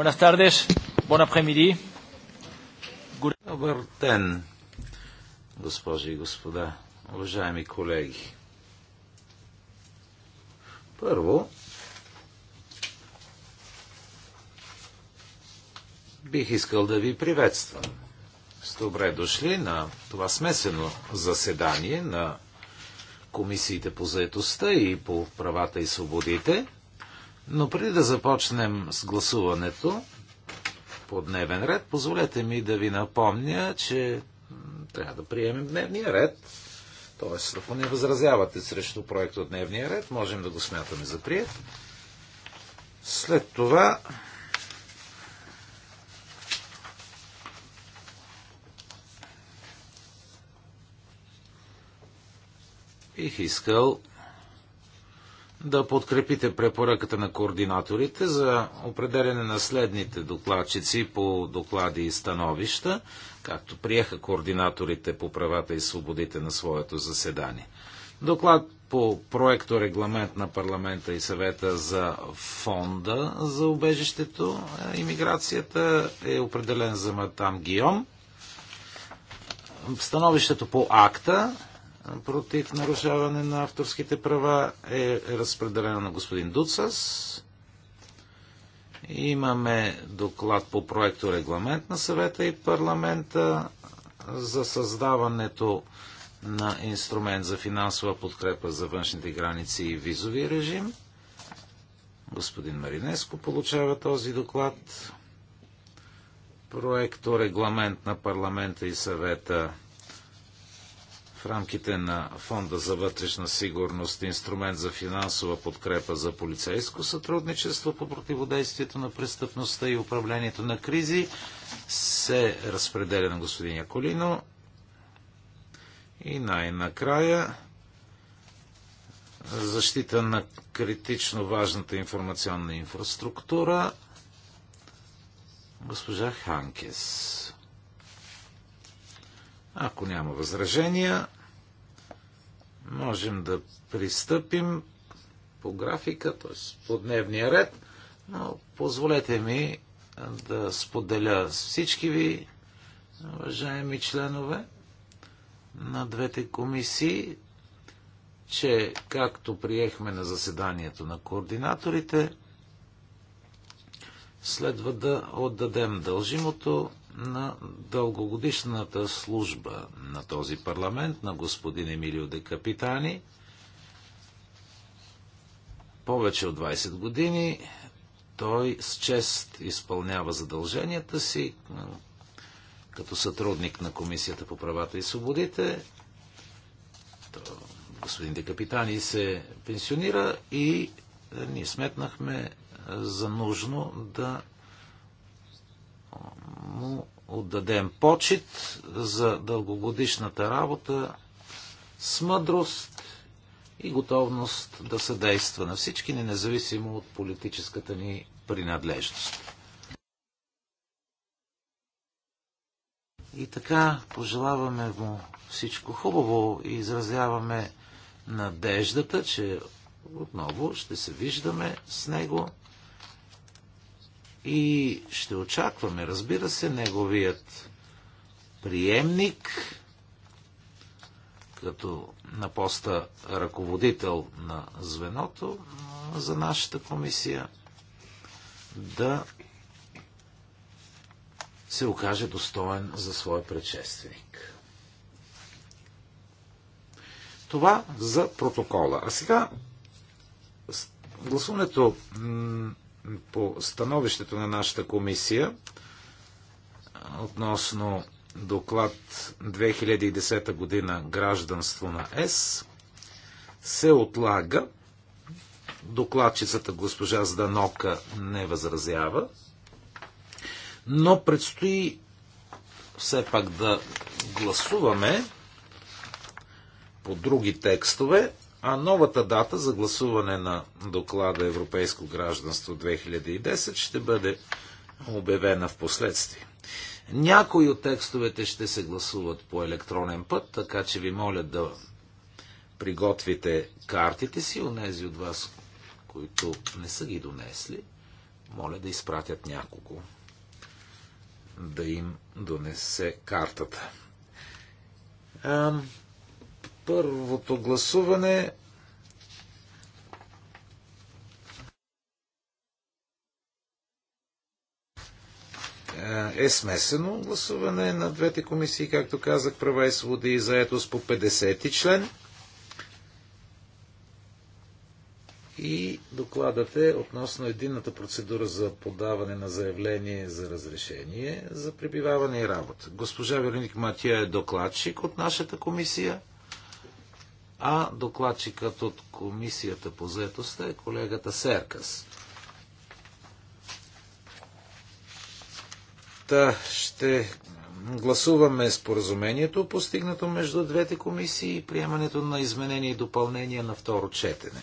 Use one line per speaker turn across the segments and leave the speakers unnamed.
Buenas tardes, buen après-midi.
Добър ден, госпожи и господа, уважаеми колеги. Първо, бих искал да ви приветствам. С добре дошли на това смесено заседание на комисиите по заедостта и по правата и свободите – но преди да започнем с гласуването по дневен ред, позволете ми да ви напомня, че трябва да приемем дневния ред. Тоест, ако не възразявате срещу проект от дневния ред, можем да го смятаме за прият. След това бих искал да подкрепите препоръката на координаторите за определене на следните докладчици по доклади и становища, както приеха координаторите по правата и свободите на своето заседание. Доклад по проекто регламент на парламента и съвета за фонда за убежището и миграцията е определен за Матам Гион. Становището по акта против нарушаване на авторските права е разпределена на господин Дуцас. Имаме доклад по проекто регламент на съвета и парламента за създаването на инструмент за финансова подкрепа за външните граници и визовия режим. Господин Маринеско получава този доклад. Проекто регламент на парламента и съвета в рамките на Фонда за вътрешна сигурност инструмент за финансова подкрепа за полицейско сътрудничество по противодействието на престъпността и управлението на кризи се разпределя на господин Яколино. И най-накрая защита на критично важната информационна инфраструктура госпожа Ханкес. Ако няма възражения, Можем да пристъпим по графика, т.е. по дневния ред, но позволете ми да споделя с всички ви, уважаеми членове на двете комисии, че както приехме на заседанието на координаторите, следва да отдадем дължимото на дългогодишната служба на този парламент, на господин Емилио де Капитани. Повече от 20 години той с чест изпълнява задълженията си като сътрудник на Комисията по правата и свободите. Господин де Капитани се пенсионира и ние сметнахме за нужно да му отдадем почет за дългогодишната работа с мъдрост и готовност да съдейства на всички, независимо от политическата ни принадлежност. И така пожелаваме му всичко хубаво и изразяваме надеждата, че отново ще се виждаме с него и ще очакваме, разбира се, неговият приемник като на поста ръководител на звеното за нашата комисия да се окаже достоен за своя предшественик. Това за протокола. А сега гласуването по становището на нашата комисия относно доклад 2010 година гражданство на ЕС се отлага. Докладчицата госпожа Зданока не възразява, но предстои все пак да гласуваме по други текстове а новата дата за гласуване на доклада Европейско гражданство 2010 ще бъде обявена в последствие. Някои от текстовете ще се гласуват по електронен път, така че ви моля да приготвите картите си, онези от вас, които не са ги донесли, моля да изпратят някого да им донесе картата първото гласуване е, е смесено гласуване на двете комисии, както казах, права и свободи и заетост по 50 член. И докладът е относно единната процедура за подаване на заявление за разрешение за пребиваване и работа. Госпожа Вероник Матия е докладчик от нашата комисия а докладчикът от Комисията по заедостта е колегата Серкас. Та ще гласуваме споразумението, постигнато между двете комисии и приемането на изменение и допълнение на второ четене.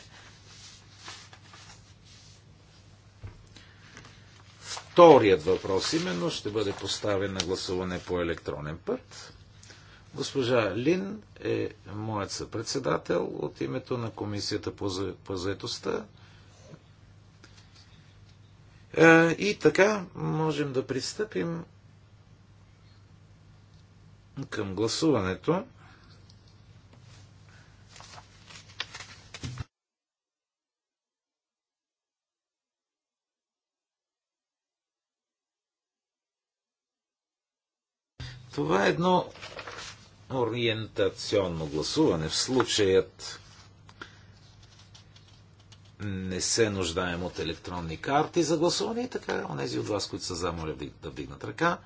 Вторият въпрос именно ще бъде поставен на гласуване по електронен път. Госпожа Лин е моят съпредседател от името на Комисията по заедостта. Е, и така можем да пристъпим към гласуването. Това е едно ориентационно гласуване. В случаят не се нуждаем от електронни карти за гласуване и така, онези от вас, които са за, моля да вдигнат ръка.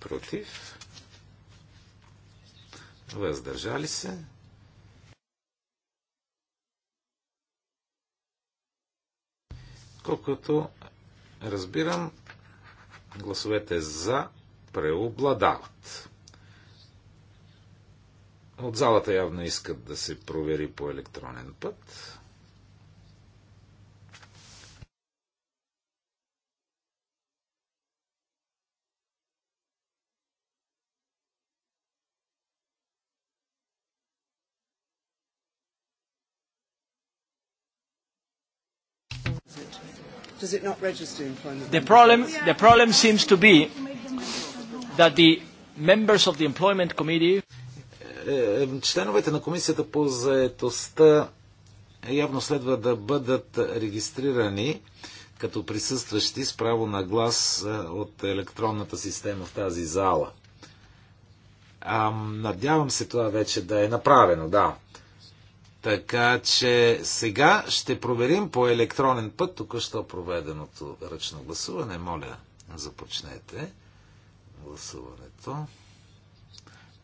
Против. Въздържали се. Колкото разбирам, гласовете за преобладават. От залата явно искат да се провери по електронен път.
Does it not register employment? The problem, the problem seems to be that the members of the employment
committee е, е, Членовете на комисията по заетостта явно следва да бъдат регистрирани като присъстващи с право на глас е, от електронната система в тази зала. А, надявам се това вече да е направено, да. Така че сега ще проверим по електронен път току-що проведеното ръчно гласуване. Моля, започнете гласуването.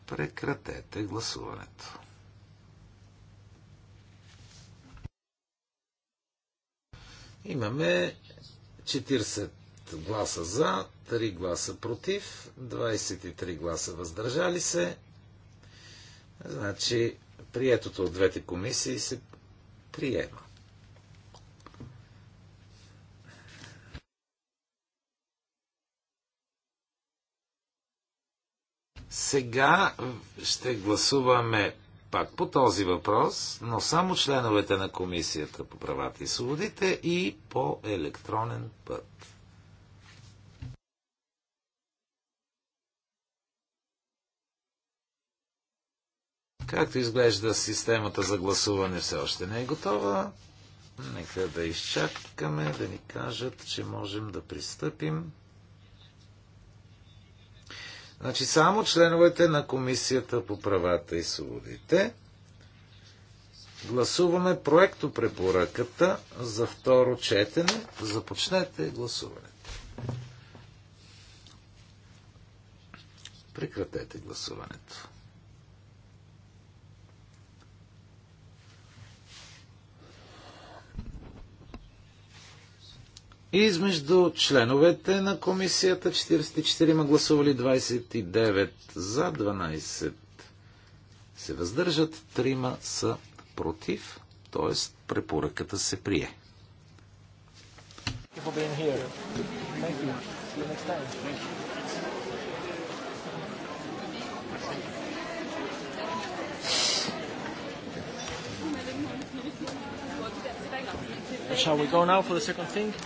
Прекратете гласуването. Имаме 40 гласа за, 3 гласа против, 23 гласа въздържали се. Значи приетото от двете комисии се приема. Сега ще гласуваме пак по този въпрос, но само членовете на Комисията по правата и свободите и по електронен път. Както изглежда, системата за гласуване все още не е готова. Нека да изчакаме да ни кажат, че можем да пристъпим. Значи само членовете на Комисията по правата и свободите. Гласуваме проекто препоръката за второ четене. Започнете гласуването. Прекратете гласуването. Измежду членовете на комисията 44 ма гласували 29 за 12 се въздържат, 3 ма са против, т.е. препоръката се прие.
Thank you for being here. Thank you. See you next time. Thank you. Shall we go now for the second thing? Hi,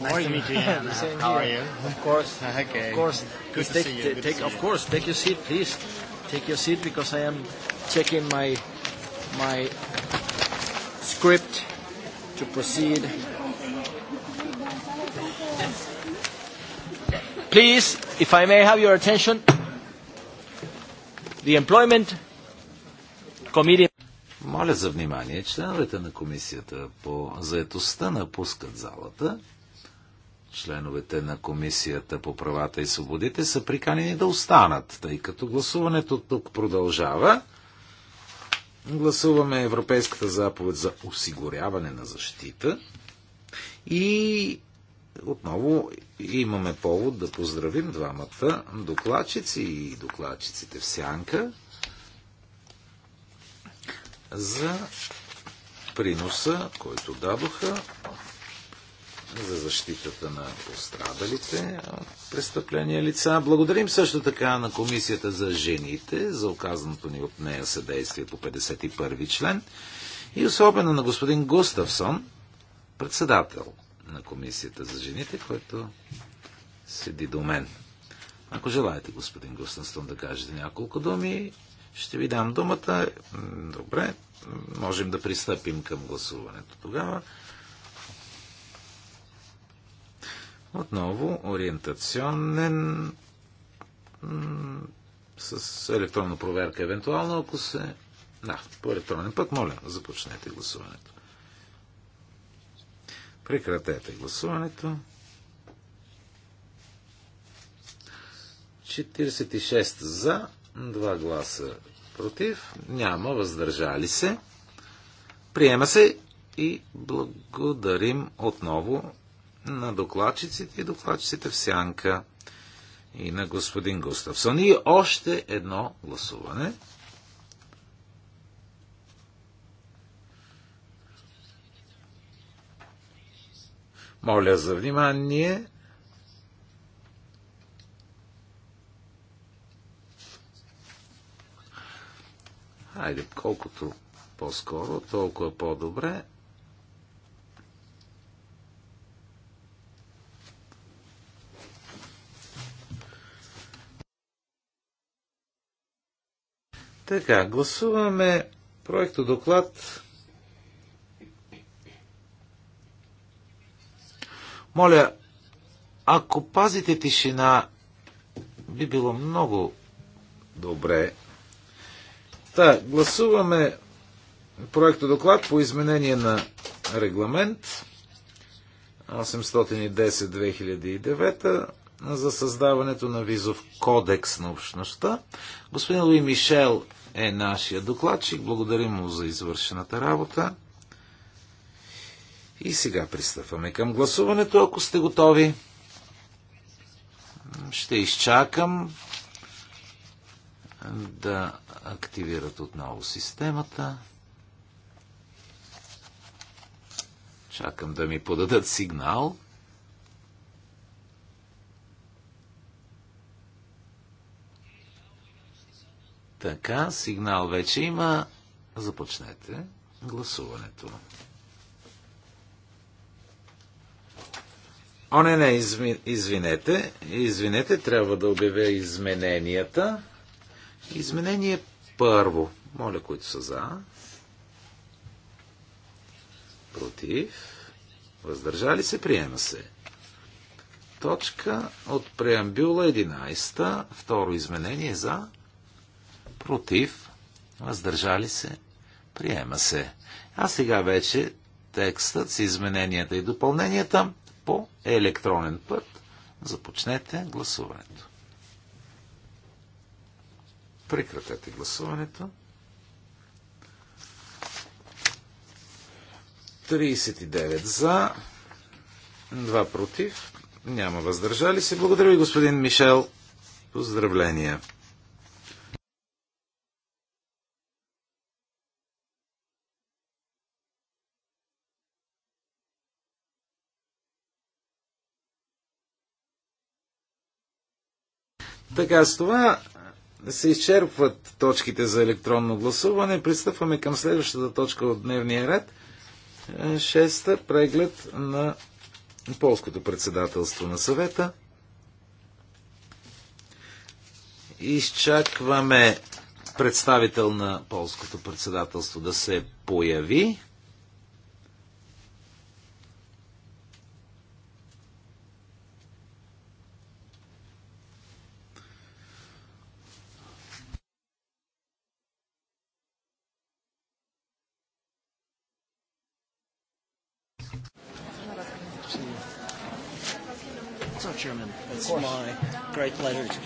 nice to meet you. Anna. How here. are you? Of course. okay. Of course. Good take, to see you. Good take, to see of you. course, take your seat, please. Take your seat because I am checking my my script to proceed Please, if I may have your attention, the
Employment Committee. Моля за внимание, членовете на комисията по заетостта напускат залата. Членовете на комисията по правата и свободите са приканени да останат, тъй като гласуването тук продължава. Гласуваме Европейската заповед за осигуряване на защита и отново имаме повод да поздравим двамата докладчици и докладчиците в сянка за приноса, който дадоха за защитата на пострадалите от престъпления лица. Благодарим също така на Комисията за жените за оказаното ни от нея съдействие по 51 член и особено на господин Густавсон, председател на Комисията за жените, който седи до мен. Ако желаете, господин Гостенстон, да кажете няколко думи, ще ви дам думата. Добре, можем да пристъпим към гласуването тогава. Отново ориентационен с електронна проверка, евентуално, ако се... Да, по електронен път, моля, започнете гласуването. Прекратете гласуването. 46 за, 2 гласа против, няма въздържали се. Приема се и благодарим отново на докладчиците и докладчиците в сянка и на господин Густавсон. И още едно гласуване. Моля за внимание. Хайде, колкото по-скоро, толкова по-добре. Така, гласуваме проекто доклад Моля, ако пазите тишина, би било много добре. Та, гласуваме проекто доклад по изменение на регламент 810-2009 за създаването на визов кодекс на общността. Господин Луи Мишел е нашия докладчик. Благодарим му за извършената работа. И сега пристъпваме към гласуването, ако сте готови. Ще изчакам да активират отново системата. Чакам да ми подадат сигнал. Така, сигнал вече има. Започнете гласуването. О, не, не, извинете. Извинете, трябва да обявя измененията. Изменение първо. Моля, които са за. Против. Въздържали се, приема се. Точка от преамбюла 11. Второ изменение за. Против. Въздържали се. Приема се. А сега вече текстът с измененията и допълненията по електронен път. Започнете гласуването. Прекратете гласуването. 39 за, 2 против, няма въздържали се. Благодаря ви, господин Мишел. Поздравления! Така, с това се изчерпват точките за електронно гласуване. Пристъпваме към следващата точка от дневния ред. Е, шеста преглед на полското председателство на съвета. Изчакваме представител на полското председателство да се появи.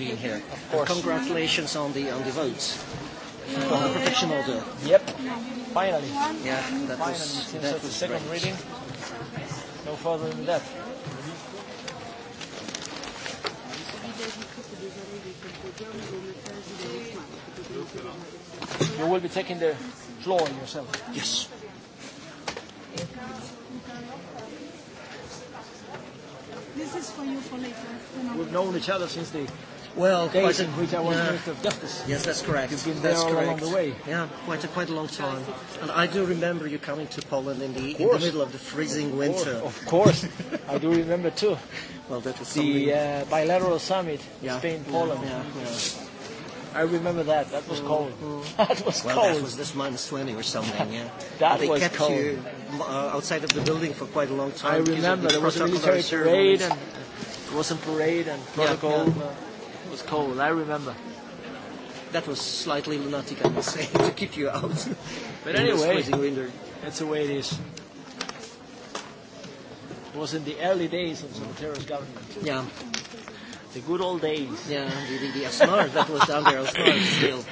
being here. Of course. And congratulations on the on the votes. On the protection order. Yep. Finally. Yeah, that Finally, was, since that was second great. reading. No further than that. You will be taking the floor yourself. Yes.
This is for you for
later. We've known each other since the well, days a, in which I was yeah. Minister
of Justice. Yes, that's correct. You've been there that's all correct. along the way.
Yeah, quite a, quite a long time. And I do remember you coming to Poland in the, in the middle of the freezing of winter. Of course, I do remember too. Well, that was the uh, bilateral summit, yeah. Spain-Poland. Yeah, yeah, yeah. I remember that. That was cold. Mm-hmm. That was well, cold. Well, that was this minus 20 or something, yeah. that they was kept cold. you uh, outside of the building for quite a long time. I remember. There was a military parade and... There was a parade and protocol. Yeah, yeah. Uh, was cold, I remember. That was slightly lunatic, I must say, to keep you out. But anyway, that's the way it is. It was in the early days of terrorist government. Yeah. The good old days. Yeah, the, the, the Asmar, that was down there, Asmar still.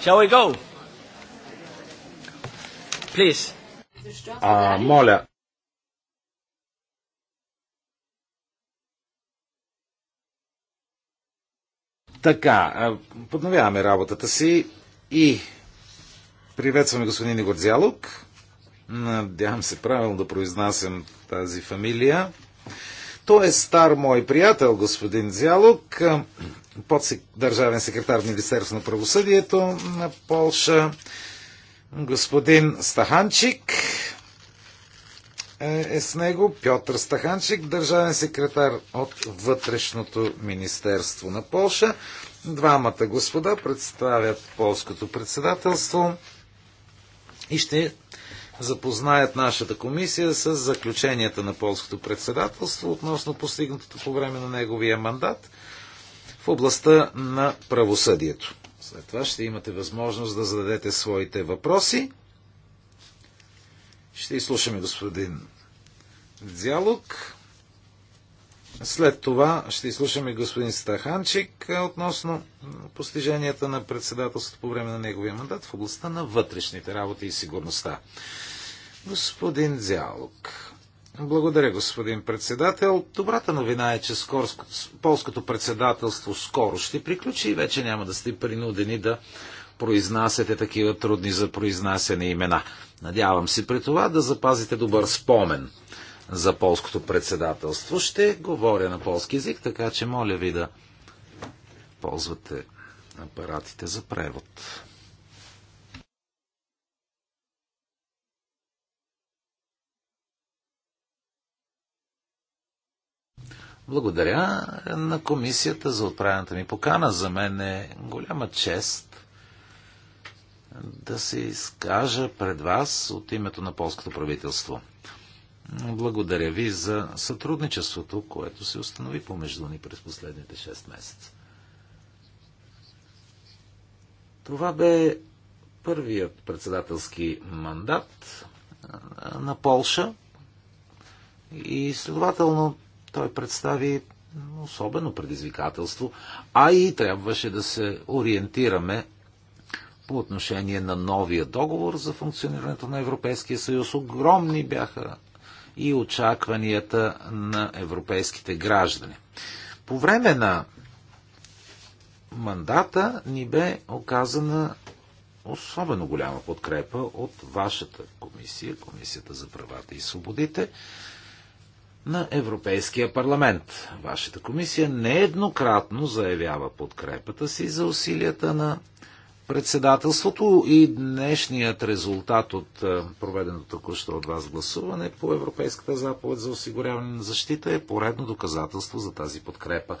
Shall we go? Please. Uh, моля,
Така, подновяваме работата си и приветстваме господин Игор Дзялок. Надявам се правилно да произнасям тази фамилия. Той е стар мой приятел, господин Дзялок, поддържавен държавен секретар в Министерство на правосъдието на Полша, господин Стаханчик, е, е с него Пьотър Стаханчик, държавен секретар от Вътрешното министерство на Полша. Двамата господа представят полското председателство и ще запознаят нашата комисия с заключенията на полското председателство относно постигнатото по време на неговия мандат в областта на правосъдието. След това ще имате възможност да зададете своите въпроси. Ще изслушаме господин Дзялук. След това ще изслушаме господин Стаханчик относно постиженията на председателството по време на неговия мандат в областта на вътрешните работи и сигурността. Господин Дзялук. Благодаря, господин председател. Добрата новина е, че скоро, полското председателство скоро ще приключи и вече няма да сте принудени да произнасяте такива трудни за произнасяне имена. Надявам се при това да запазите добър спомен за полското председателство. Ще говоря на полски язик, така че моля ви да ползвате апаратите за превод. Благодаря на комисията за отправената ми покана. За мен е голяма чест да се изкажа пред вас от името на полското правителство. Благодаря ви за сътрудничеството, което се установи помежду ни през последните 6 месеца. Това бе първият председателски мандат на Полша и следователно той представи особено предизвикателство, а и трябваше да се ориентираме по отношение на новия договор за функционирането на Европейския съюз. Огромни бяха и очакванията на европейските граждани. По време на мандата ни бе оказана особено голяма подкрепа от вашата комисия, Комисията за правата и свободите на Европейския парламент. Вашата комисия нееднократно заявява подкрепата си за усилията на председателството и днешният резултат от е, проведеното току-що от вас гласуване по Европейската заповед за осигуряване на защита е поредно доказателство за тази подкрепа.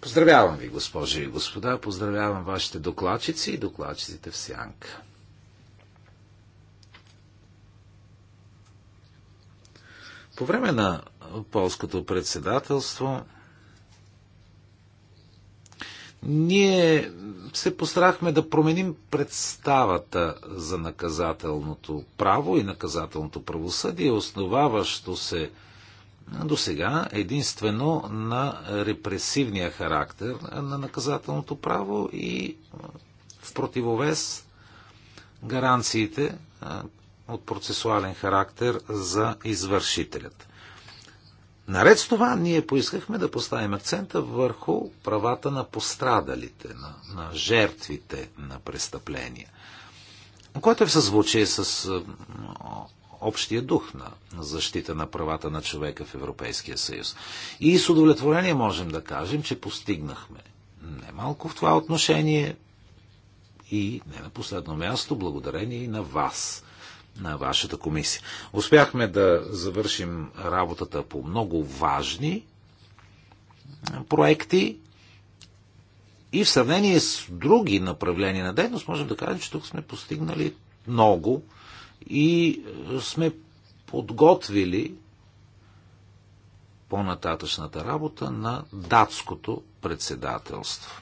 Поздравявам ви, госпожи и господа, поздравявам вашите докладчици и докладчиците в Сянка. По време на полското председателство ние се постарахме да променим представата за наказателното право и наказателното правосъдие, основаващо се до сега единствено на репресивния характер на наказателното право и в противовес гаранциите от процесуален характер за извършителят. Наред с това, ние поискахме да поставим акцента върху правата на пострадалите, на, на жертвите на престъпления, което е в съзвучие с общия дух на, защита на правата на човека в Европейския съюз. И с удовлетворение можем да кажем, че постигнахме немалко в това отношение и не на последно място, благодарение и на вас на вашата комисия. Успяхме да завършим работата по много важни проекти и в сравнение с други направления на дейност можем да кажем, че тук сме постигнали много и е, сме подготвили по-нататъчната работа на датското председателство.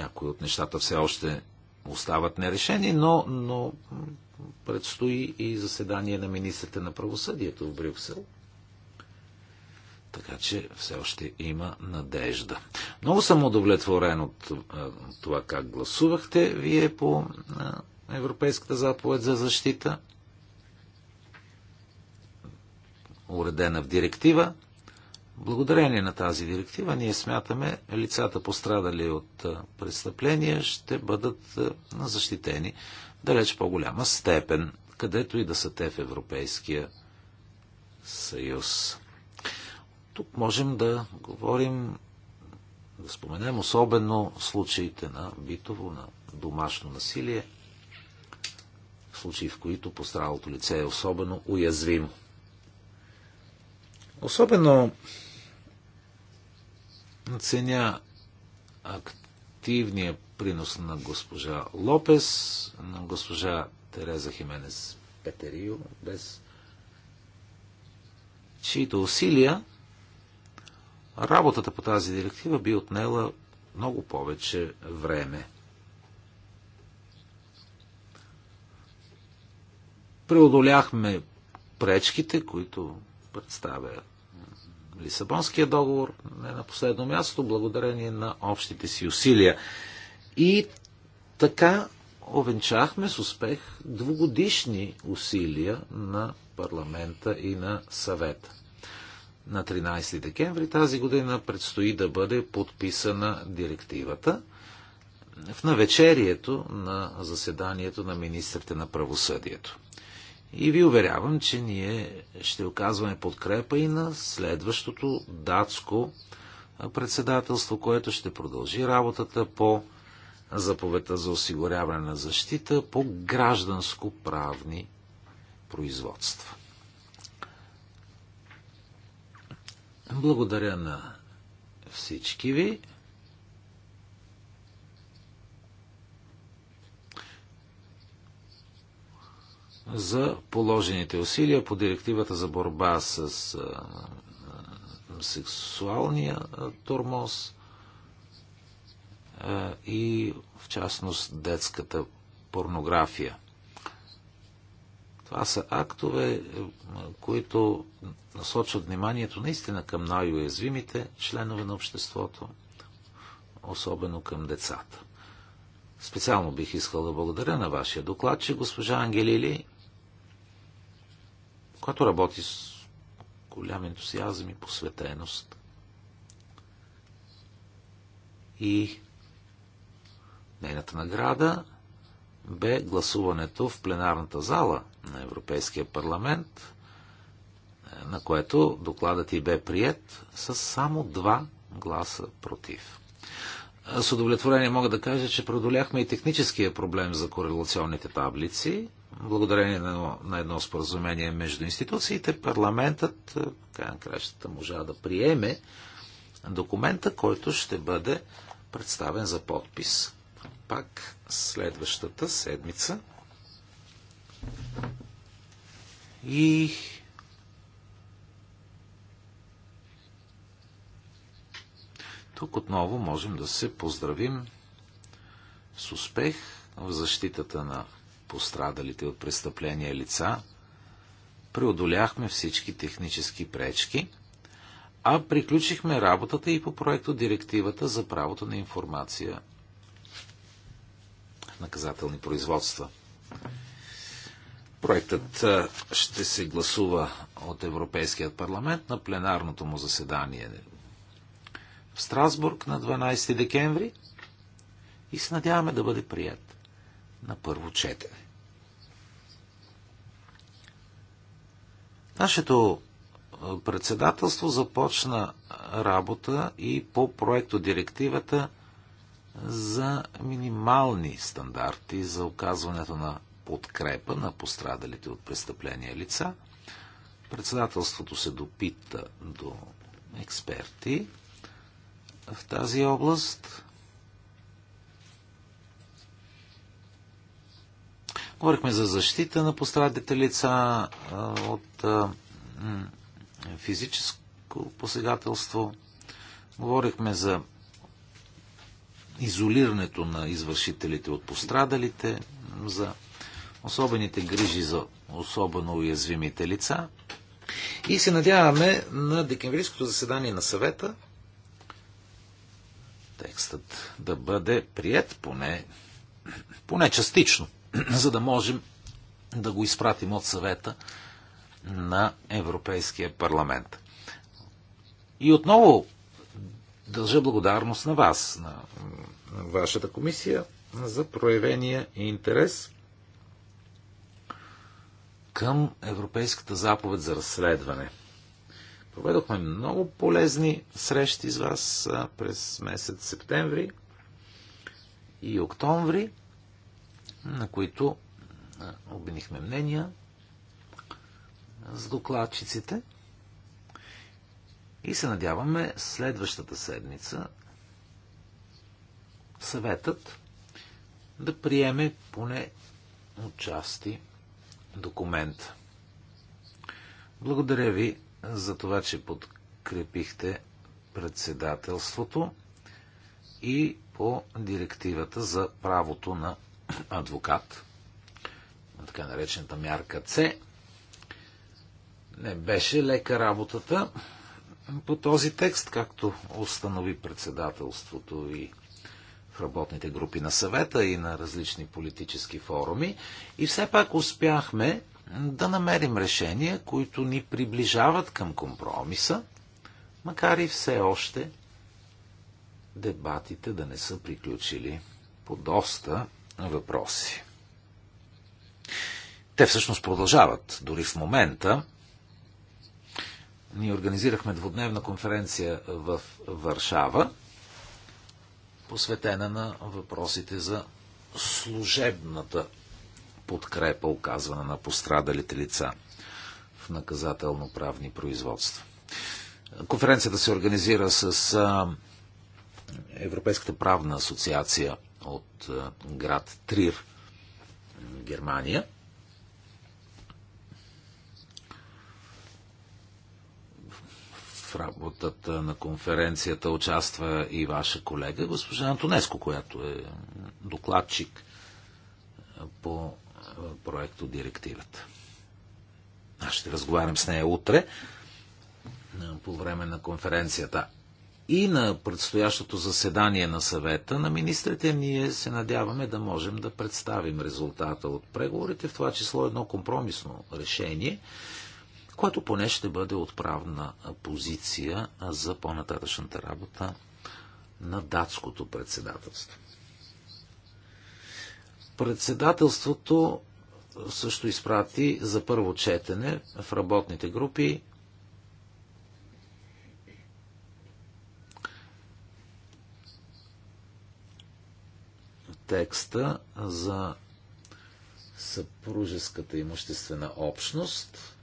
Някои от нещата все още остават нерешени, но, но предстои и заседание на министрите на правосъдието в Брюксел. Така че все още има надежда. Много съм удовлетворен от е, това как гласувахте вие по е, Европейската заповед за защита, уредена в директива. Благодарение на тази директива ние смятаме лицата пострадали от престъпления ще бъдат защитени далеч по-голяма степен, където и да са те в Европейския съюз. Тук можем да говорим, да споменем особено случаите на битово, на домашно насилие, случаи в които пострадалото лице е особено уязвимо. Особено Ценя активния принос на госпожа Лопес, на госпожа Тереза Хименес Петерио, без чието усилия работата по тази директива би отнела много повече време. Преодоляхме пречките, които представя Лисабонския договор, не на последно място, благодарение на общите си усилия. И така овенчахме с успех двугодишни усилия на парламента и на съвета. На 13 декември тази година предстои да бъде подписана директивата в навечерието на заседанието на министрите на правосъдието. И ви уверявам, че ние ще оказваме подкрепа и на следващото датско председателство, което ще продължи работата по заповедта за осигуряване на защита по гражданско-правни производства. Благодаря на всички ви. за положените усилия по директивата за борба с сексуалния тормоз и в частност детската порнография. Това са актове, е, които насочват вниманието наистина към най-уязвимите членове на обществото, особено към децата. Специално бих искал да благодаря на вашия доклад, че госпожа Ангелили която работи с голям ентусиазъм и посветеност. И нейната награда бе гласуването в пленарната зала на Европейския парламент, на което докладът и бе прият с само два гласа против. С удовлетворение мога да кажа, че продоляхме и техническия проблем за корелационните таблици, благодарение на едно, на едно споразумение между институциите, парламентът, е, край на кращата, можа да приеме документа, който ще бъде представен за подпис. Пак следващата седмица. И тук отново можем да се поздравим с успех в защитата на пострадалите от престъпления лица, преодоляхме всички технически пречки, а приключихме работата и по проекто Директивата за правото на информация в наказателни производства. Проектът ще се гласува от Европейският парламент на пленарното му заседание в Страсбург на 12 декември и се надяваме да бъде прият на първо четене. Нашето председателство започна работа и по проекто директивата за минимални стандарти за оказването на подкрепа на пострадалите от престъпления лица. Председателството се допита до експерти в тази област. Говорихме за защита на пострадите лица от физическо посегателство. Говорихме за изолирането на извършителите от пострадалите, за особените грижи за особено уязвимите лица. И се надяваме на декемврийското заседание на съвета текстът да бъде прият поне, поне частично за да можем да го изпратим от съвета на Европейския парламент. И отново дължа благодарност на вас, на вашата комисия, за проявения и интерес към Европейската заповед за разследване. Проведохме много полезни срещи с вас през месец септември и октомври на които обвинихме мнения с докладчиците и се надяваме следващата седмица съветът да приеме поне отчасти документ. Благодаря ви за това, че подкрепихте председателството и по директивата за правото на адвокат на така наречената мярка С. Не беше лека работата по този текст, както установи председателството и в работните групи на съвета и на различни политически форуми. И все пак успяхме да намерим решения, които ни приближават към компромиса, макар и все още дебатите да не са приключили по доста въпроси. Те всъщност продължават дори в момента. Ние организирахме двудневна конференция в Варшава, посветена на въпросите за служебната подкрепа, оказвана на пострадалите лица в наказателно-правни производства. Конференцията се организира с Европейската правна асоциация от град Трир, е, Германия. В работата на конференцията участва и ваша колега, госпожа Антонеско, която е докладчик е, по е, проекто директивата. Аз ще разговарям с нея утре по време на конференцията и на предстоящото заседание на съвета на министрите ние се надяваме да можем да представим резултата от преговорите, в това число едно компромисно решение, което поне ще бъде отправна позиция за по-нататъчната работа на датското председателство. Председателството също изпрати за първо четене в работните групи текста за съпружеската имуществена общност.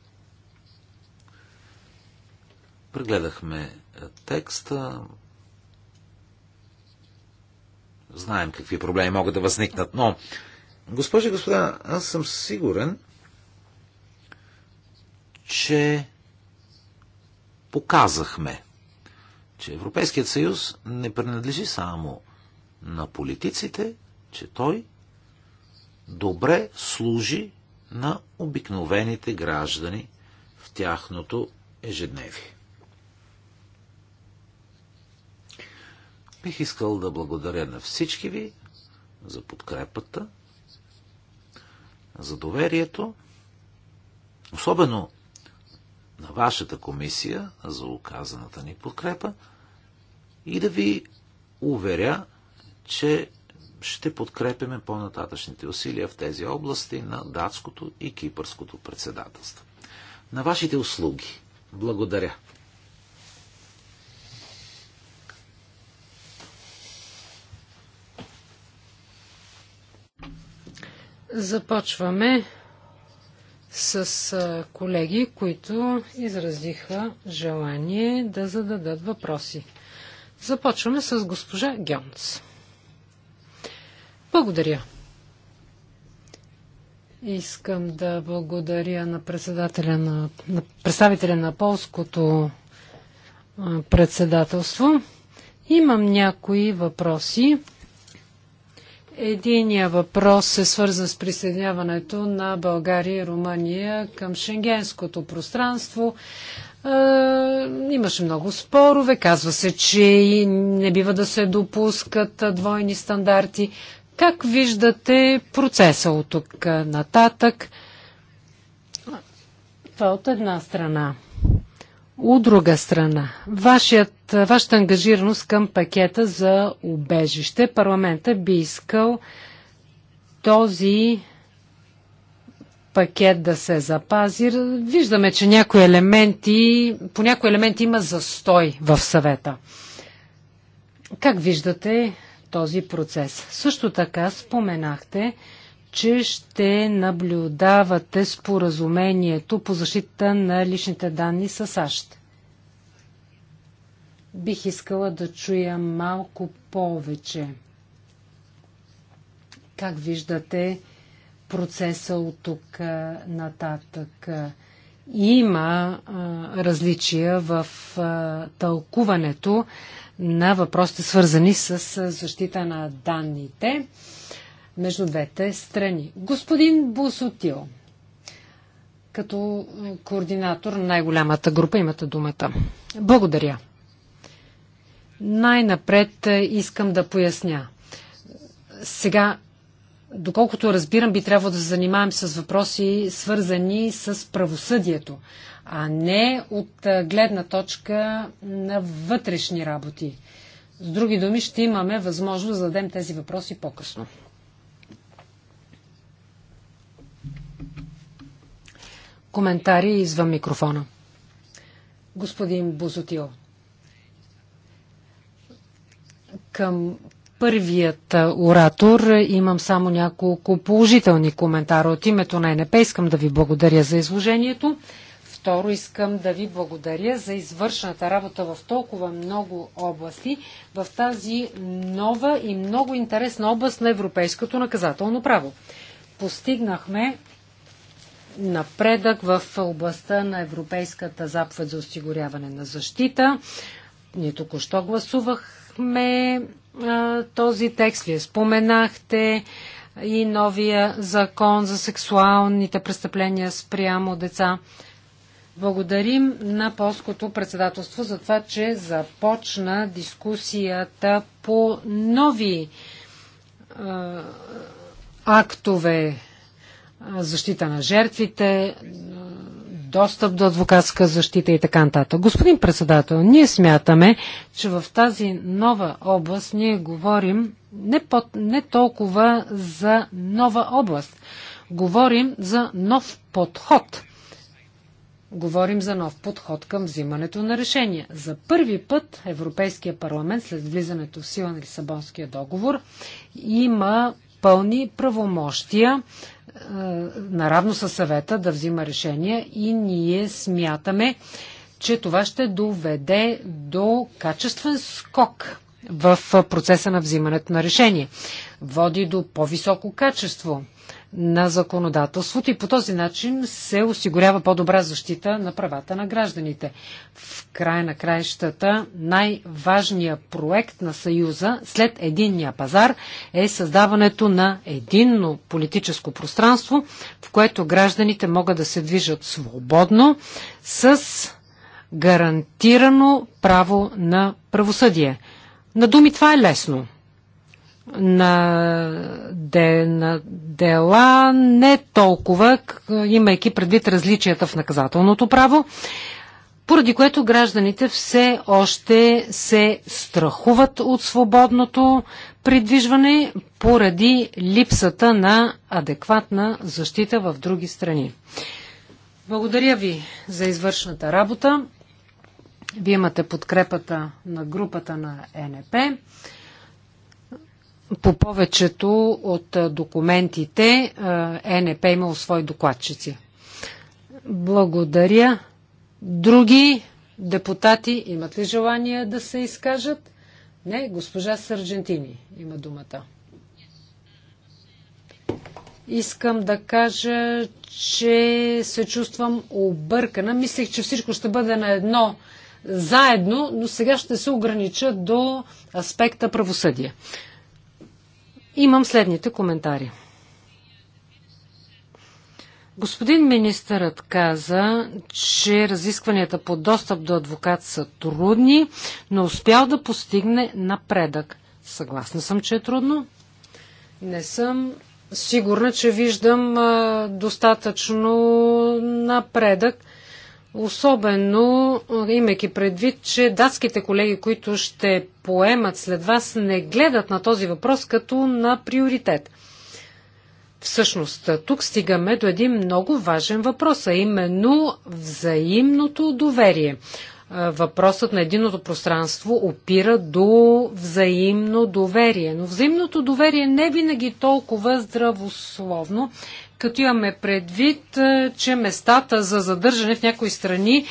Прегледахме е, текста. Знаем какви проблеми могат да възникнат, но, госпожи и господа, аз съм сигурен, че показахме, че Европейският съюз не принадлежи само на политиците, че той добре служи на обикновените граждани в тяхното ежедневие. Бих искал да благодаря на всички ви за подкрепата, за доверието, особено на вашата комисия за оказаната ни подкрепа и да ви уверя, че ще подкрепяме по-нататъчните усилия в тези области на датското и кипърското председателство. На вашите услуги. Благодаря.
Започваме с колеги, които изразиха желание да зададат въпроси. Започваме с госпожа Гьонц. Благодаря. Искам да благодаря на, председателя на, на представителя на полското председателство. Имам някои въпроси. Единия въпрос е свързан с присъединяването на България и Румъния към шенгенското пространство. Е, имаше много спорове. Казва се, че не бива да се допускат двойни стандарти. Как виждате процеса от тук нататък? Това от една страна. От друга страна, вашият, вашата ангажираност към пакета за убежище, парламента би искал този пакет да се запази. Виждаме, че някои елементи, по някои елементи има застой в съвета. Как виждате този процес. Също така споменахте, че ще наблюдавате споразумението по защита на личните данни с САЩ. Бих искала да чуя малко повече. Как виждате процеса от тук нататък? Има а, различия в а, тълкуването на въпросите свързани с защита на данните между двете страни. Господин Бусотил, като координатор на най-голямата група, имате думата. Благодаря. Най-напред искам да поясня. Сега, доколкото разбирам, би трябвало да се занимаем с въпроси, свързани с правосъдието а не от гледна точка на вътрешни работи. С други думи, ще имаме възможност да зададем тези въпроси по-късно. Коментари извън микрофона. Господин Бозотил, към първият оратор имам само няколко положителни коментара от името на НП. Искам да ви благодаря за изложението. Второ, искам да ви благодаря за извършената работа в толкова много области, в тази нова и много интересна област на европейското наказателно право. Постигнахме напредък в областта на Европейската заповед за осигуряване на защита. Ние току-що гласувахме а, този текст, вие споменахте и новия закон за сексуалните престъпления спрямо деца. Благодарим на полското председателство за това, че започна дискусията по нови е, актове защита на жертвите, достъп до адвокатска защита и така нататък. Господин председател, ние смятаме, че в тази нова област ние говорим не, под, не толкова за нова област, говорим за нов подход – Говорим за нов подход към взимането на решения. За първи път Европейския парламент след влизането в сила на Лисабонския договор има пълни правомощия е, наравно със съвета да взима решения и ние смятаме, че това ще доведе до качествен скок в процеса на взимането на решение. Води до по-високо качество на законодателството и по този начин се осигурява по-добра защита на правата на гражданите. В края на краищата най-важният проект на Съюза след единния пазар е създаването на единно политическо пространство, в което гражданите могат да се движат свободно с гарантирано право на правосъдие. На думи това е лесно на, де, на дела, не толкова, имайки предвид различията в наказателното право, поради което гражданите все още се страхуват от свободното придвижване поради липсата на адекватна защита в други страни. Благодаря ви за извършната работа. Вие имате подкрепата на групата на НП по повечето от документите ЕНП е имало свои докладчици. Благодаря. Други депутати имат ли желание да се изкажат? Не, госпожа Сърджентини има думата. Искам да кажа, че се чувствам объркана. Мислех, че всичко ще бъде на едно заедно, но сега ще се огранича до аспекта правосъдие. Имам следните коментари. Господин министърът каза, че разискванията по достъп до адвокат са трудни, но успял да постигне напредък. Съгласна съм, че е трудно. Не съм сигурна, че виждам достатъчно напредък. Особено е, имайки предвид, че датските колеги, които ще поемат след вас, не гледат на този въпрос като на приоритет. Всъщност, тук стигаме до един много важен въпрос, а именно взаимното доверие. Е, въпросът на единото пространство опира до взаимно доверие. Но взаимното доверие не е винаги толкова здравословно, като имаме предвид, че местата за задържане в някои страни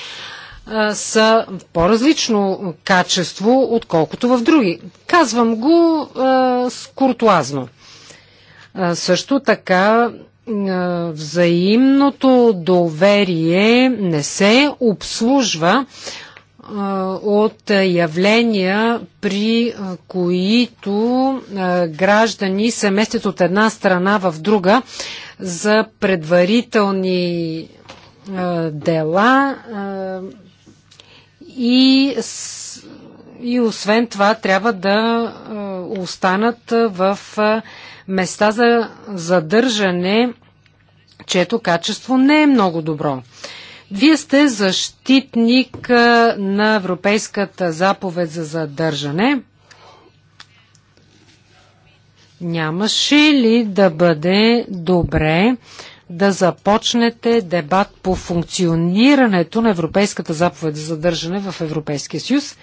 са в по-различно качество, отколкото в други. Казвам го а, скуртуазно. А, също така а, взаимното доверие не се обслужва от явления, при които граждани се местят от една страна в друга за предварителни дела и, и освен това трябва да останат в места за задържане, чието качество не е много добро. Вие сте защитник на Европейската заповед за задържане. Нямаше ли да бъде добре да започнете дебат по функционирането на Европейската заповед за задържане в Европейския съюз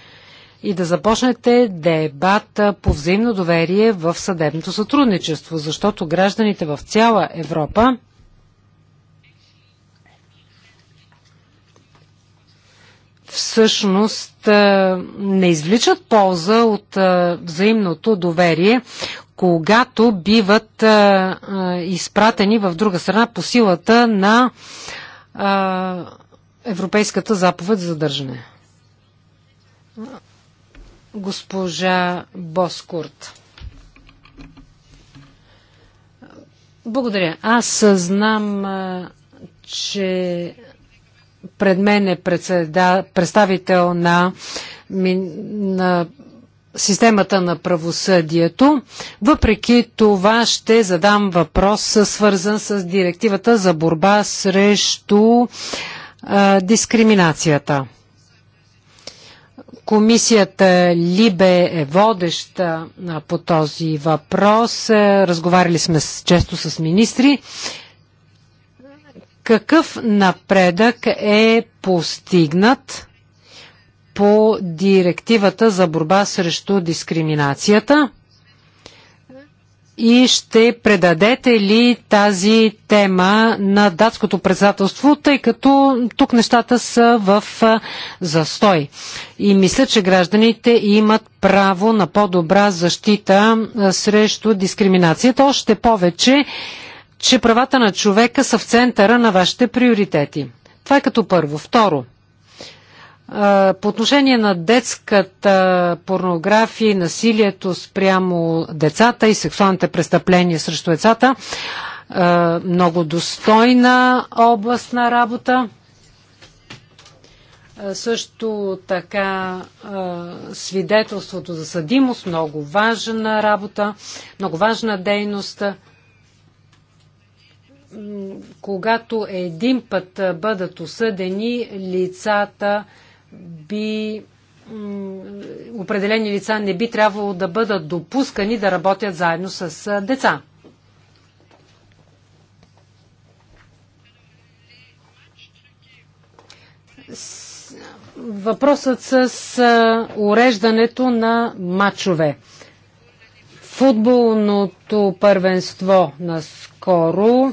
и да започнете дебат по взаимно доверие в съдебното сътрудничество, защото гражданите в цяла Европа всъщност не извличат полза от взаимното доверие, когато биват изпратени в друга страна по силата на Европейската заповед за задържане. Госпожа Боскурт. Благодаря. Аз знам, че пред мен е представител на, на системата на правосъдието. Въпреки това ще задам въпрос, свързан с директивата за борба срещу а, дискриминацията. Комисията Либе е водеща по този въпрос. Разговаряли сме често с министри какъв напредък е постигнат по директивата за борба срещу дискриминацията? И ще предадете ли тази тема на датското председателство, тъй като тук нещата са в застой? И мисля, че гражданите имат право на по-добра защита срещу дискриминацията. Още повече, че правата на човека са в центъра на вашите приоритети. Това е като първо. Второ, по отношение на детската порнография и насилието спрямо децата и сексуалните престъпления срещу децата, много достойна област на работа. Също така свидетелството за съдимост, много важна работа, много важна дейност когато един път бъдат осъдени, лицата би определени лица не би трябвало да бъдат допускани да работят заедно с деца. Въпросът с уреждането на матчове. Футболното първенство наскоро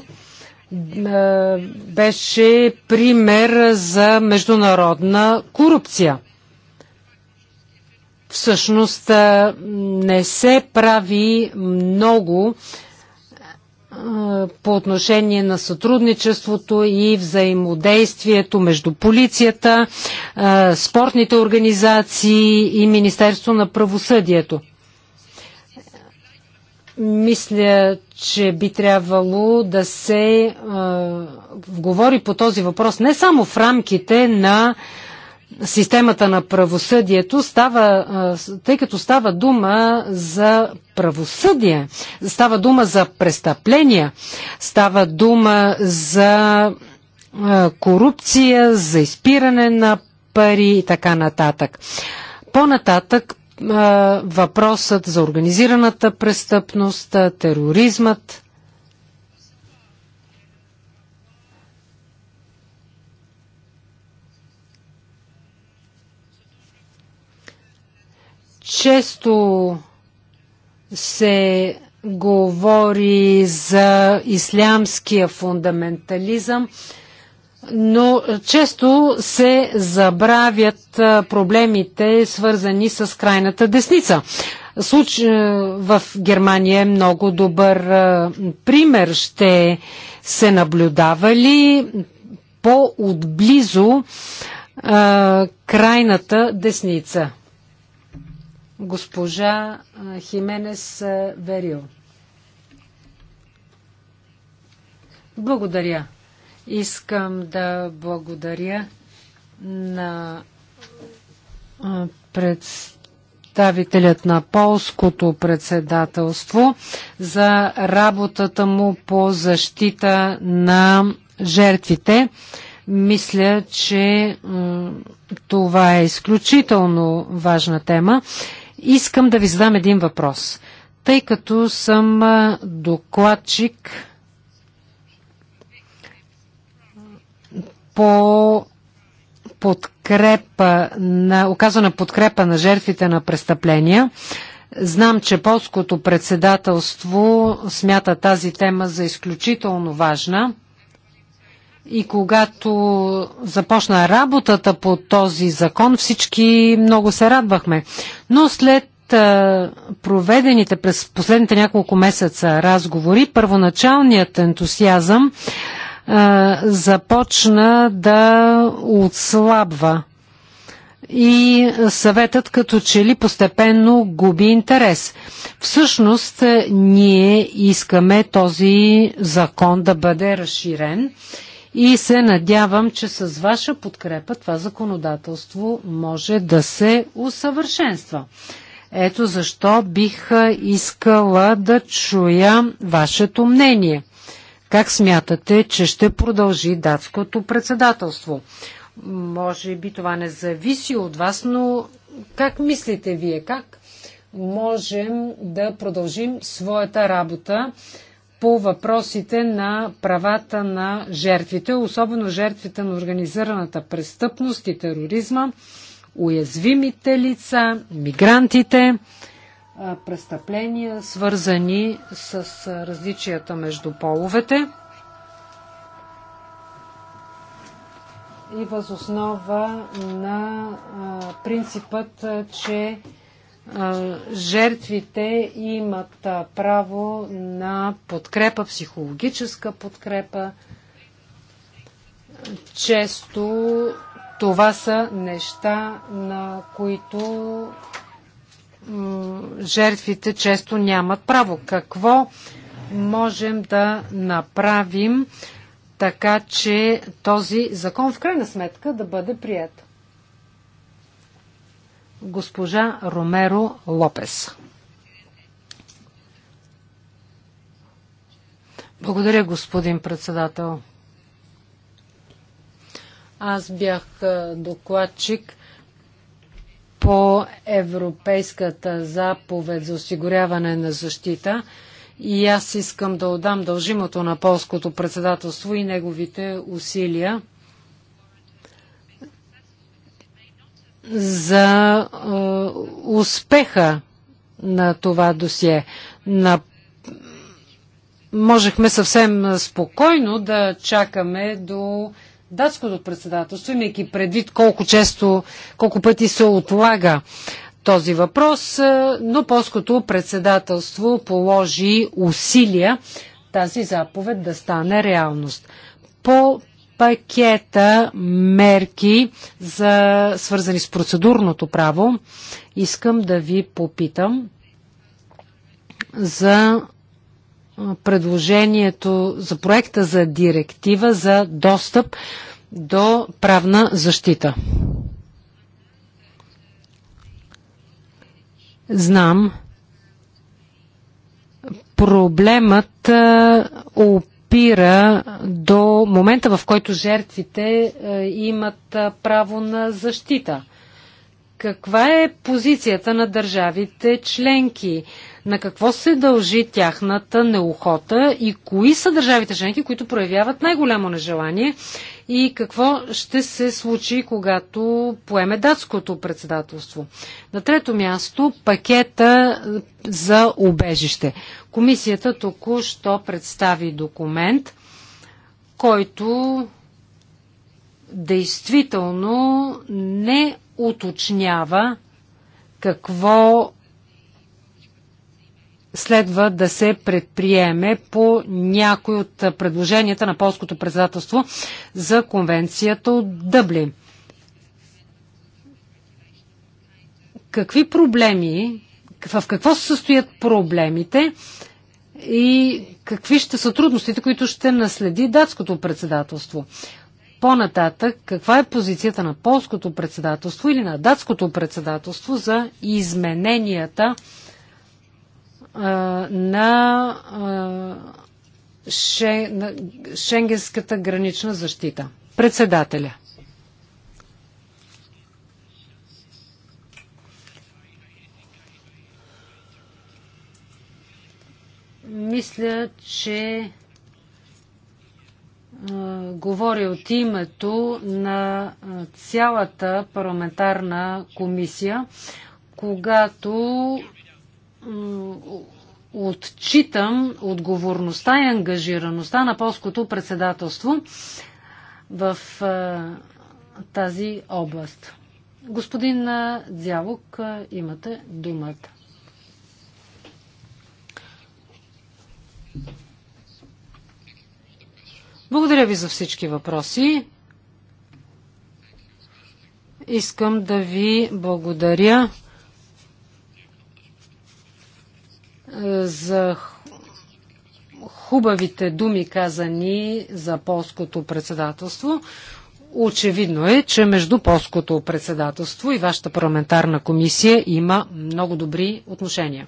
беше пример за международна корупция. Всъщност не се прави много по отношение на сътрудничеството и взаимодействието между полицията, спортните организации и Министерство на правосъдието мисля, че би трябвало да се а, говори по този въпрос не само в рамките на системата на правосъдието, става, а, тъй като става дума за правосъдие, става дума за престъпления, става дума за а, корупция, за изпиране на пари и така нататък. По-нататък въпросът за организираната престъпност, тероризмът. Често се говори за ислямския фундаментализъм но е, често се забравят е, проблемите, свързани с крайната десница. Случ... Е, в Германия е много добър пример. Ще се наблюдава ли по-отблизо крайната десница? Госпожа Хименес Верио. Благодаря. Искам да благодаря на представителят на полското председателство за работата му по защита на жертвите. Мисля, че това е изключително важна тема. Искам да ви задам един въпрос. Тъй като съм докладчик по подкрепа на, оказана подкрепа на жертвите на престъпления. Знам, че полското председателство смята тази тема за изключително важна. И когато започна работата по този закон, всички много се радвахме. Но след проведените през последните няколко месеца разговори, първоначалният ентусиазъм започна да отслабва и съветът като че ли постепенно губи интерес. Всъщност е, ние искаме този закон да бъде разширен и се надявам, че с ваша подкрепа това законодателство може да се усъвършенства. Ето защо бих искала да чуя вашето мнение – как смятате, че ще продължи датското председателство? Може би това не зависи от вас, но как мислите вие? Как можем да продължим своята работа по въпросите на правата на жертвите, особено жертвите на организираната престъпност и тероризма, уязвимите лица, мигрантите? престъпления, свързани с различията между половете. И възоснова на принципът, че жертвите имат право на подкрепа, психологическа подкрепа. Често това са неща, на които жертвите често нямат право. Какво можем да направим така, че този закон в крайна сметка да бъде прият? Госпожа Ромеро Лопес. Благодаря, господин председател. Аз бях докладчик по Европейската заповед за осигуряване на защита и аз искам да отдам дължимото на полското председателство и неговите усилия за е, успеха на това досие. На... Можехме съвсем спокойно да чакаме до датското председателство, имайки предвид колко често, колко пъти се отлага този въпрос, е, но полското председателство положи усилия тази заповед да стане реалност. По пакета мерки за свързани с процедурното право, искам да ви попитам за предложението за проекта за директива за достъп до правна защита. Знам, проблемът опира до момента, в който жертвите имат право на защита. Каква е позицията на държавите членки? На какво се дължи тяхната неохота и кои са държавите членки, които проявяват най-голямо нежелание и какво ще се случи, когато поеме датското председателство? На трето място пакета за убежище. Комисията току-що представи документ, който действително не уточнява какво следва да се предприеме по някои от предложенията на полското председателство за конвенцията от Дъблин. Какви проблеми, в какво се състоят проблемите и какви ще са трудностите, които ще наследи датското председателство? По-нататък, каква е позицията на полското председателство или на датското председателство за измененията а, на, а, ше, на шенгенската гранична защита? Председателя. Мисля, че говоря от името на цялата парламентарна комисия, когато отчитам отговорността и ангажираността на полското председателство в тази област. Господин Дзявок, имате думата. Благодаря ви за всички въпроси. Искам да ви благодаря е, за хубавите думи казани за полското председателство. Очевидно е, че между полското председателство и вашата парламентарна комисия има много добри отношения.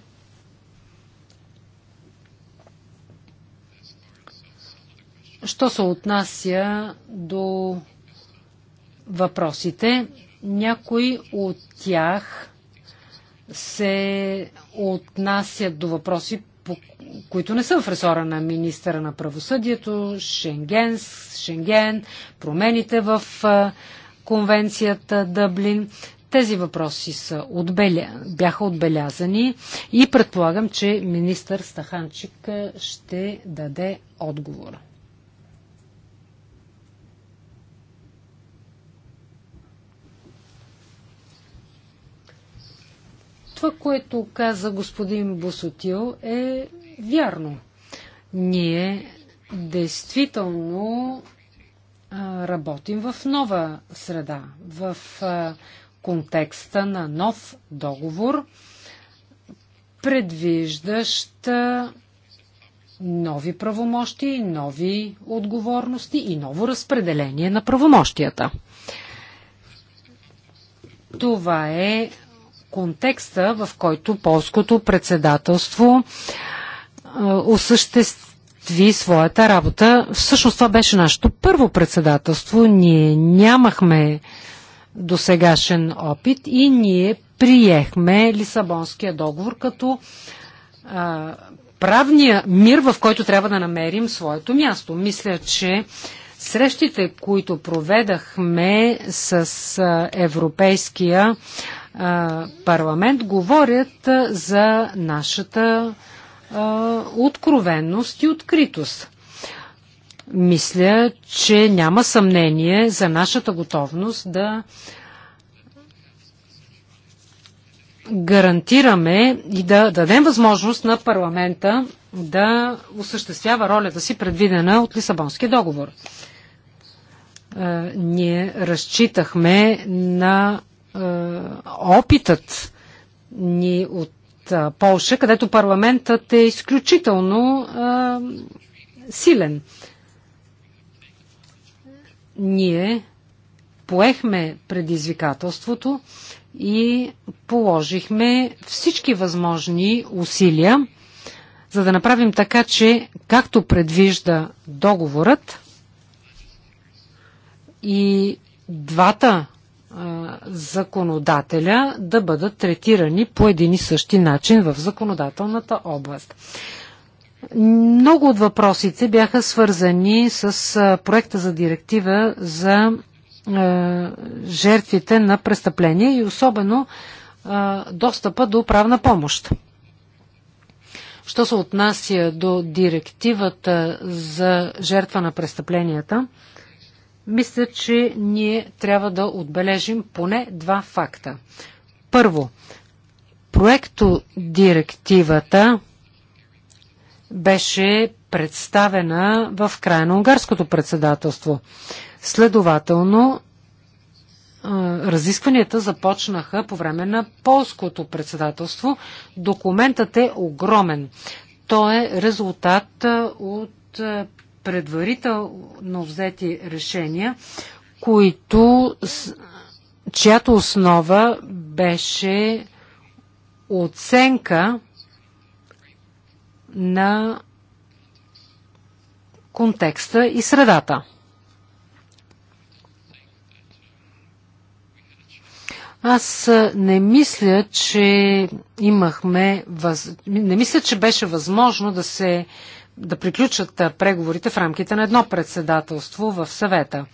Що се отнася до въпросите, някои от тях се отнасят до въпроси, по, които не са в ресора на министъра на правосъдието, Шенген, Шенген, промените в конвенцията Дъблин. Тези въпроси са отбеля... бяха отбелязани и предполагам, че министър Стаханчик ще даде отговор. Това, което каза господин Босотил, е вярно. Ние действително работим в нова среда, в контекста на нов договор, предвиждащ нови правомощи, нови отговорности и ново разпределение на правомощията. Това е контекста, в който полското председателство осъществи своята работа. Всъщност това беше нашето първо председателство. Ние нямахме досегашен опит и ние приехме Лисабонския договор като а, правния мир, в който трябва да намерим своето място. Мисля, че срещите, които проведахме с Европейския парламент говорят за нашата откровенност и откритост. Мисля, че няма съмнение за нашата готовност да гарантираме и да дадем възможност на парламента да осъществява ролята си, предвидена от Лисабонския договор. Ние разчитахме на е, опитът ни от е, Полша, където парламентът е изключително е, силен. Ние поехме предизвикателството и положихме всички възможни усилия, за да направим така, че, както предвижда договорът, и двата законодателя да бъдат третирани по един и същи начин в законодателната област. Много от въпросите бяха свързани с проекта за директива за жертвите на престъпления и особено достъпа до правна помощ. Що се отнася до директивата за жертва на престъпленията, мисля, че ние трябва да отбележим поне два факта. Първо, проекто директивата беше представена в края на унгарското председателство. Следователно, разискванията започнаха по време на полското председателство. Документът е огромен. Той е резултат от предварително взети решения, които, чиято основа беше оценка на контекста и средата. Аз не мисля, че имахме. Не мисля, че беше възможно да се да приключат преговорите в рамките на едно председателство в съвета.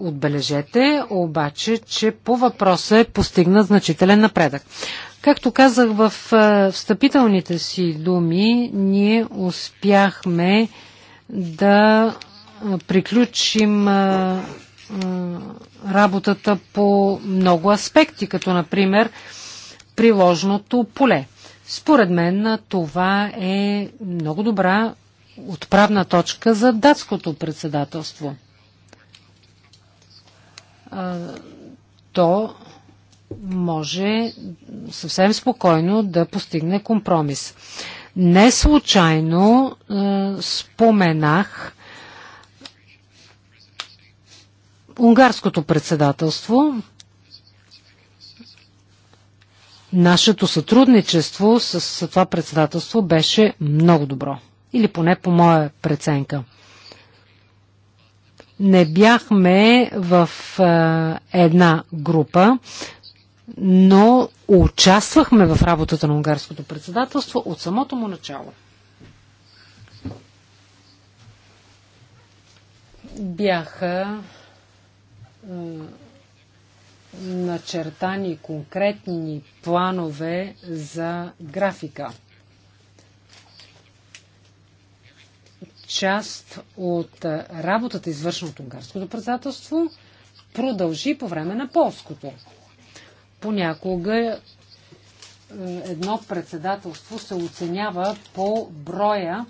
Отбележете обаче, че по въпроса е постигнат значителен напредък. Както казах в встъпителните си думи, ние успяхме да приключим работата по много аспекти, като например приложното поле. Според мен това е много добра отправна точка за датското председателство. То може съвсем спокойно да постигне компромис. Не случайно споменах унгарското председателство. Нашето сътрудничество с това председателство беше много добро. Или поне по моя преценка. Не бяхме в е, една група, но участвахме в работата на унгарското председателство от самото му начало. Бяха начертани конкретни планове за графика. Част от работата, извършена от унгарското председателство, продължи по време на полското. Понякога е, едно председателство се оценява по броя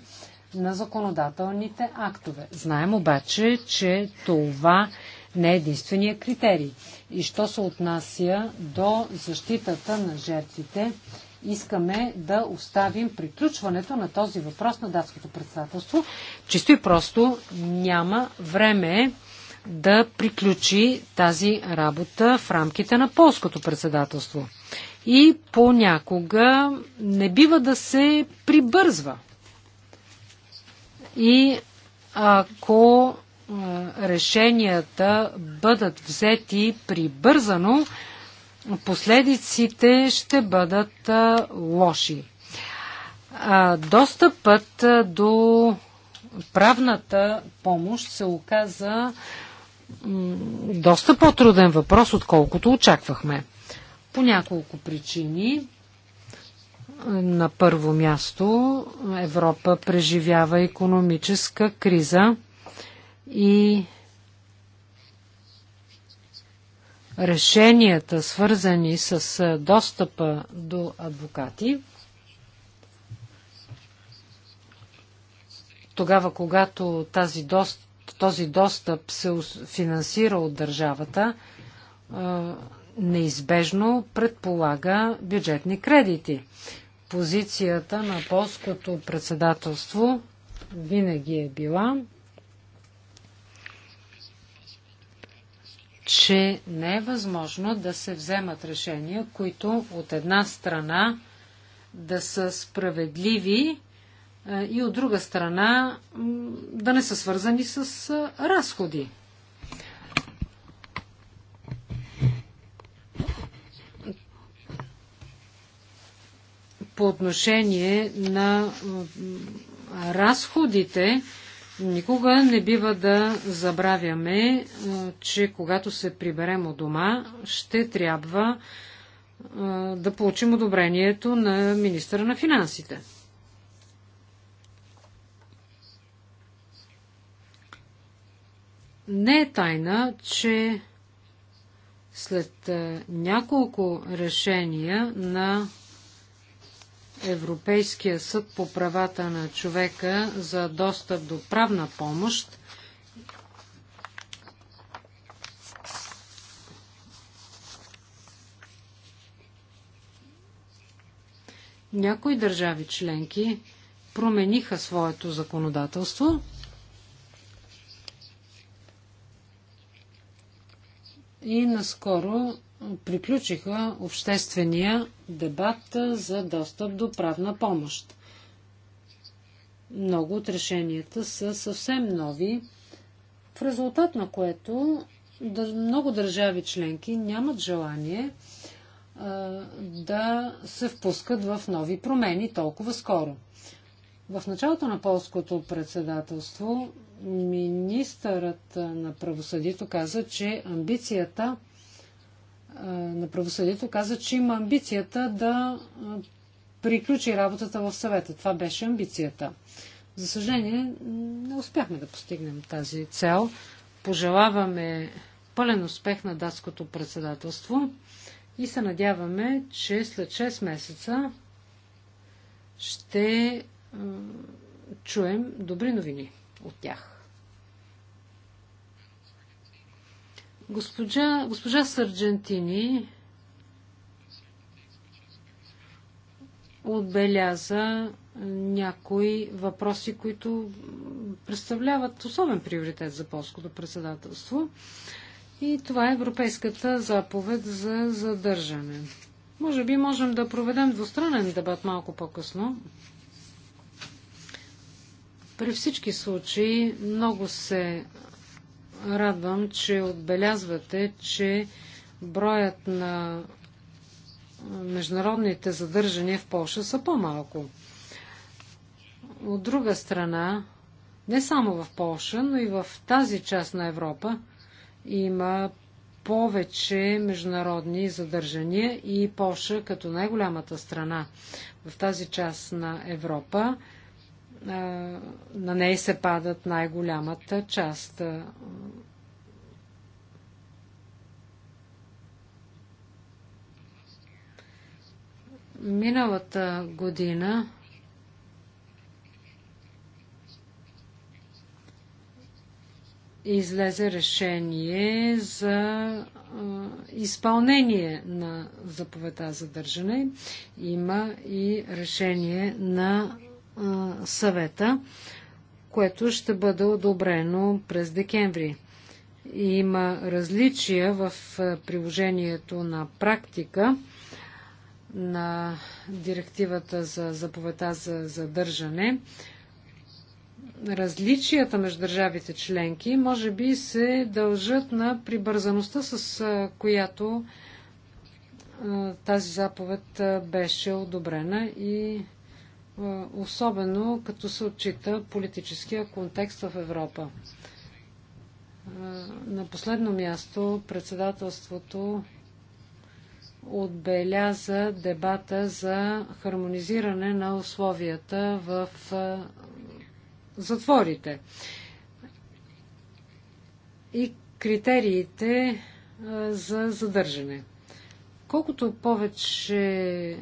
на законодателните актове. Знаем обаче, че това не е единствения критерий. И що се отнася до защитата на жертвите, искаме да оставим приключването на този въпрос на датското председателство. Чисто и просто няма време да приключи тази работа в рамките на полското председателство. И понякога не бива да се прибързва. И ако решенията бъдат взети прибързано, последиците ще бъдат лоши. Достъпът до правната помощ се оказа доста по-труден въпрос, отколкото очаквахме. По няколко причини. На първо място Европа преживява економическа криза и решенията, свързани с достъпа до адвокати, тогава, когато тази достъп, този достъп се финансира от държавата, неизбежно предполага бюджетни кредити. Позицията на полското председателство винаги е била че не е възможно да се вземат решения, които от една страна да са справедливи е, и от друга страна да не са свързани с е, разходи. По отношение на разходите, Никога не бива да забравяме, че когато се приберем от дома, ще трябва да получим одобрението на министра на финансите. Не е тайна, че след няколко решения на Европейския съд по правата на човека за достъп до правна помощ някои държави членки промениха своето законодателство и наскоро приключиха обществения дебат за достъп до правна помощ. Много от решенията са съвсем нови, в резултат на което много държави членки нямат желание да се впускат в нови промени толкова скоро. В началото на полското председателство министърът на правосъдието каза, че амбицията на правосъдието каза, че има амбицията да приключи работата в съвета. Това беше амбицията. За съжаление, не успяхме да постигнем тази цел. Пожелаваме пълен успех на датското председателство и се надяваме, че след 6 месеца ще чуем добри новини от тях. Госпожа, госпожа Сърджентини отбеляза някои въпроси, които представляват особен приоритет за полското председателство. И това е Европейската заповед за задържане. Може би можем да проведем двустранен дебат малко по-късно. При всички случаи много се радвам, че отбелязвате, че броят на международните задържания в Польша са по-малко. От друга страна, не само в Польша, но и в тази част на Европа има повече международни задържания и Польша като най-голямата страна в тази част на Европа на нея се падат най-голямата част. Миналата година излезе решение за изпълнение на заповедта за държане. Има и решение на съвета, което ще бъде одобрено през декември. Има различия в приложението на практика на директивата за заповедта за задържане. Различията между държавите членки може би се дължат на прибързаността, с която тази заповед беше одобрена и особено като се отчита политическия контекст в Европа. На последно място председателството отбеляза дебата за хармонизиране на условията в затворите и критериите за задържане. Колкото повече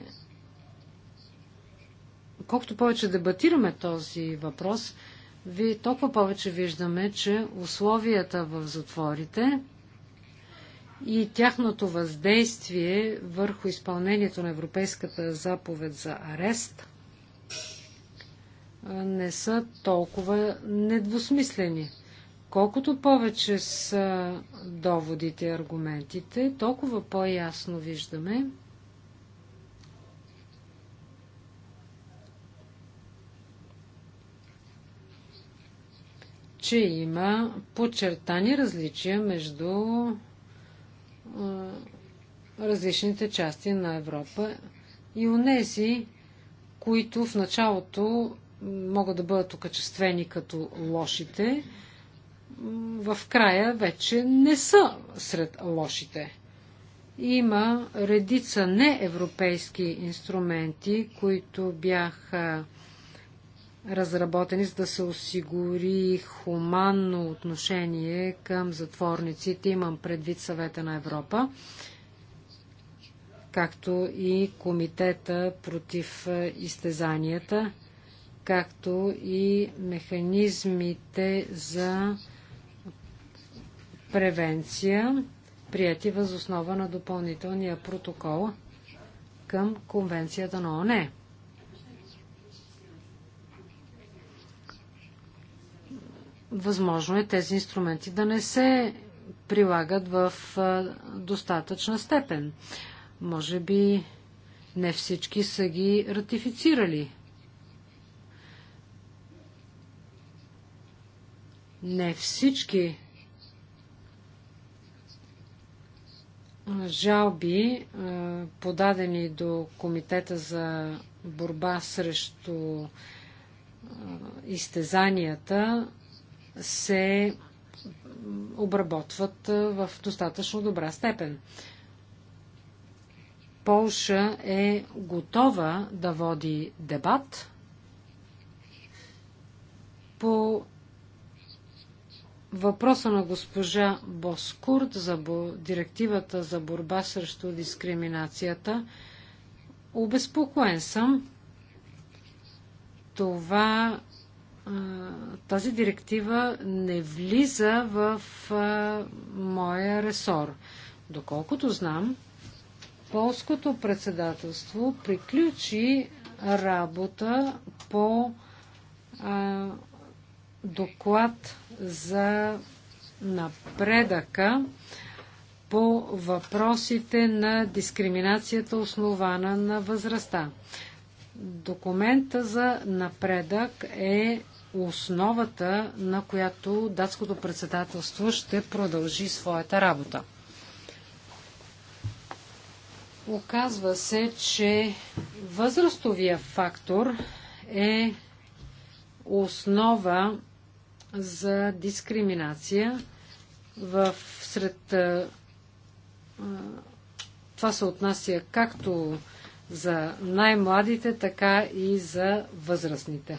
колкото повече дебатираме този въпрос, ви, толкова повече виждаме, че условията в затворите и тяхното въздействие върху изпълнението на Европейската заповед за арест не са толкова недвусмислени. Колкото повече са доводите и аргументите, толкова по-ясно виждаме, че има подчертани различия между различните части на Европа и унези, които в началото могат да бъдат окачествени като лошите, в края вече не са сред лошите. Има редица неевропейски инструменти, които бяха разработени, за да се осигури хуманно отношение към затворниците. Имам предвид съвета на Европа, както и комитета против е, изтезанията, както и механизмите за превенция, прияти възоснова на допълнителния протокол към Конвенцията на ОНЕ. Възможно е тези инструменти да не се прилагат в достатъчна степен. Може би не всички са ги ратифицирали. Не всички жалби, подадени до Комитета за борба срещу изтезанията, се обработват в достатъчно добра степен. Полша е готова да води дебат по въпроса на госпожа Боскурт за директивата за борба срещу дискриминацията. Обезпокоен съм. Това тази директива не влиза в а, моя ресор. Доколкото знам, полското председателство приключи работа по а, доклад за напредъка по въпросите на дискриминацията, основана на възрастта. Документа за напредък е основата, на която датското председателство ще продължи своята работа. Оказва се, че възрастовия фактор е основа за дискриминация в сред това се отнася както за най-младите, така и за възрастните.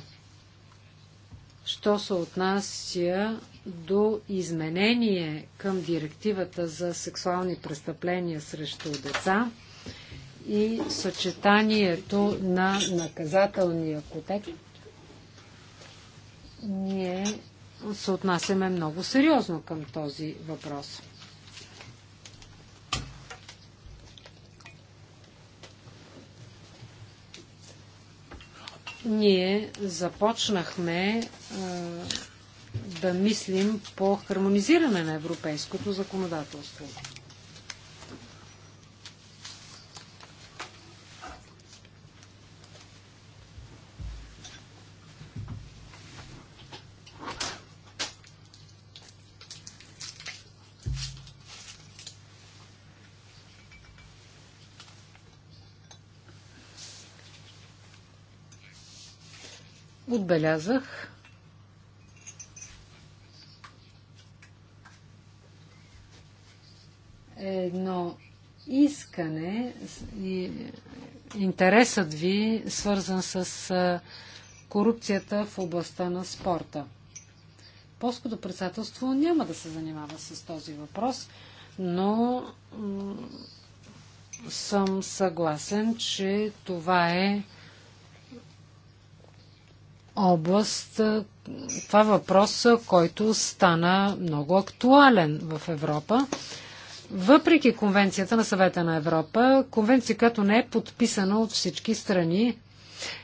Що се отнася до изменение към директивата за сексуални престъпления срещу деца и съчетанието на наказателния кодекс, ние се отнасяме много сериозно към този въпрос. Ние започнахме а, да мислим по хармонизиране на европейското законодателство. Отбелязах. Едно искане и интересът ви свързан с корупцията в областта на спорта. Полското председателство няма да се занимава с този въпрос, но съм съгласен, че това е област, е, това е въпрос, е, който стана много актуален в Европа. Въпреки Конвенцията на съвета на Европа, конвенция, която не е подписана от всички страни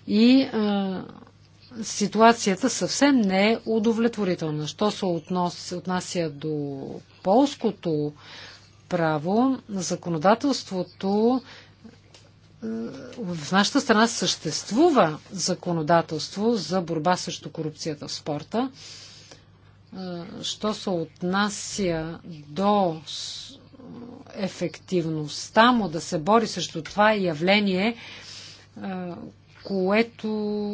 и е, ситуацията съвсем не е удовлетворителна. Що се относ, отнася до полското право, законодателството е, в нашата страна съществува законодателство за борба срещу корупцията в спорта. Е, що се отнася до ефективността му да се бори срещу това явление, е, което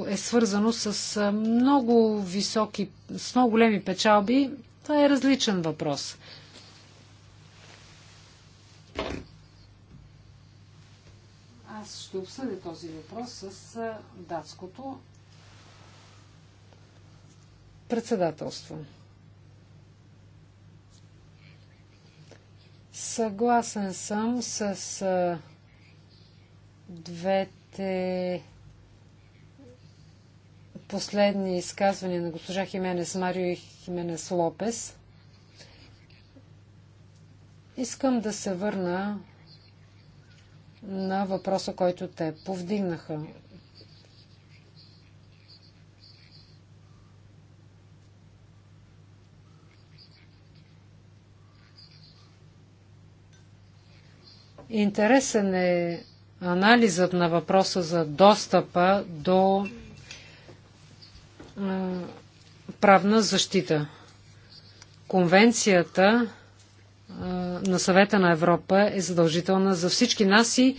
е свързано с много високи, с много големи печалби, това е различен въпрос. аз ще обсъдя този въпрос с датското председателство. Съгласен съм с двете последни изказвания на госпожа Хименес Марио и Хименес Лопес. Искам да се върна на въпроса, който те повдигнаха. Интересен е анализът на въпроса за достъпа до правна защита. Конвенцията на съвета на Европа е задължителна за всички нас и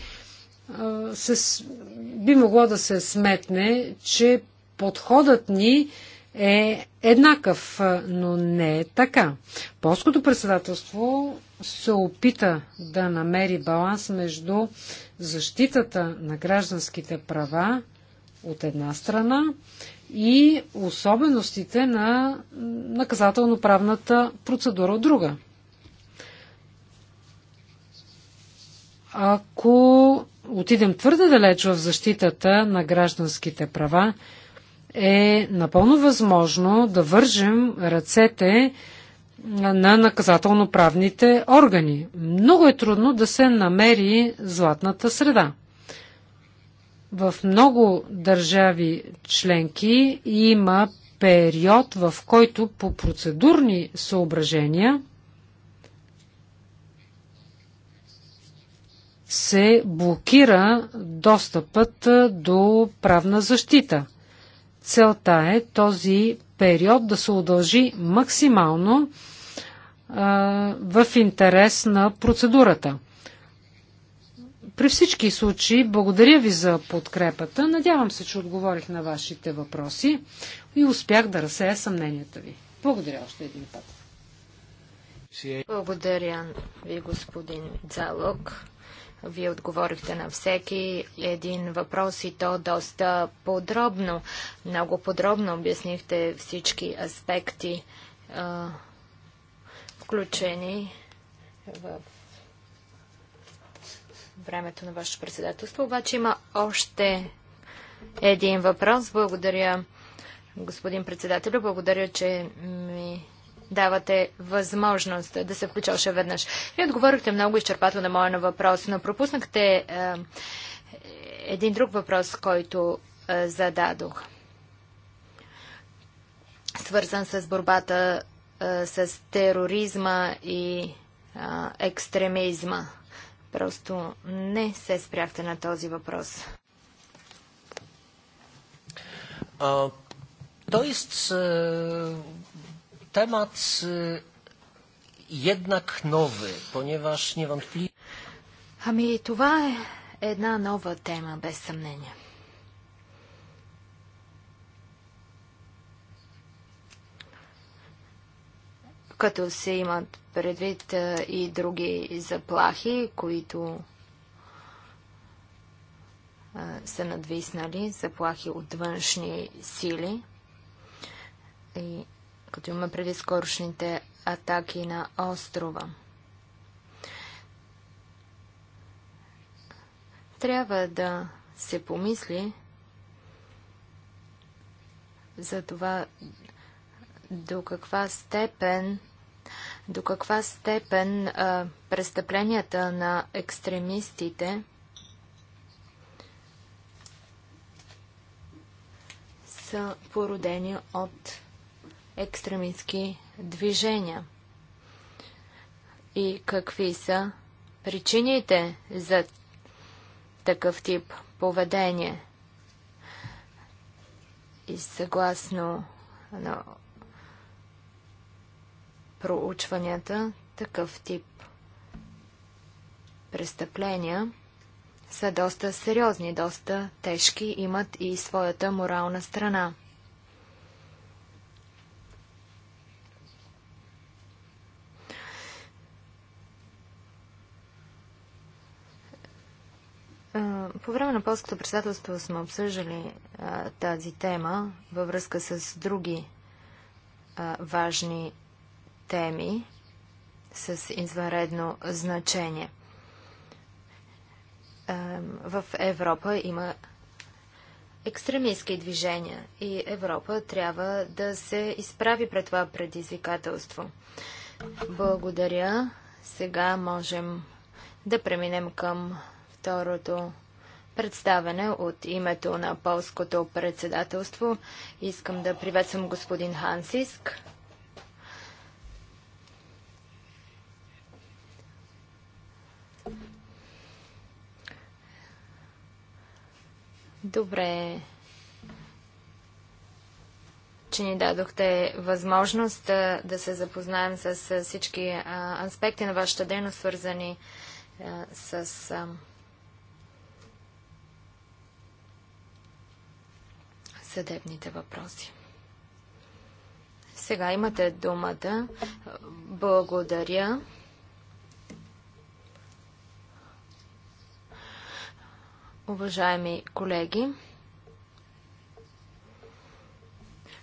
се, би могло да се сметне, че подходът ни е еднакъв, но не е така. Полското председателство се опита да намери баланс между защитата на гражданските права от една страна и особеностите на наказателно-правната процедура от друга. Ако отидем твърде далеч в защитата на гражданските права, е напълно възможно да вържем ръцете на наказателно-правните органи. Много е трудно да се намери златната среда. В много държави членки има период, в който по процедурни съображения – се блокира достъпът до правна защита. Целта е този период да се удължи максимално а, в интерес на процедурата. При всички случаи, благодаря ви за подкрепата. Надявам се, че отговорих на вашите въпроси и успях да разсея съмненията ви.
Благодаря още един път. Благодаря ви, господин Залог. Вие отговорихте на всеки един въпрос и то доста подробно. Много подробно обяснихте всички аспекти, включени в времето на вашето председателство. Обаче има още един въпрос. Благодаря, господин председател. Благодаря, че ми давате възможност да се включа още веднъж. Вие отговорихте много изчерпателно на моя на въпрос, но пропуснахте е, един друг въпрос, който е, зададох. Свързан с борбата е, с тероризма и екстремизма. Просто не се спряхте на този въпрос.
Uh, temat jednak nowy, ponieważ niewątpliwie...
Ами това е една нова тема, без съмнение. Като се имат предвид е, и други заплахи, които е, са надвиснали, заплахи от външни сили и като има преди скорошните атаки на острова. Трябва да се помисли за това до каква степен до каква степен а, престъпленията на екстремистите са породени от екстремистски движения? И какви са причините за такъв тип поведение? И съгласно на проучванията, такъв тип престъпления са доста сериозни, доста тежки, имат и своята морална страна. По време на полското председателство сме обсъждали тази тема във връзка с други важни теми с извънредно значение. в Европа има екстремистски движения и Европа трябва да се изправи пред това предизвикателство. Благодаря. Сега можем да преминем към второто представене от името на полското председателство. Искам да приветствам господин Хансиск. Добре, че ни дадохте възможност да, да се запознаем с, всички аспекти на вашата дейност, свързани с. съдебните въпроси. Сега имате думата. Благодаря. Уважаеми колеги,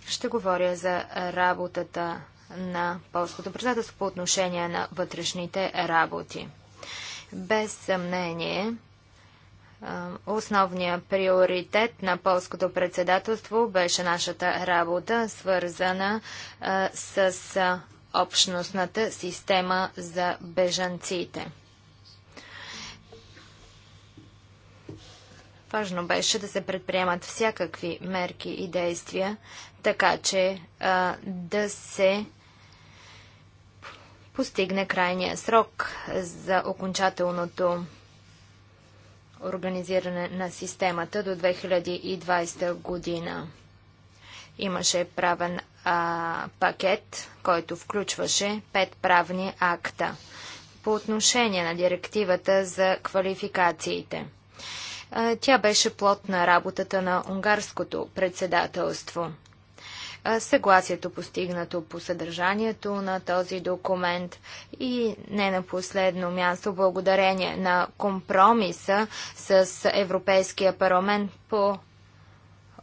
ще говоря за работата на полското председателство по отношение на вътрешните работи. Без съмнение, Основният приоритет на полското председателство беше нашата работа, свързана с общностната система за бежанците. Важно беше да се предприемат всякакви мерки и действия, така че а, да се постигне крайния срок за окончателното организиране на системата до 2020 година. Имаше правен а, пакет, който включваше пет правни акта по отношение на директивата за квалификациите. Тя беше плод на работата на унгарското председателство съгласието постигнато по съдържанието на този документ и не на последно място благодарение на компромиса с Европейския парламент по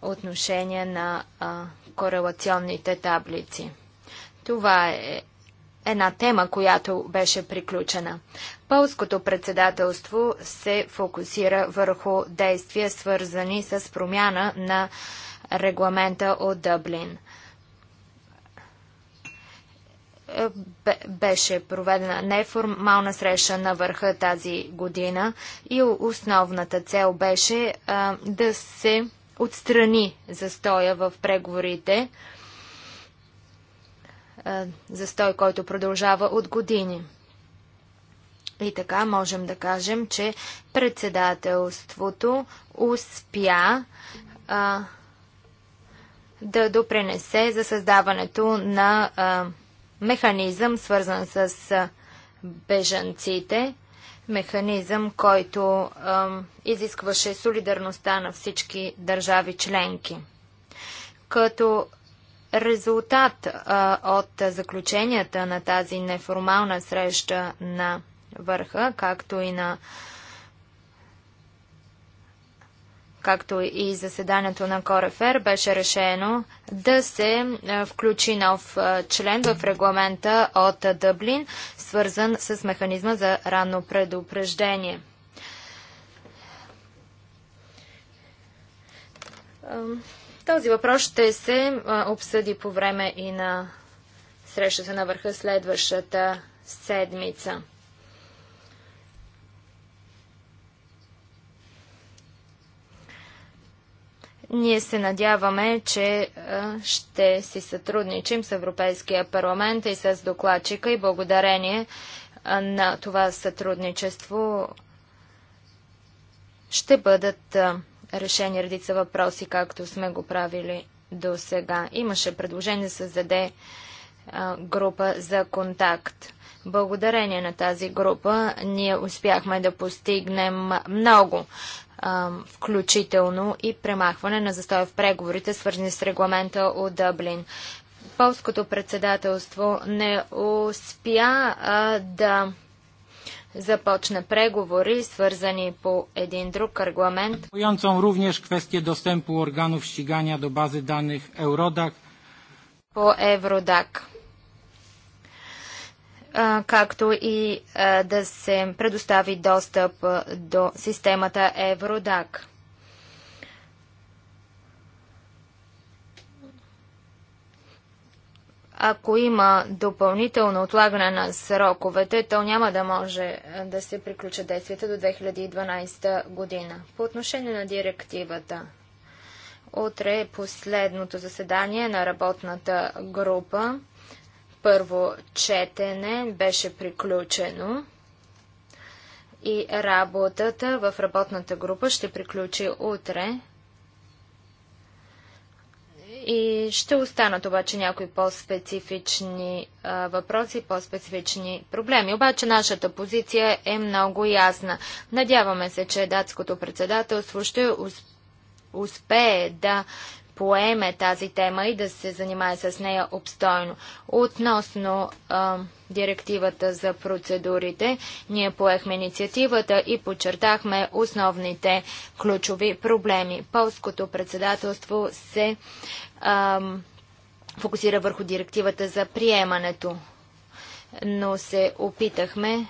отношение на а, корелационните таблици. Това е една тема, която беше приключена. Полското председателство се фокусира върху действия, свързани с промяна на регламента от Дъблин. Е, беше проведена неформална среща на върха тази година и основната цел беше е, да се отстрани застоя в преговорите, е, застой, който продължава от години. И така можем да кажем, че председателството успя а, да допренесе за създаването на а, механизъм, свързан с бежанците, механизъм, който ем, изискваше солидарността на всички държави членки. Като резултат е, от заключенията на тази неформална среща на върха, както и на както и заседанието на Корефер, беше решено да се включи нов член в регламента от Дъблин, свързан с механизма за ранно предупреждение. Този въпрос ще се обсъди по време и на срещата на върха следващата седмица. Ние се надяваме, че ще си сътрудничим с Европейския парламент и с докладчика и благодарение на това сътрудничество ще бъдат решени редица въпроси, както сме го правили до сега. Имаше предложение да се заде група за контакт. Благодарение на тази група ние успяхме да постигнем много, включително и премахване на застоя в преговорите, свързани с регламента от Дъблин. Полското председателство не успя а, да започне преговори, свързани по един друг регламент.
również
квестия dostępu органов щигания до бази danych Евродак.
По Евродак както и да се предостави достъп до системата Евродак. Ако има допълнително отлагане на сроковете, то няма да може да се приключат действията до 2012 година. По отношение на директивата. Утре е последното заседание на работната група първо четене беше приключено и работата в работната група ще приключи утре. И ще останат обаче някои по-специфични въпроси, по-специфични проблеми. Обаче нашата позиция е много ясна. Надяваме се, че датското председателство ще успее успее да поеме тази тема и да се занимае с нея обстойно. Относно а, директивата за процедурите, ние поехме инициативата и подчертахме основните ключови проблеми. Полското председателство се а, фокусира върху директивата за приемането, но се опитахме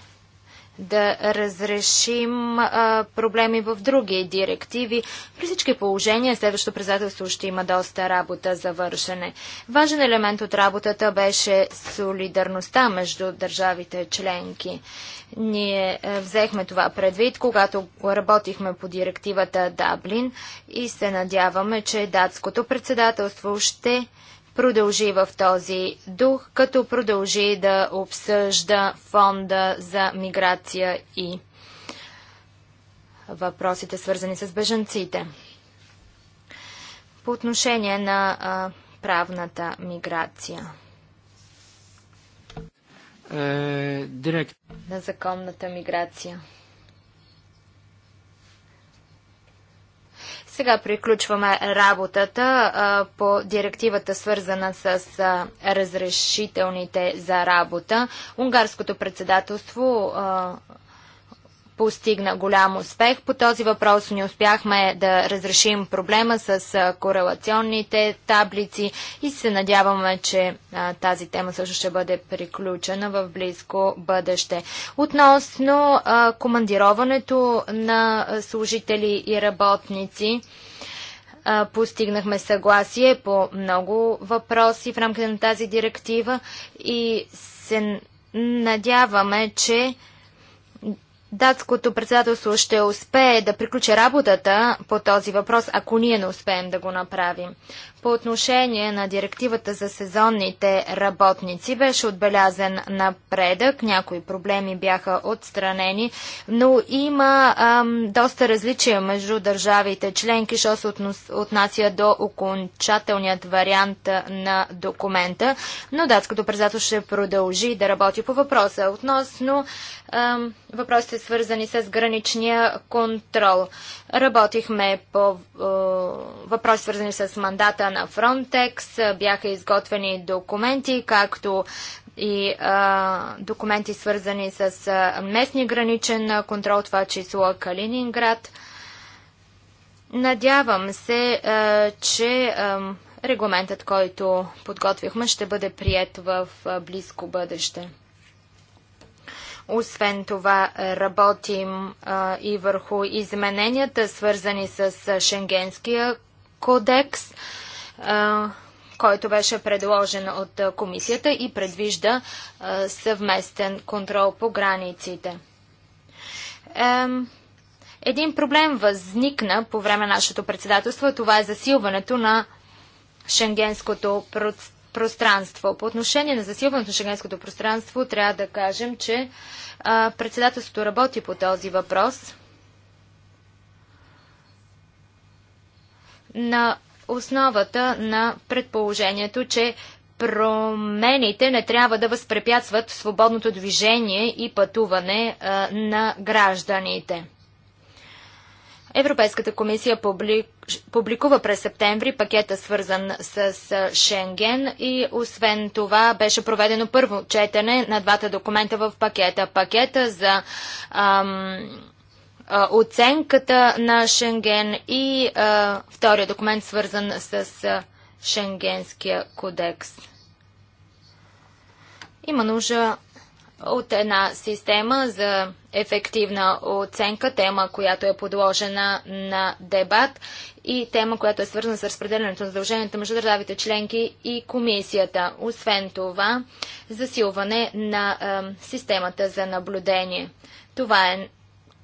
да разрешим а, проблеми в други директиви. При всички положения следващото председателство ще има доста работа за вършене. Важен елемент от работата беше солидарността между държавите членки. Ние е, взехме това предвид, когато работихме по директивата Даблин и се надяваме, че датското председателство ще продължи в този дух, като продължи да обсъжда фонда за миграция и въпросите свързани с бежанците. По отношение на а, правната миграция.
Е, директ.
На законната миграция. Сега приключваме работата а, по директивата, свързана с а, разрешителните за работа. Унгарското председателство а, постигна голям успех. По този въпрос не успяхме да разрешим проблема с корелационните таблици и се надяваме, че а, тази тема също ще бъде приключена в близко бъдеще. Относно а, командироването на служители и работници, Постигнахме съгласие по много въпроси в рамките на тази директива и се надяваме, че датското председателство ще успее да приключи работата по този въпрос, ако ние не успеем да го направим. По отношение на директивата за сезонните работници беше отбелязан напредък, някои проблеми бяха отстранени, но има ам, доста различия между държавите членки, що се отнася до окончателният вариант на документа, но датското председателство ще продължи да работи по въпроса. Относно ам, въпросите свързани с граничния контрол. Работихме по е, въпроси, свързани с мандата на Frontex. Бяха изготвени документи, както и е, документи свързани с е, местния граничен контрол, това число Калининград. Надявам се, е, че е, регламентът, който подготвихме, ще бъде прият в е, близко бъдеще. Освен това работим а, и върху измененията, свързани с Шенгенския кодекс, а, който беше предложен от комисията и предвижда а, съвместен контрол по границите. Един проблем възникна по време нашето председателство. Това е засилването на шенгенското пространство. По отношение на засилването на шенгенското пространство, трябва да кажем, че а, председателството работи по този въпрос. На основата на предположението, че промените не трябва да възпрепятстват свободното движение и пътуване а, на гражданите. Европейската комисия публикува през септември пакета свързан с Шенген и освен това беше проведено първо четене на двата документа в пакета. Пакета за ам, оценката на Шенген и а, втория документ свързан с Шенгенския кодекс. Има нужда от една система за ефективна оценка, тема, която е подложена на дебат и тема, която е свързана с разпределянето на задълженията между държавите членки и комисията. Освен това, засилване на е, системата за наблюдение. Това е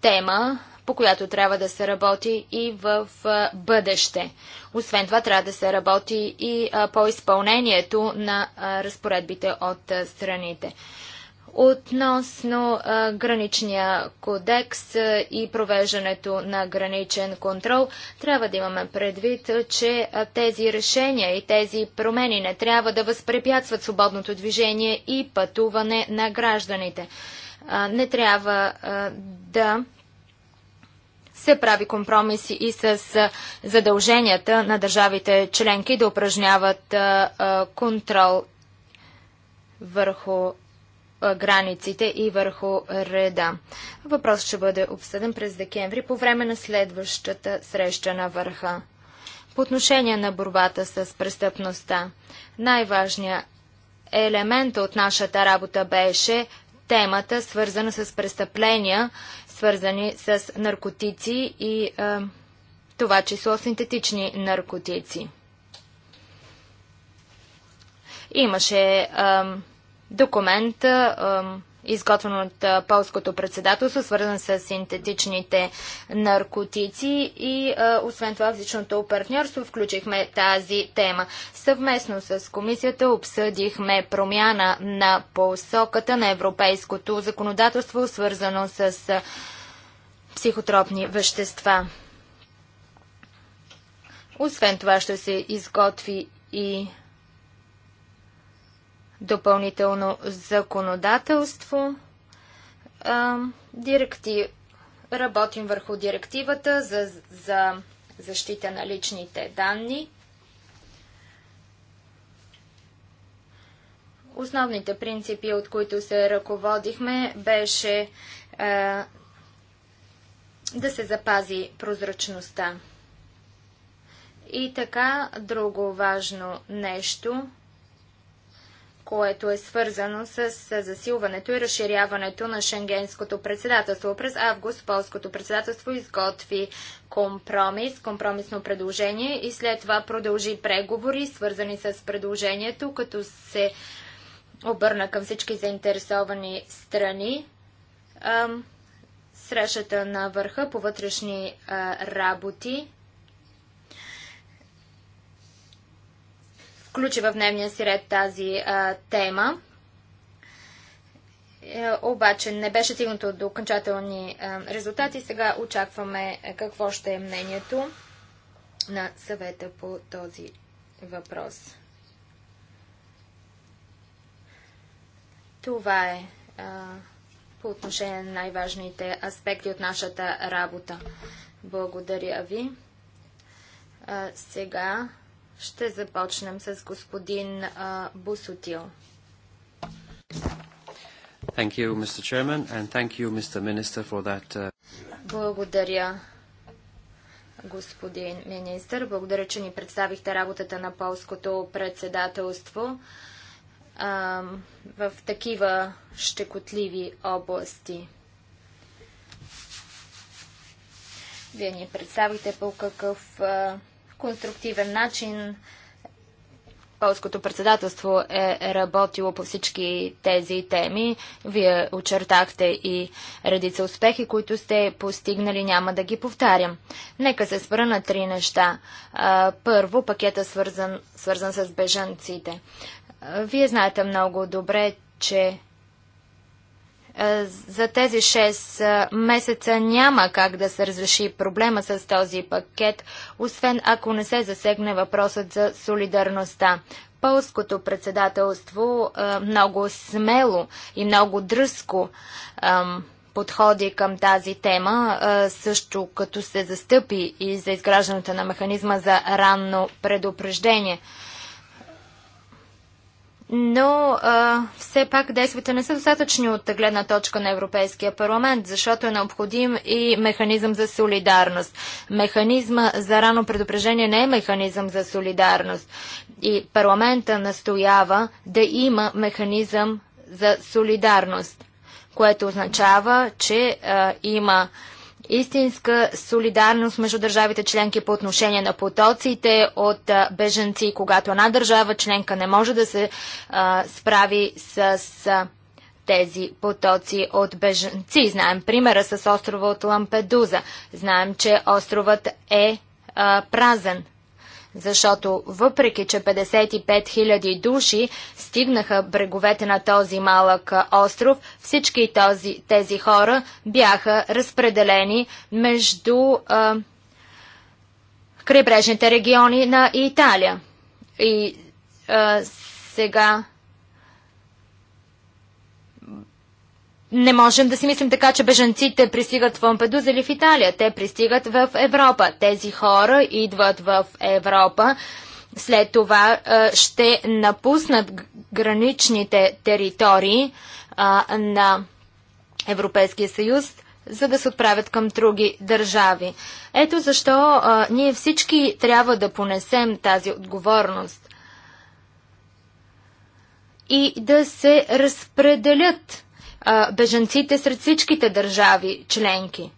тема, по която трябва да се работи и в бъдеще. Освен това, трябва да се работи и по изпълнението на разпоредбите от страните. Относно а, граничния кодекс а, и провеждането на граничен контрол, трябва да имаме предвид, а, че тези решения и тези промени не трябва да възпрепятстват свободното движение и пътуване на гражданите. Не трябва да се прави компромиси и с задълженията на държавите членки да упражняват контрол върху границите и върху реда. Въпрос ще бъде обсъден през декември по време на следващата среща на върха. По отношение на борбата с престъпността, най-важният елемент от нашата работа беше темата, свързана с престъпления, свързани с наркотици и е, това число синтетични наркотици. Имаше е, документ, изготвен от полското председателство, свързан с синтетичните наркотици и освен това в личното партньорство включихме тази тема. Съвместно с комисията обсъдихме промяна на посоката на европейското законодателство, свързано с психотропни вещества. Освен това ще се изготви и допълнително законодателство. Директив... Работим върху директивата за, за защита на личните данни. Основните принципи, от които се ръководихме, беше е, да се запази прозрачността. И така, друго важно нещо – което е свързано с засилването и разширяването на шенгенското председателство. През август полското председателство изготви компромис, компромисно предложение и след това продължи преговори, свързани с предложението, като се обърна към всички заинтересовани страни. Срещата на върха по вътрешни работи включи в дневния си ред тази а, тема. Е, обаче не беше стигнато до окончателни а, резултати. Сега очакваме е, какво ще е мнението на съвета по този въпрос. Това е а, по отношение на най-важните аспекти от нашата работа. Благодаря ви. А, сега ще започнем с господин Бусутил.
Thank you, Mr. Chairman, and thank you, Mr. Minister, for that. Uh,
Благодаря, господин министр. Благодаря, че ни представихте работата на полското председателство в такива щекотливи области. Вие ни представите по какъв конструктивен начин Полското председателство е работило по всички тези теми. Вие очертахте и редица успехи, които сте постигнали, няма да ги повтарям. Нека се спра на три неща. Първо, пакета свързан, свързан с бежанците. Вие знаете много добре, че е, за тези 6 е, месеца няма как да се разреши проблема с този пакет, освен ако не се засегне въпросът за солидарността. Пълското председателство е, много смело и много дръзко подходи към тази тема, също като се застъпи и за изграждането на механизма за ранно предупреждение но а, все пак действията не са достатъчни от гледна точка на Европейския парламент, защото е необходим и механизъм за солидарност. Механизма за рано предупреждение не е механизъм за солидарност. И парламента настоява да има механизъм за солидарност, което означава, че а, има истинска солидарност между държавите членки по отношение на потоците от беженци, когато една държава членка не може да се а, справи с а, тези потоци от беженци. Знаем примера с острова от Лампедуза. Знаем, че островът е а, празен. Защото въпреки, че 55 000 души стигнаха бреговете на този малък остров, всички този, тези хора бяха разпределени между а, крайбрежните региони на Италия. И а, сега не можем да си мислим така, че бежанците пристигат в Ампедуза или в Италия. Те пристигат в Европа. Тези хора идват в Европа. След това ще напуснат граничните територии на Европейския съюз, за да се отправят към други държави. Ето защо ние всички трябва да понесем тази отговорност и да се разпределят Беженците бежанците сред всичките държави членки.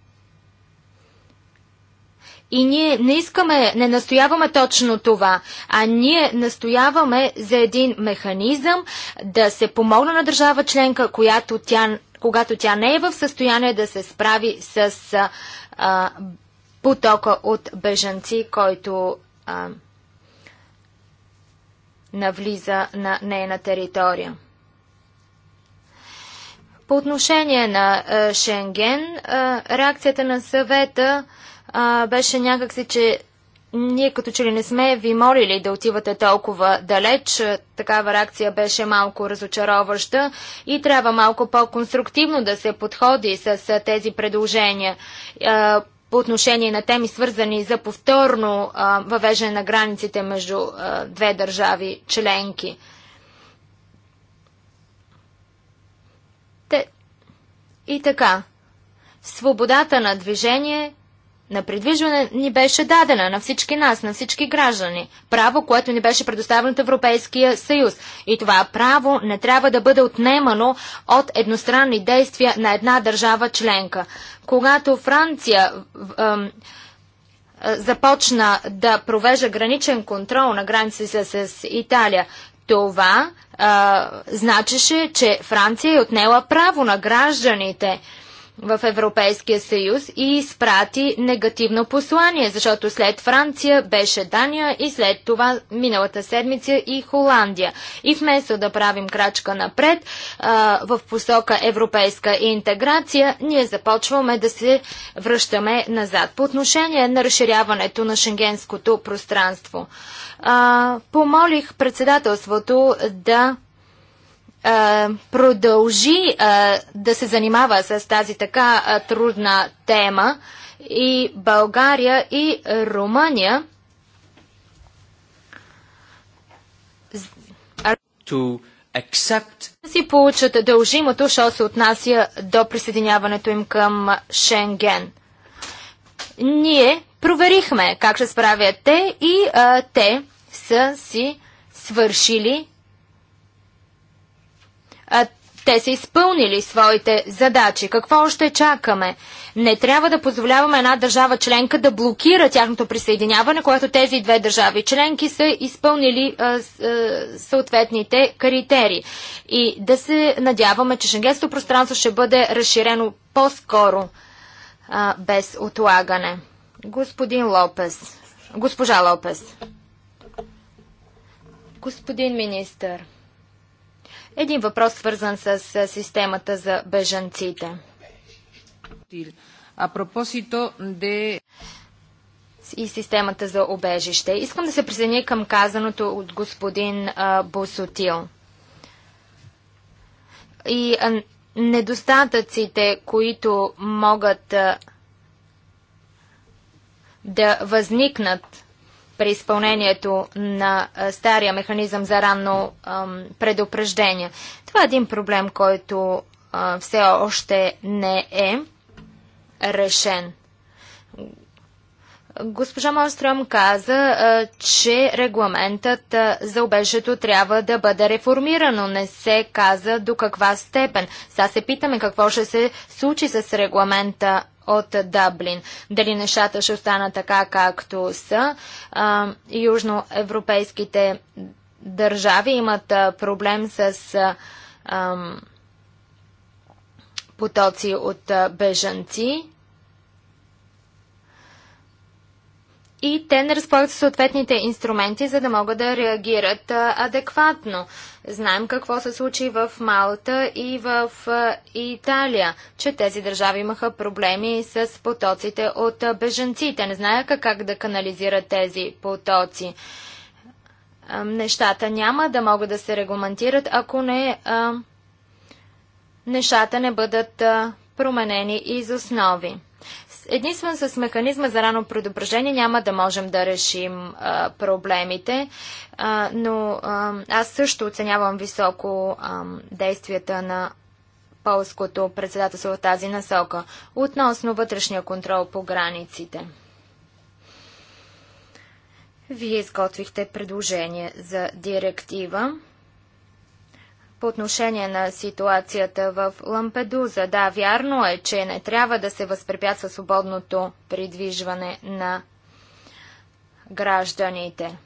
И ние не искаме, не настояваме точно това, а ние настояваме за един механизъм да се помогне на държава членка, която тя, когато тя не е в състояние да се справи с а, потока от бежанци, който а, навлиза на нейна територия. По отношение на е, Шенген, е, реакцията на съвета е, беше някакси, че ние като че ли не сме ви молили да отивате толкова далеч. Такава реакция беше малко разочароваща и трябва малко по-конструктивно да се подходи с тези предложения по отношение на теми свързани за повторно въвеждане на границите между две държави членки. И така, свободата на движение, на придвижване ни беше дадена на всички нас, на всички граждани. Право, което ни беше предоставено от Европейския съюз. И това право не трябва да бъде отнемано от едностранни действия на една държава членка. Когато Франция ем, започна да провежда граничен контрол на границите с Италия, това а, значеше, че Франция е отнела право на гражданите в Европейския съюз и изпрати негативно послание, защото след Франция беше Дания и след това миналата седмица и Холандия. И вместо да правим крачка напред а, в посока европейска интеграция, ние започваме да се връщаме назад по отношение на разширяването на шенгенското пространство. А, помолих председателството да а, продължи а, да се занимава с тази така а, трудна тема и България и Румъния to accept... си получат дължимото, що се отнася до присъединяването им към Шенген. Ние Проверихме как ще справят те и а, те са си свършили. А, те са изпълнили своите задачи. Какво още чакаме? Не трябва да позволяваме една държава членка да блокира тяхното присъединяване, което тези две държави членки са изпълнили а, а, съответните критерии. И да се надяваме, че шенгенското пространство ще бъде разширено по-скоро без отлагане. Господин Лопес. Госпожа Лопес. Господин министър. Един въпрос свързан с системата за бежанците. А пропосито де и системата за обежище. Искам да се присъединя към казаното от господин Босотил. И недостатъците, които могат а, да възникнат при изпълнението на стария механизъм за ранно предупреждение. Това е един проблем, който все още не е решен. Госпожа Малстром каза, че регламентът за обежето трябва да бъде реформирано. Не се каза до каква степен. Сега се питаме какво ще се случи с регламента от Даблин. Дали нещата ще останат така, както са. южноевропейските държави имат проблем с потоци от бежанци. и те не разполагат съответните инструменти, за да могат да реагират адекватно. Знаем какво се случи в Малта и в Италия, че тези държави имаха проблеми с потоците от бежанците. Не знаеха как да канализират тези потоци. Нещата няма да могат да се регламентират, ако не нещата не бъдат променени из основи единствено с механизма за рано предупреждение няма да можем да решим а, проблемите, а, но а, аз също оценявам високо а, действията на полското председателство в тази насока относно вътрешния контрол по границите. Вие изготвихте предложение за директива. По отношение на ситуацията в Лампедуза, да, вярно е, че не трябва да се възпрепятства свободното придвижване на гражданите.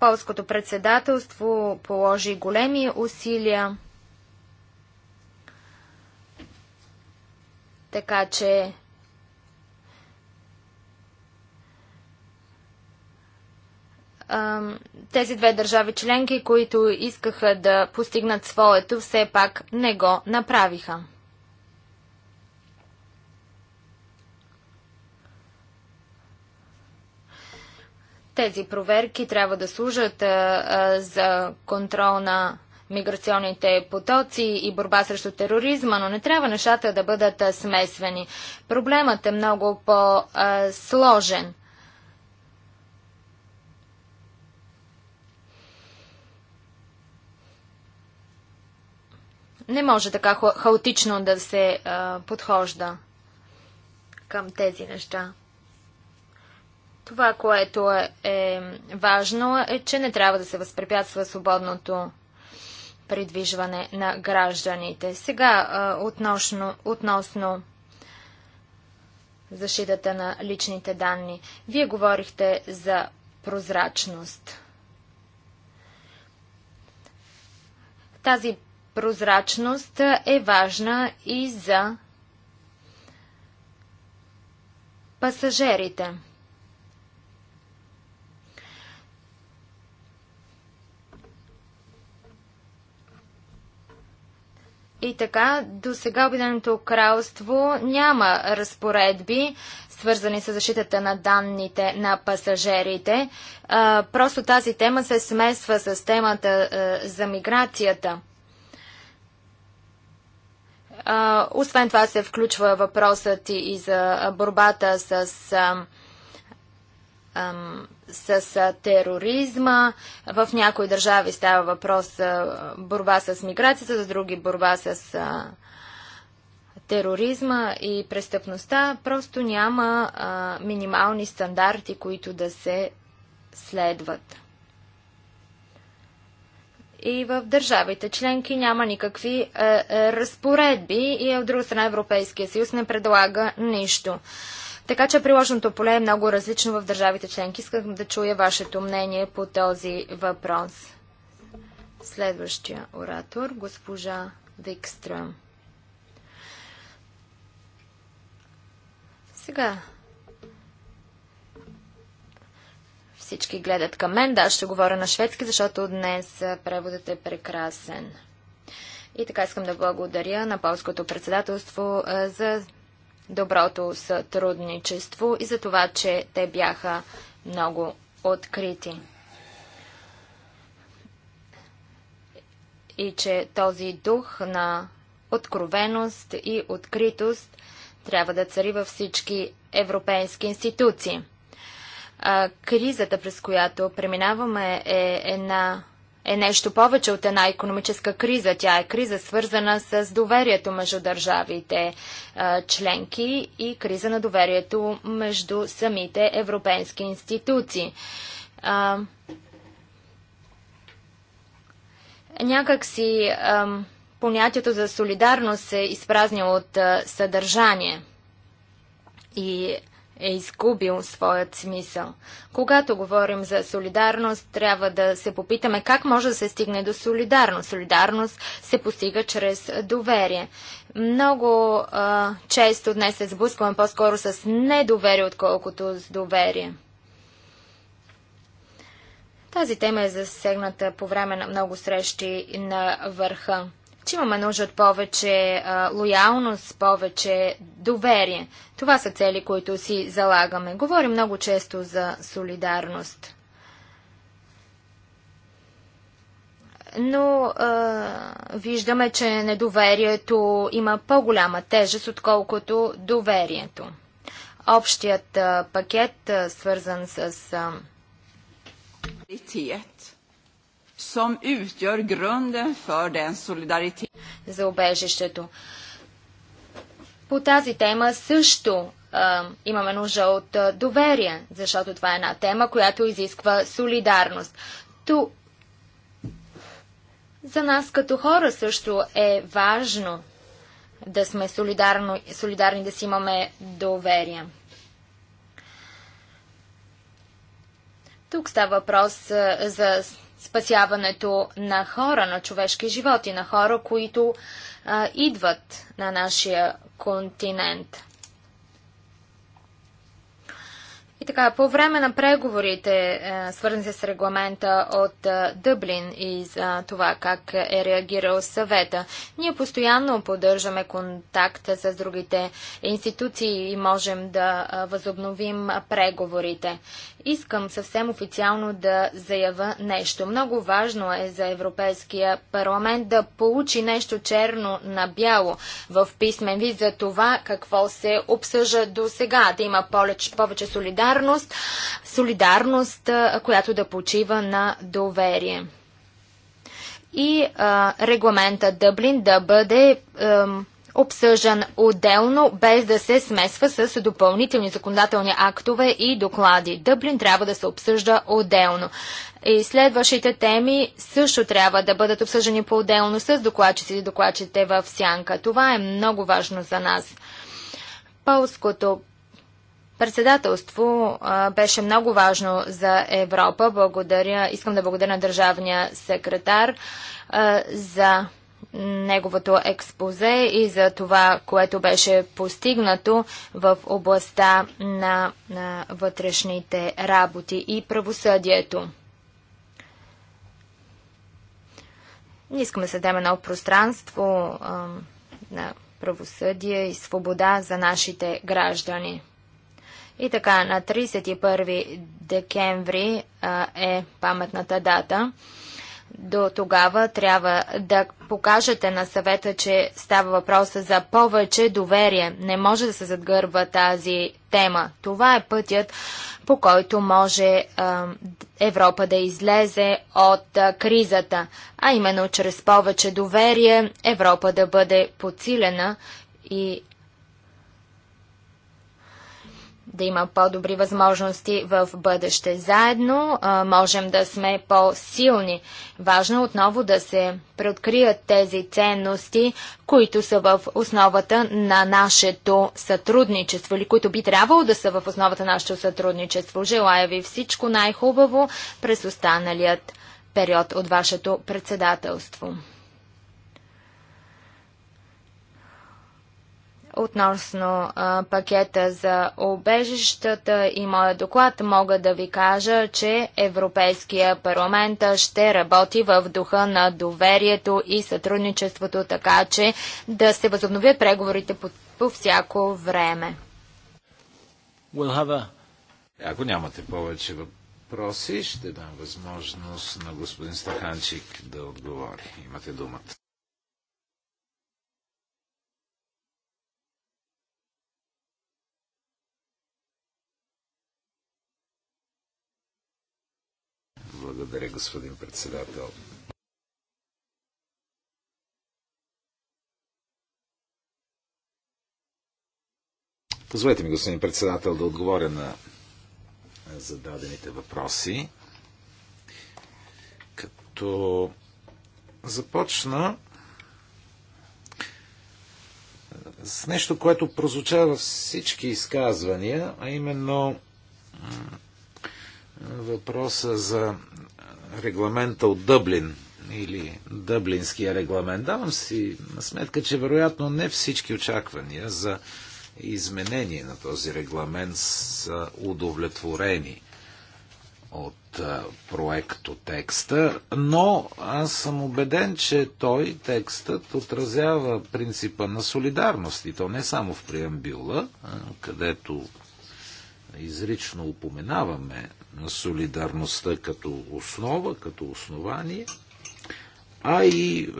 Полското председателство положи големи усилия, така че тези две държави членки, които искаха да постигнат своето, все пак не го направиха. Тези проверки трябва да служат а, а, за контрол на миграционните потоци и борба срещу тероризма, но не трябва нещата да бъдат смесвени. смесвани. Проблемът е много по-сложен. Не може така хаотично да се а, подхожда към тези неща. Това, което е, е важно, е, че не трябва да се възпрепятства свободното придвижване на гражданите. Сега а, относно, относно защитата на личните данни. Вие говорихте за прозрачност. Тази прозрачност е важна и за пасажерите. И така, до сега Обединеното кралство няма разпоредби, свързани с защитата на данните на пасажерите. просто тази тема се смесва с темата за миграцията освен това се включва въпросът и за борбата с, с тероризма. В някои държави става въпрос борба с миграцията, за други борба с тероризма и престъпността. Просто няма минимални стандарти, които да се следват и в държавите членки няма никакви е, е разпоредби и е, от друга страна Европейския съюз не предлага нищо. Така че приложното поле е много различно в държавите членки. Искам да чуя вашето мнение по този въпрос. Следващия оратор, госпожа Викстръм. Сега Всички гледат към мен. Да, ще говоря на шведски, защото днес преводът е прекрасен. И така искам да благодаря на полското председателство за доброто сътрудничество и за това, че те бяха много открити. И че този дух на откровеност и откритост трябва да цари във всички европейски институции. А, кризата, през която преминаваме, е, една, е нещо повече от една економическа криза. Тя е криза свързана с доверието между държавите а, членки и криза на доверието между самите европейски институции. А, някак си понятието за солидарност се изпразни от съдържание. И е изгубил своят смисъл. Когато говорим за солидарност, трябва да се попитаме как може да се стигне до солидарност. Солидарност се постига чрез доверие. Много а, често днес се сблъскваме по-скоро с недоверие, отколкото с доверие. Тази тема е засегната по време на много срещи на върха че имаме нужда от повече а, лоялност, повече доверие. Това са цели, които си залагаме. Говорим много често за солидарност. Но а, виждаме, че недоверието има по-голяма тежест, отколкото доверието. Общият а, пакет, а, свързан с. А, е, som utgör grunden för den solidaritet. За обежището. По тази тема също а, имаме нужда от доверие, защото това е една тема, която изисква солидарност. То за нас като хора също е важно да сме солидарно, солидарни, да си имаме доверие. Тук става въпрос за спасяването на хора, на човешки животи, на хора, които а, идват на нашия континент. И така, по време на преговорите, е, свързани с регламента от е, Дъблин и за това как е реагирал съвета, ние постоянно поддържаме контакт с другите институции и можем да е, възобновим преговорите искам съвсем официално да заявя нещо. Много важно е за Европейския парламент да получи нещо черно на бяло в писмен вид за това какво се обсъжда до сега. Да има повече, повече солидарност, солидарност, която да почива на доверие. И а, регламента Дъблин да бъде обсъждан отделно, без да се смесва с допълнителни законодателни актове и доклади. Дъблин трябва да се обсъжда отделно. И следващите теми също трябва да бъдат обсъждани по-отделно с докладчици и докладчите в сянка. Това е много важно за нас. Полското Председателство а, беше много важно за Европа. Благодаря. Искам да благодаря на държавния секретар а, за неговото експозе и за това, което беше постигнато в областта на, на вътрешните работи и правосъдието. Ние искаме да създадем едно пространство а, на правосъдие и свобода за нашите граждани. И така, на 31 декември а, е паметната дата. До тогава трябва да покажете на съвета, че става въпроса за повече доверие. Не може да се задгърва тази тема. Това е пътят, по който може Европа да излезе от кризата, а именно чрез повече доверие Европа да бъде подсилена и да има по-добри възможности в бъдеще. Заедно а, можем да сме по-силни. Важно е отново да се преоткрият тези ценности, които са в основата на нашето сътрудничество или които би трябвало да са в основата на нашето сътрудничество. Желая ви всичко най-хубаво през останалият период от вашето председателство. Относно а, пакета за обежищата и моя доклад мога да ви кажа, че Европейския парламент ще работи в духа на доверието и сътрудничеството, така че да се възобнови преговорите по, по всяко време.
We'll have a...
Ако нямате повече въпроси, ще дам възможност на господин
Стаханчик да отговори. Имате думата. Благодаря, господин председател.
Позволете ми, господин председател, да отговоря на зададените въпроси. Като започна с нещо, което прозвуча във всички изказвания, а именно въпроса за регламента от Дъблин или Дъблинския регламент. Давам си сметка, че вероятно не всички очаквания за изменение на този регламент са удовлетворени от проекто текста, но аз съм убеден, че той, текстът, отразява принципа на солидарност и то не само в преамбюла, където изрично упоменаваме на солидарността като основа, като основание, а и е, е,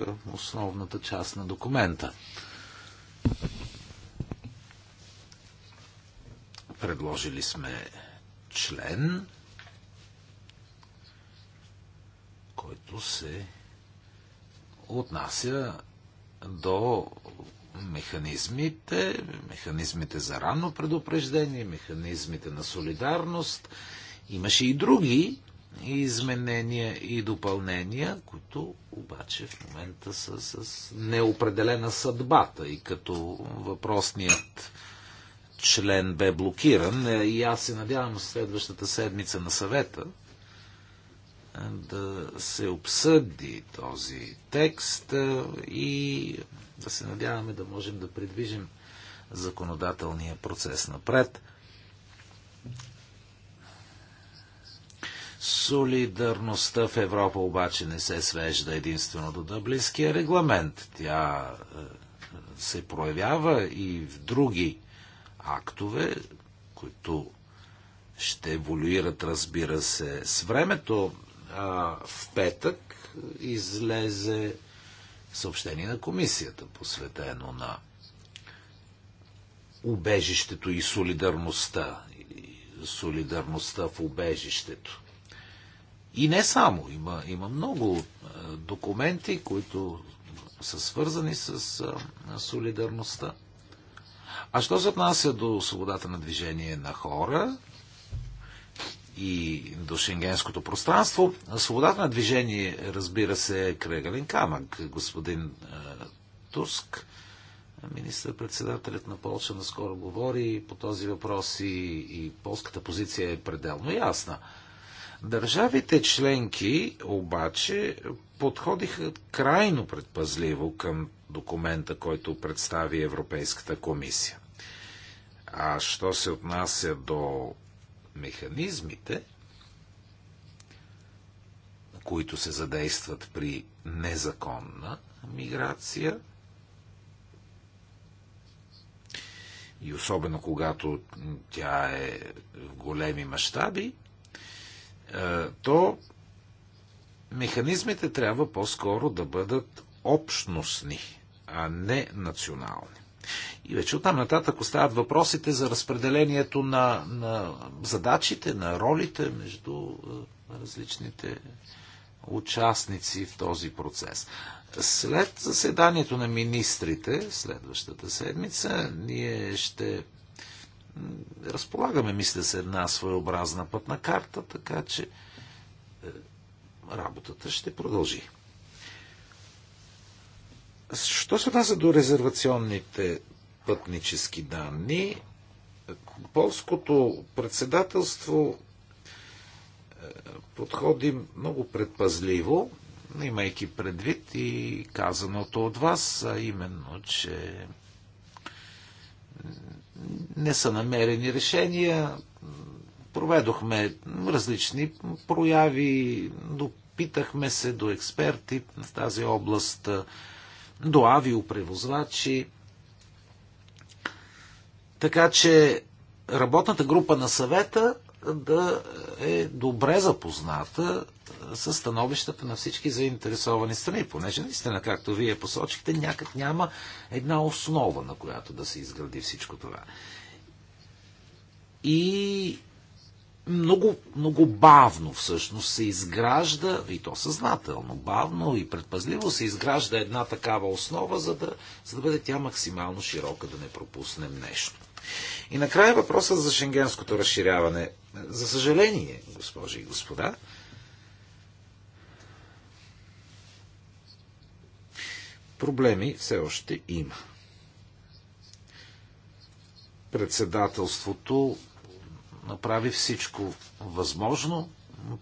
в основната част на документа. Предложили сме член, който се отнася до механизмите, механизмите за ранно предупреждение, механизмите на солидарност. Имаше и други изменения и допълнения, които обаче в момента са с неопределена съдбата и като въпросният член бе блокиран. Е, и аз се надявам следващата седмица на съвета е, да се обсъди този текст е, и да се надяваме да можем да предвижим законодателния процес напред. Солидарността в Европа обаче не се свежда единствено до Дъблинския регламент. Тя е, се проявява и в други актове, които ще еволюират, разбира се, с времето. в петък излезе съобщение на комисията, посветено на убежището и солидарността, или солидарността в убежището. И не само, има, има много е, документи, които са свързани с е, солидарността. А що се отнася до свободата на движение на хора, и до шенгенското пространство. Свободата на движение, разбира се, е крегален камък. Господин е, Туск, министър-председателят на Полша, наскоро говори по този въпрос и, и полската позиция е пределно ясна. Държавите членки обаче подходиха крайно предпазливо към документа, който представи Европейската комисия. А що се отнася до механизмите, които се задействат при незаконна миграция, и особено когато тя е в големи мащаби, е, то механизмите трябва по-скоро да бъдат общностни, а не национални. И вече оттам нататък остават въпросите за разпределението на, на задачите, на ролите между е, различните участници в този процес. След заседанието на министрите, следващата седмица, ние ще разполагаме, мисля, с една своеобразна пътна карта, така че е, работата ще продължи. Що се отнася до резервационните пътнически данни. Полското председателство е, подходи много предпазливо, имайки предвид и казаното от вас, а именно, че не са намерени решения. Проведохме различни прояви, допитахме се до експерти в тази област, до авиопревозвачи. Така че работната група на съвета да е добре запозната е, с становищата на всички заинтересовани страни, понеже наистина, както вие посочихте, някак няма една основа, на която да се изгради всичко това. И много, много бавно всъщност се изгражда, и то съзнателно, бавно и предпазливо се изгражда една такава основа, за да, за да бъде тя максимално широка, да не пропуснем нещо. И накрая въпросът за шенгенското разширяване. За съжаление, госпожи и господа, проблеми все още има. Председателството направи всичко възможно,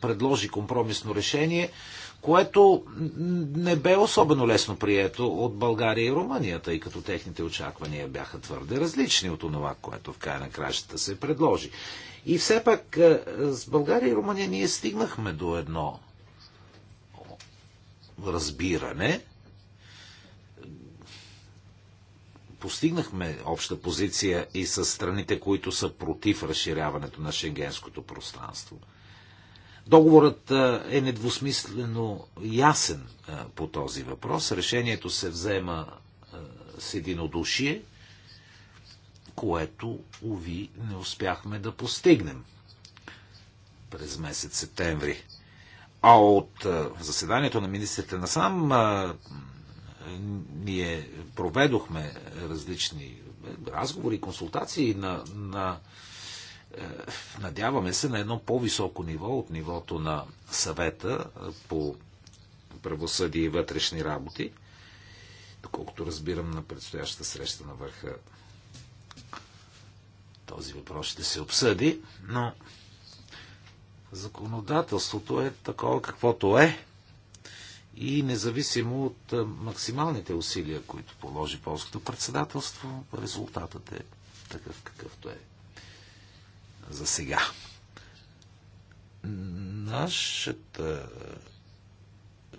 предложи компромисно решение, което не бе особено лесно прието от България и Румъния, тъй като техните очаквания бяха твърде различни от това, което в края на кращата се предложи. И все пак е, с България и Румъния ние стигнахме до едно разбиране, постигнахме обща позиция и с страните, които са против разширяването на шенгенското пространство – Договорът е недвусмислено ясен по този въпрос. Решението се взема с единодушие, което, уви, не успяхме да постигнем през месец септември. А от заседанието на министрите насам ние проведохме различни разговори, консултации на, на е, надяваме се на едно по-високо ниво от нивото на съвета е, по правосъдие и вътрешни работи. Доколкото разбирам на предстоящата среща на върха, този въпрос ще се обсъди, но законодателството е такова каквото е и независимо от е, максималните усилия, които положи полското председателство, резултатът е такъв какъвто е за сега. Нашата е,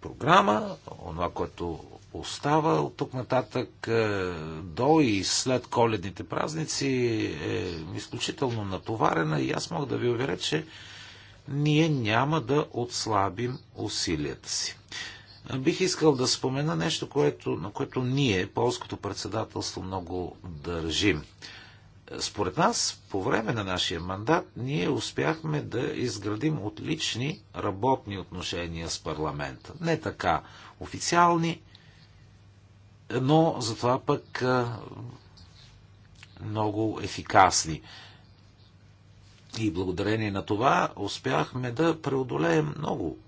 програма, онова, което остава от тук нататък е, до и след коледните празници е изключително натоварена и аз мога да ви уверя, че ние няма да отслабим усилията си. Бих искал да спомена нещо, което, на което ние, полското председателство, много държим. Да според нас, по време на нашия мандат, ние успяхме да изградим отлични работни отношения с парламента. Не така официални, но затова пък много ефикасни. И благодарение на това успяхме да преодолеем много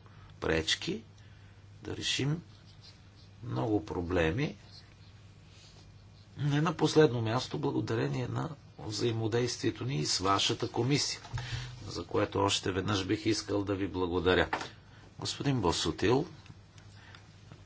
пречки, да решим много проблеми. Не на последно място, благодарение на взаимодействието ни с вашата комисия, за което още веднъж бих искал да ви благодаря. Господин Босотил,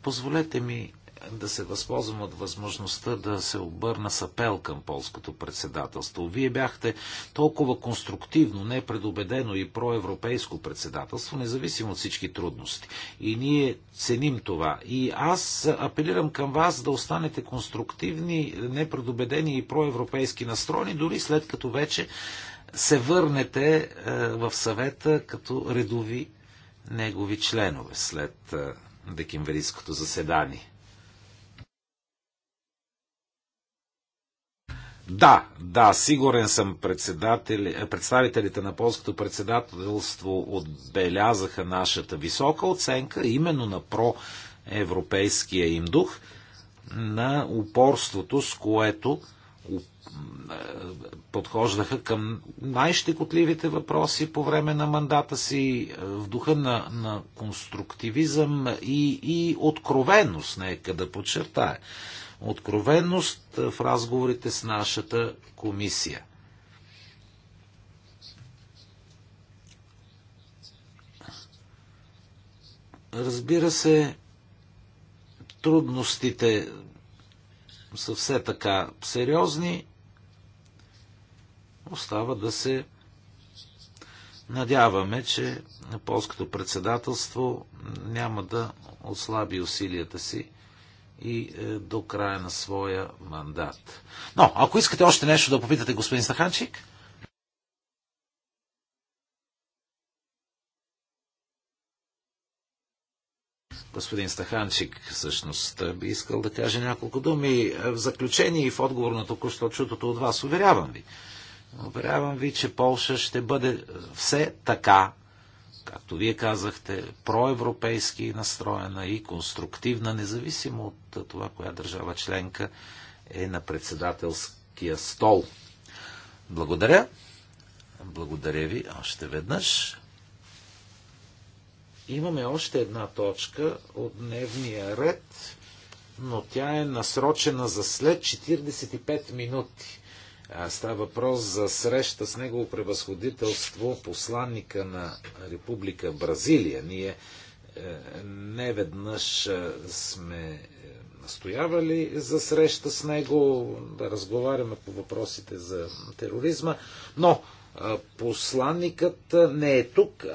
позволете ми да се възползвам от възможността да се обърна с апел към полското председателство. Вие бяхте толкова конструктивно, непредобедено и проевропейско председателство, независимо от всички трудности. И ние ценим това. И аз апелирам към вас да останете конструктивни, непредобедени и проевропейски настроени, дори след като вече се върнете е, в съвета като редови негови членове след е, декемврийското заседание. Да, да, сигурен съм е, представителите на полското председателство отбелязаха нашата висока оценка именно на проевропейския им дух, на упорството, с което е, подхождаха към най-щекотливите въпроси по време на мандата си е, в духа на, на конструктивизъм и, и откровенност, нека да подчертая откровенност в разговорите с нашата комисия. Разбира се, трудностите са все така сериозни. Остава да се надяваме, че полското председателство няма да отслаби усилията си и е, до края на своя мандат. Но, ако искате още нещо да попитате господин Стаханчик, господин Стаханчик всъщност е, би искал да каже няколко думи. Е, в заключение и в отговор на току-що чутото от вас, уверявам ви. Уверявам ви, че Полша ще бъде все така както вие казахте, проевропейски настроена и конструктивна, независимо от това, коя държава членка е на председателския стол. Благодаря. Благодаря ви още веднъж. Имаме още една точка от дневния ред, но тя е насрочена за след 45 минути. Става въпрос за среща с негово превъзходителство посланника на Република Бразилия. Ние е, не веднъж е, сме е, настоявали за среща с него, да разговаряме по въпросите за тероризма, но посланникът не е тук.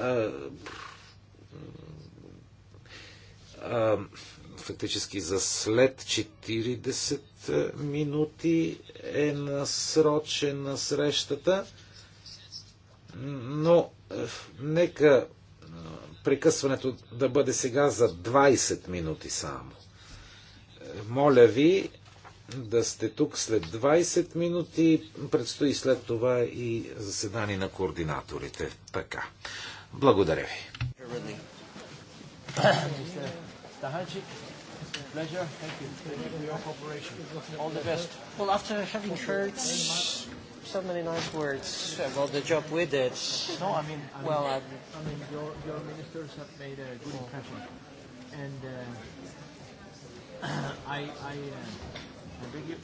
фактически за след 40 минути е насрочена срещата, но е, нека е, прекъсването да бъде сега за 20 минути само. Е, моля ви да сте тук след 20 минути. Предстои след това и заседание на координаторите. Така. Благодаря ви.
Pleasure. Thank you. Thank you for your cooperation. All the best. Well, after having heard so many nice words about the job we did. No, I mean, I well, mean, I mean, your, your ministers have made a good impression, and uh, I, I, uh, I beg you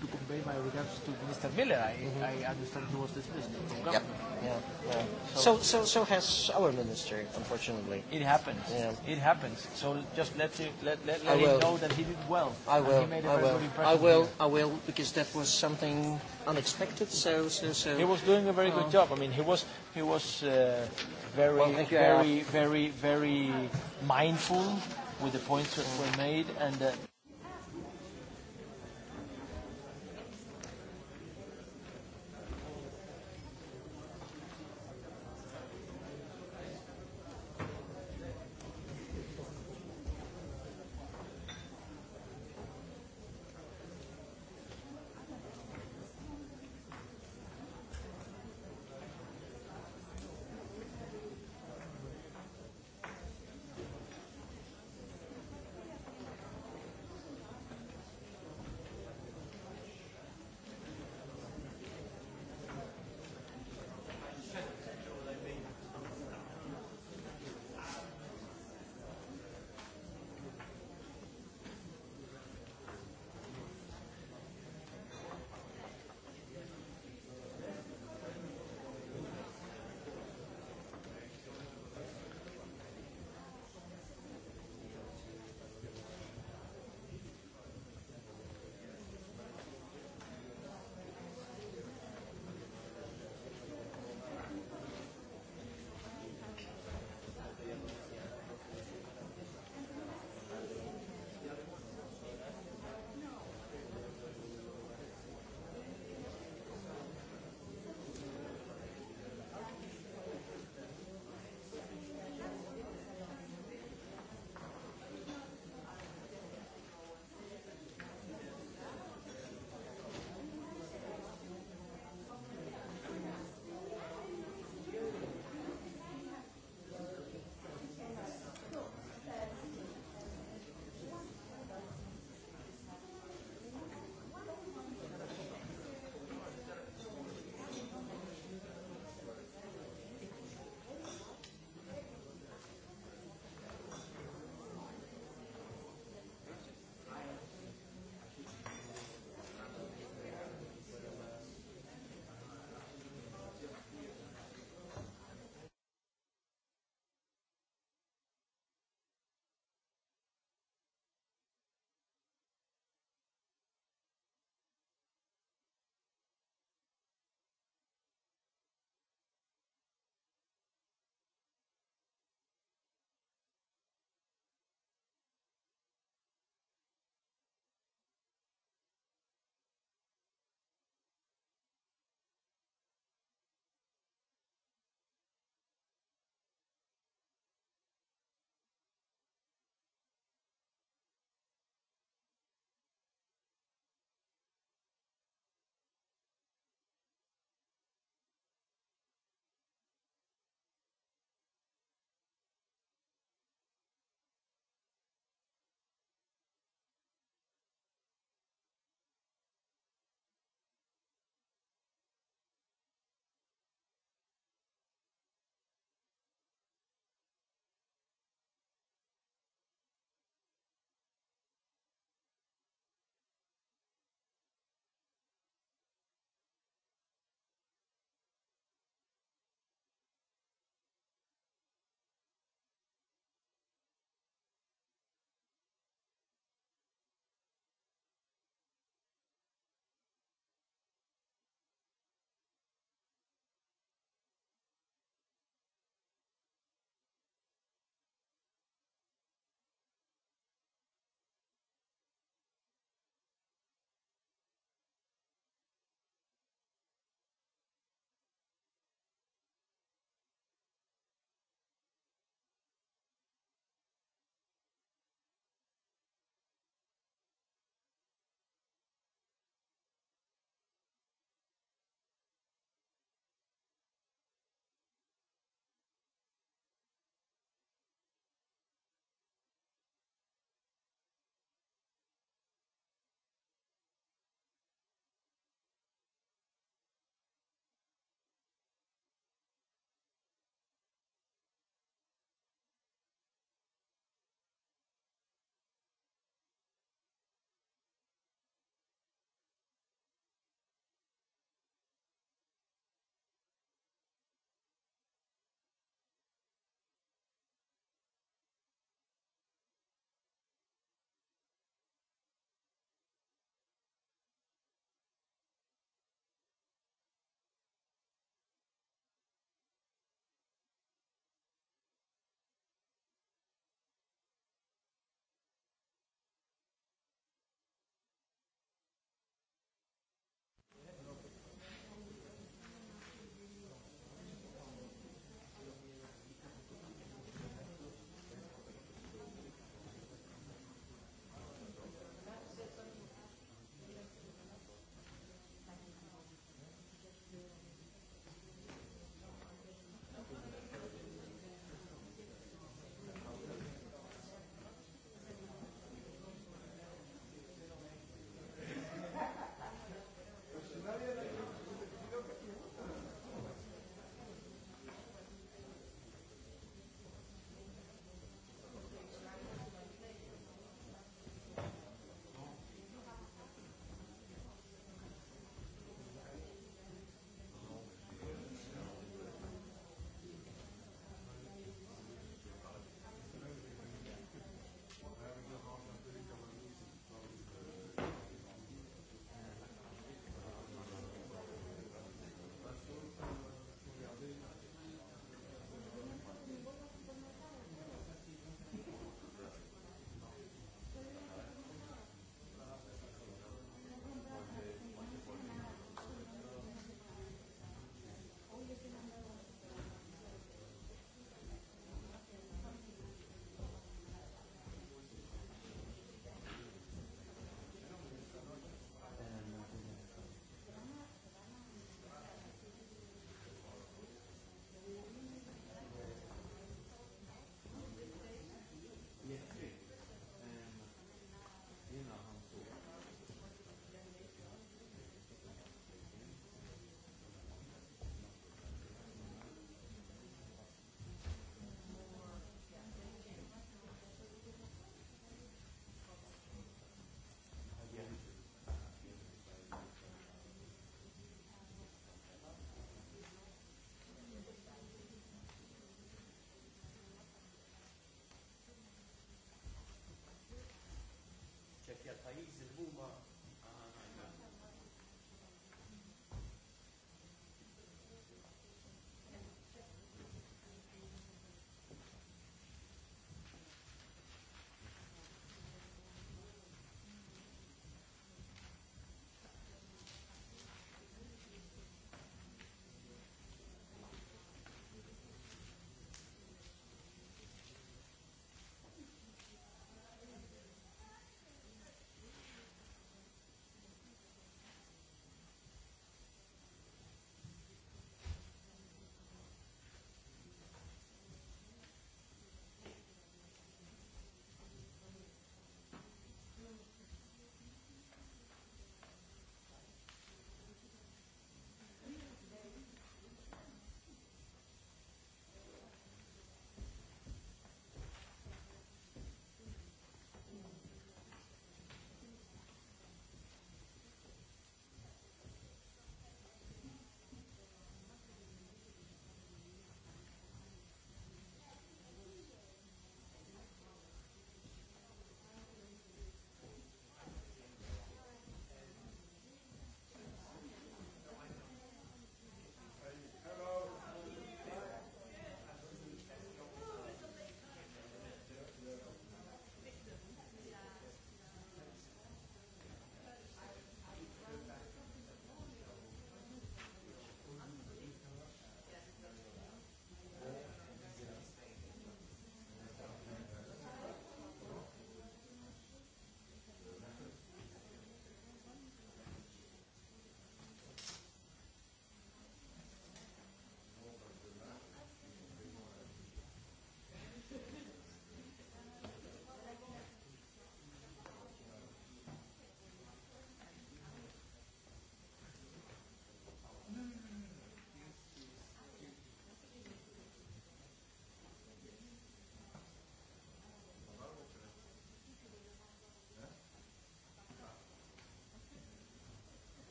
to convey my regards to Mr. Miller. I, mm-hmm. I understand he was dismissed from government. Yeah, yeah, yeah. So, so, so, so has our minister, unfortunately. It happens. Yeah. It happens. So just let him, let, let, let him know that he did well. I will. He made a I very will. Good impression I will. I will, because that was something unexpected. So, so, so. He was doing a very good job. I mean, he was, he was uh, very, well, very, very, very, very mindful with the points that were made and. Uh,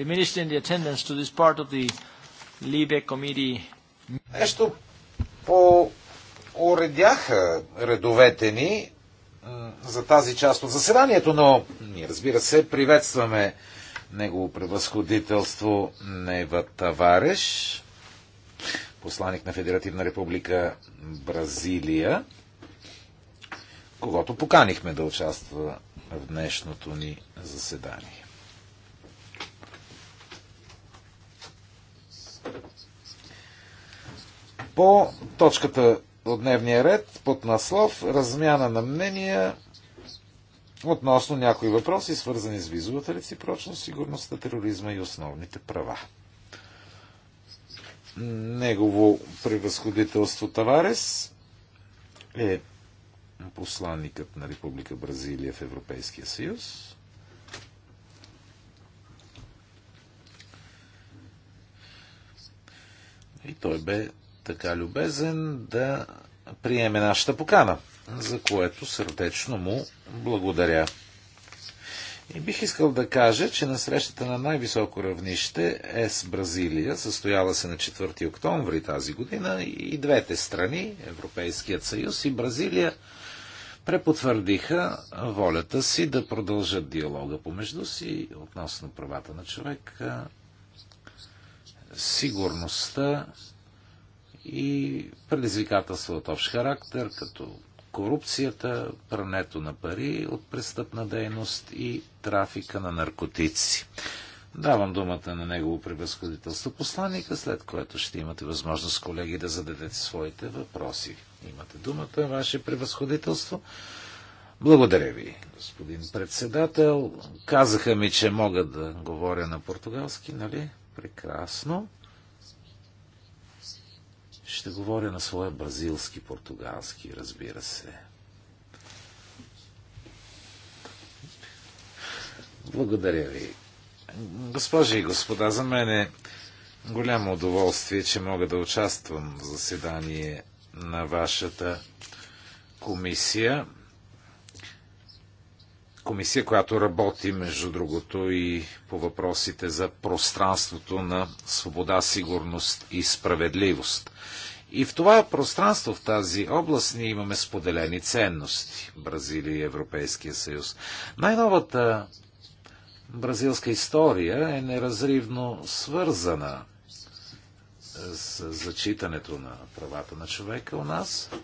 the minister in the attendance to this part of the Libe committee. Нещо по уредяха редовете ни за тази част от заседанието, но ние разбира се приветстваме негово превъзходителство Нева Тавареш, посланник на Федеративна република Бразилия, когато поканихме да участва в днешното ни заседание. по точката от дневния ред под наслов размяна на мнения относно някои въпроси, свързани с визовата реципрочност, сигурността, тероризма и основните права. Негово превъзходителство Таварес е посланникът на Република Бразилия в Европейския съюз. И той бе така любезен да приеме нашата покана, за което сърдечно му благодаря. И бих искал да кажа, че на срещата на най-високо равнище с Бразилия, състояла се на 4 октомври тази година, и двете страни, Европейският съюз и Бразилия, препотвърдиха волята си да продължат диалога помежду си относно правата на човека, сигурността и предизвикателства от общ характер, като корупцията, прането на пари от престъпна дейност и трафика на наркотици. Давам думата на негово превъзходителство посланника, след което ще имате възможност, колеги, да зададете своите въпроси. Имате думата, ваше превъзходителство. Благодаря ви, господин председател. Казаха ми, че мога да говоря на португалски, нали? Прекрасно. Ще говоря на своя бразилски, португалски, разбира се. Благодаря ви. Госпожи и господа, за мен е голямо удоволствие, че мога да участвам в заседание на вашата комисия комисия, която работи, между другото, и по въпросите за пространството на свобода, сигурност и справедливост. И в това пространство, в тази област, ние имаме споделени ценности Бразилия и Европейския съюз. Най-новата бразилска история е неразривно свързана с зачитането на правата на човека у нас –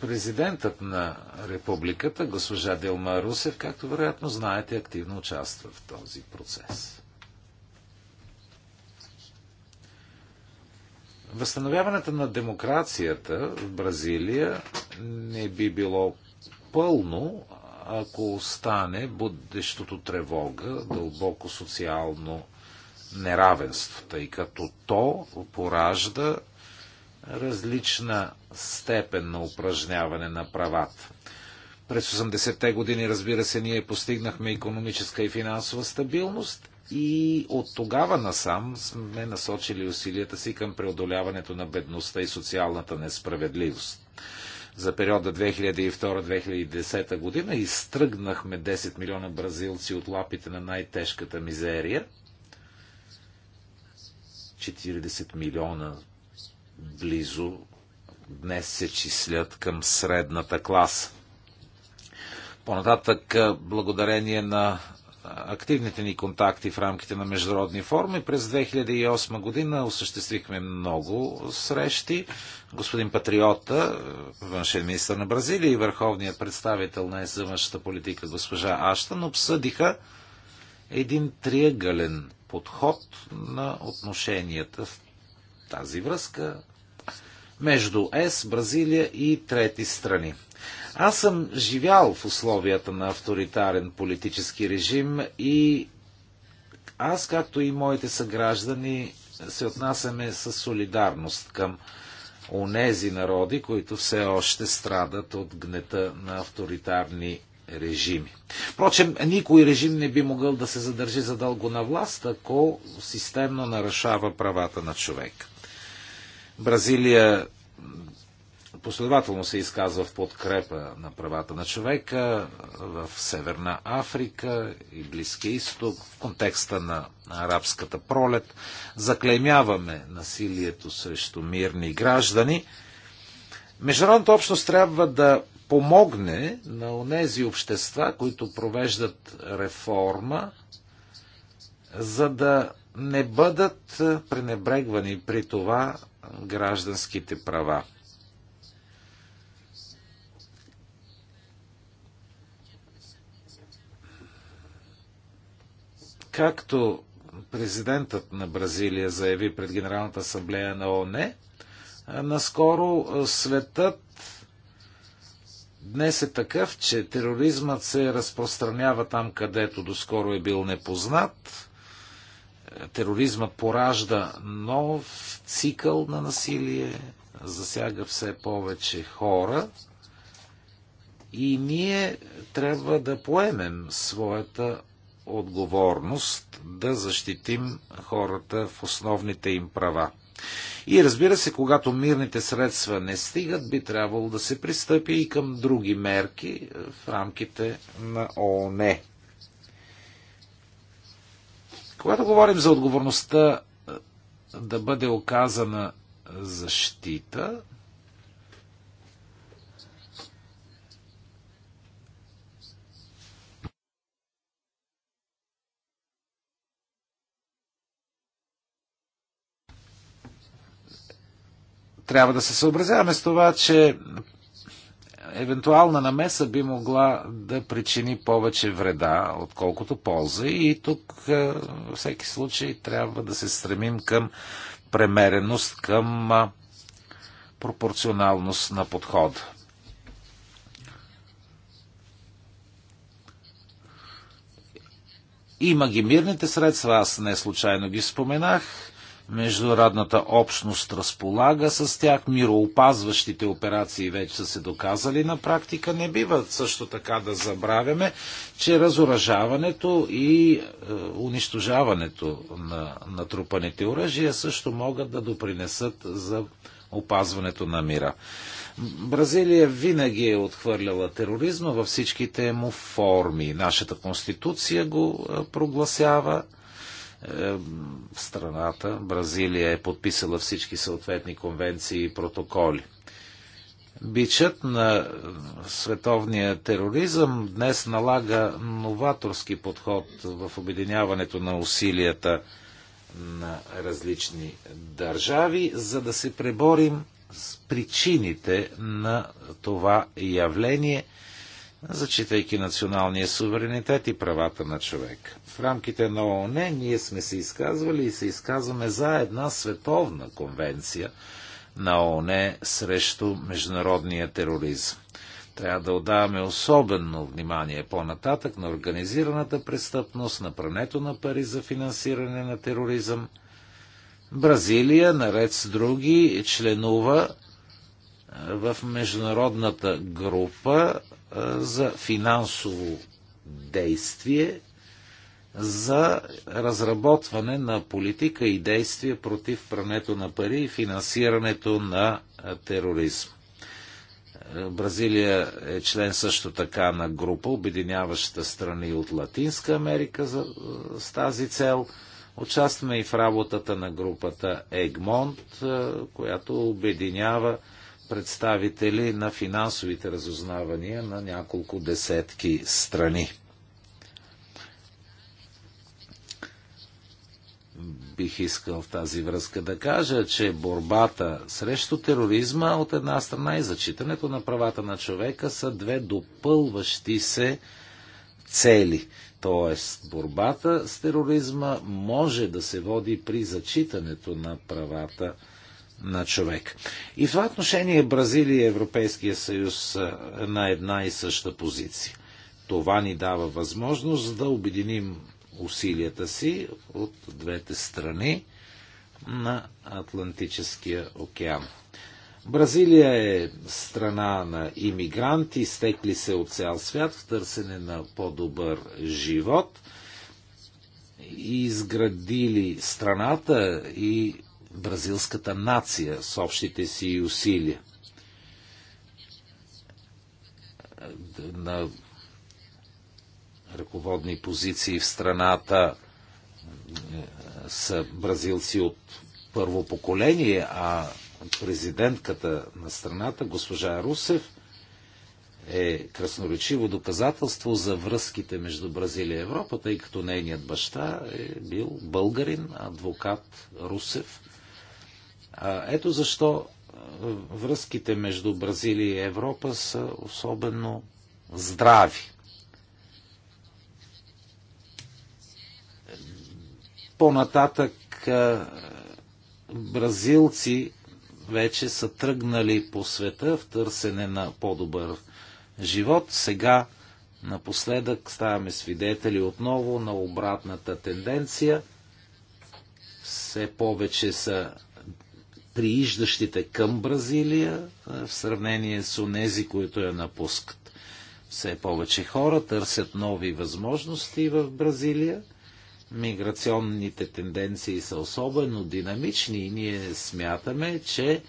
Президентът на републиката, госпожа Дилма Русев, както вероятно знаете, активно участва в този процес. Възстановяването на демокрацията в Бразилия не би било пълно, ако остане бъдещото тревога, дълбоко социално неравенство, тъй като то поражда различна степен на упражняване на правата. През 80-те години, разбира се, ние постигнахме економическа и финансова стабилност и от тогава насам сме насочили усилията си към преодоляването на бедността и социалната несправедливост. За периода 2002-2010 година изтръгнахме 10 милиона бразилци от лапите на най-тежката мизерия. 40 милиона близо днес се числят към средната класа. Понататък, благодарение на активните ни контакти в рамките на международни форуми. През 2008 година осъществихме много срещи. Господин Патриота, външен министр на Бразилия и върховният представител на ЕС външната политика госпожа Аштан обсъдиха един триъгълен подход на отношенията в тази връзка между ЕС, Бразилия и трети страни. Аз съм живял в условията на авторитарен политически режим и аз, както и моите съграждани, се отнасяме с солидарност към онези народи, които все още страдат от гнета на авторитарни режими. Впрочем, никой режим не би могъл да се задържи задълго на власт, ако системно нарушава правата на човек. Бразилия последователно се изказва в подкрепа на правата на човека в Северна Африка и Близкия изток, в контекста на арабската пролет. Заклеймяваме насилието срещу мирни граждани. Международната общност трябва да помогне на онези общества, които провеждат реформа, за да не бъдат пренебрегвани при това гражданските права. Както президентът на Бразилия заяви пред Генералната асамблея на ООН, наскоро светът днес е такъв, че тероризмът се разпространява там, където доскоро е бил непознат, тероризма поражда нов цикъл на насилие, засяга все повече хора и ние трябва да поемем своята отговорност да защитим хората в основните им права. И разбира се, когато мирните средства не стигат, би трябвало да се пристъпи и към други мерки в рамките на ООН. Когато говорим за отговорността е, да бъде оказана защита, трябва да се съобразяваме с това, че евентуална намеса би могла да причини повече вреда, отколкото полза. И тук е, във всеки случай трябва да се стремим към премереност, към е, пропорционалност на подхода. Има ги мирните средства, аз не случайно ги споменах международната общност разполага с тях, мироопазващите операции вече са се доказали на практика. Не биват също така да забравяме, че разоръжаването и е, унищожаването на натрупаните оръжия също могат да допринесат за опазването на мира. Бразилия винаги е отхвърляла тероризма във всичките му форми. Нашата конституция го е, прогласява е, страната, Бразилия е подписала всички съответни конвенции и протоколи. Бичът на световния тероризъм днес налага новаторски подход в обединяването на усилията на различни държави, за да се преборим с причините на това явление – зачитайки националния суверенитет и правата на човек. В рамките на ООН ние сме се изказвали и се изказваме за една световна конвенция на ООН срещу международния тероризъм. Трябва да отдаваме особено внимание по-нататък на организираната престъпност, на прането на пари за финансиране на тероризъм. Бразилия, наред с други, членува в международната група за финансово действие за разработване на политика и действия против прането на пари и финансирането на тероризм. Бразилия е член също така на група, обединяваща страни от Латинска Америка за, с тази цел. Участваме и в работата на групата Егмонт, която обединява представители на финансовите разузнавания на няколко десетки страни. бих искал в тази връзка да кажа, че борбата срещу тероризма от една страна и зачитането на правата на човека са две допълващи се цели. Тоест, борбата с тероризма може да се води при зачитането на правата на на човек. И в това отношение Бразилия и Европейския съюз са на една и съща позиция. Това ни дава възможност да обединим усилията си от двете страни на Атлантическия океан. Бразилия е страна на иммигранти, стекли се от цял свят в търсене на по-добър живот и изградили страната и бразилската нация с общите си усилия. На ръководни позиции в страната е, са бразилци от първо поколение, а президентката на страната, госпожа Русев, е красноречиво доказателство за връзките между Бразилия и Европа, тъй като нейният баща е бил българин, адвокат Русев, ето защо връзките между Бразилия и Европа са особено здрави. По-нататък бразилци вече са тръгнали по света в търсене на по-добър живот. Сега напоследък ставаме свидетели отново на обратната тенденция. Все повече са прииждащите към Бразилия в сравнение с онези, които я напускат. Все повече хора търсят нови възможности в Бразилия. Миграционните тенденции са особено динамични и ние смятаме, че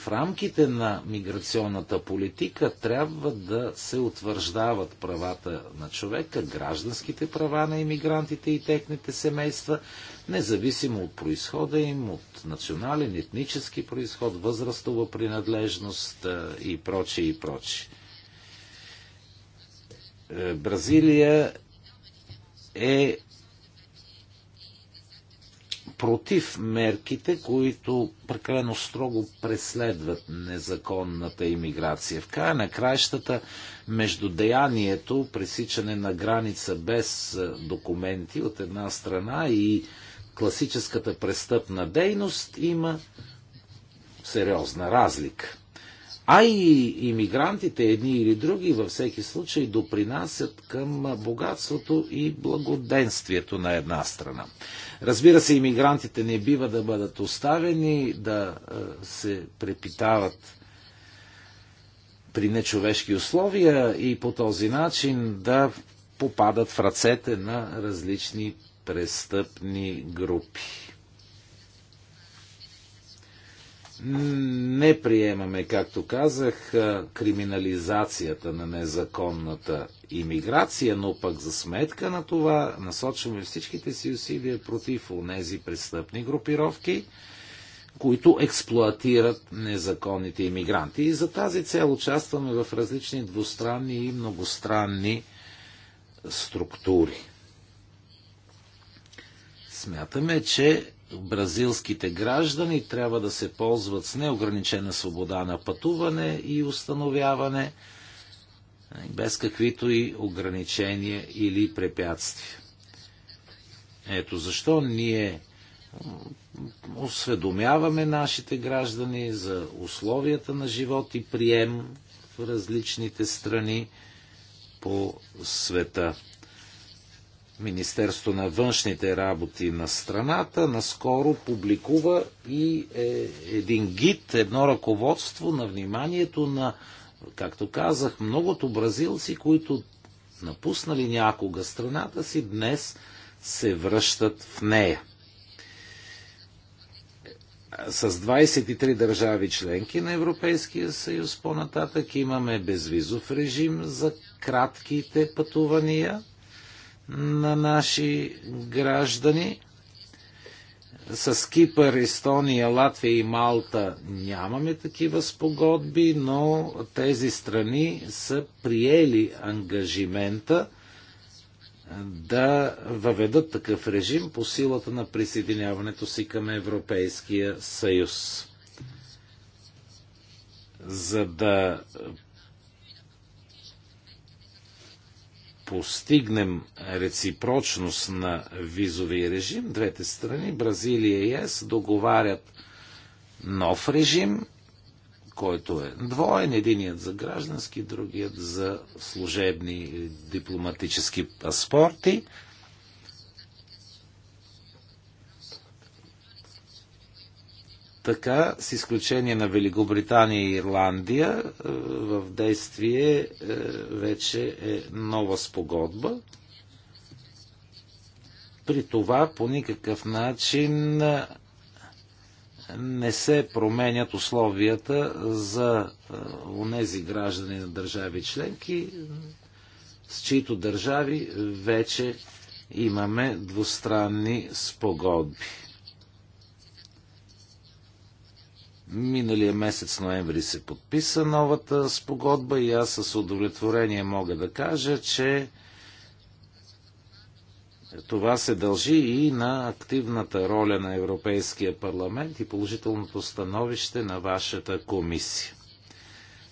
в рамките на миграционната политика трябва да се утвърждават правата на човека, гражданските права на иммигрантите и техните семейства, независимо от происхода им, от национален, етнически происход, възрастова принадлежност и прочее и прочее. Е, Бразилия е против мерките, които прекалено строго преследват незаконната иммиграция. В края на краищата между деянието, пресичане на граница без документи от една страна и класическата престъпна дейност има сериозна разлика. А и иммигрантите, едни или други, във всеки случай допринасят към богатството и благоденствието на една страна. Разбира се, иммигрантите не бива да бъдат оставени, да е, се препитават при нечовешки условия и по този начин да попадат в ръцете на различни престъпни групи. Не приемаме, както казах, криминализацията на незаконната иммиграция, но пък за сметка на това насочваме всичките си усилия против онези престъпни групировки, които експлоатират незаконните иммигранти. И за тази цел участваме в различни двустранни и многостранни структури. Смятаме, че бразилските граждани трябва да се ползват с неограничена свобода на пътуване и установяване, без каквито и ограничения или препятствия. Ето защо ние осведомяваме нашите граждани за условията на живот и прием в различните страни по света. Министерство на външните работи на страната наскоро публикува и е, един гид, едно ръководство на вниманието на, както казах, многото бразилци, които напуснали някога страната си, днес се връщат в нея. С 23 държави членки на Европейския съюз по-нататък имаме безвизов режим за кратките пътувания – на наши граждани. С Кипър, Естония, Латвия и Малта нямаме такива спогодби, но тези страни са приели ангажимента да въведат такъв режим по силата на присъединяването си към Европейския съюз. За да постигнем реципрочност на визовия режим, двете страни, Бразилия и ЕС, договарят нов режим, който е двоен, единият за граждански, другият за служебни дипломатически паспорти. Така, с изключение на Великобритания и Ирландия, е, в действие е, вече е нова спогодба. При това по никакъв начин не се променят условията за е, онези граждани на държави членки, с чието държави вече имаме двустранни спогодби. Миналия месец ноември се подписа новата спогодба и аз с удовлетворение мога да кажа, че това се дължи и на активната роля на Европейския парламент и положителното становище на вашата комисия.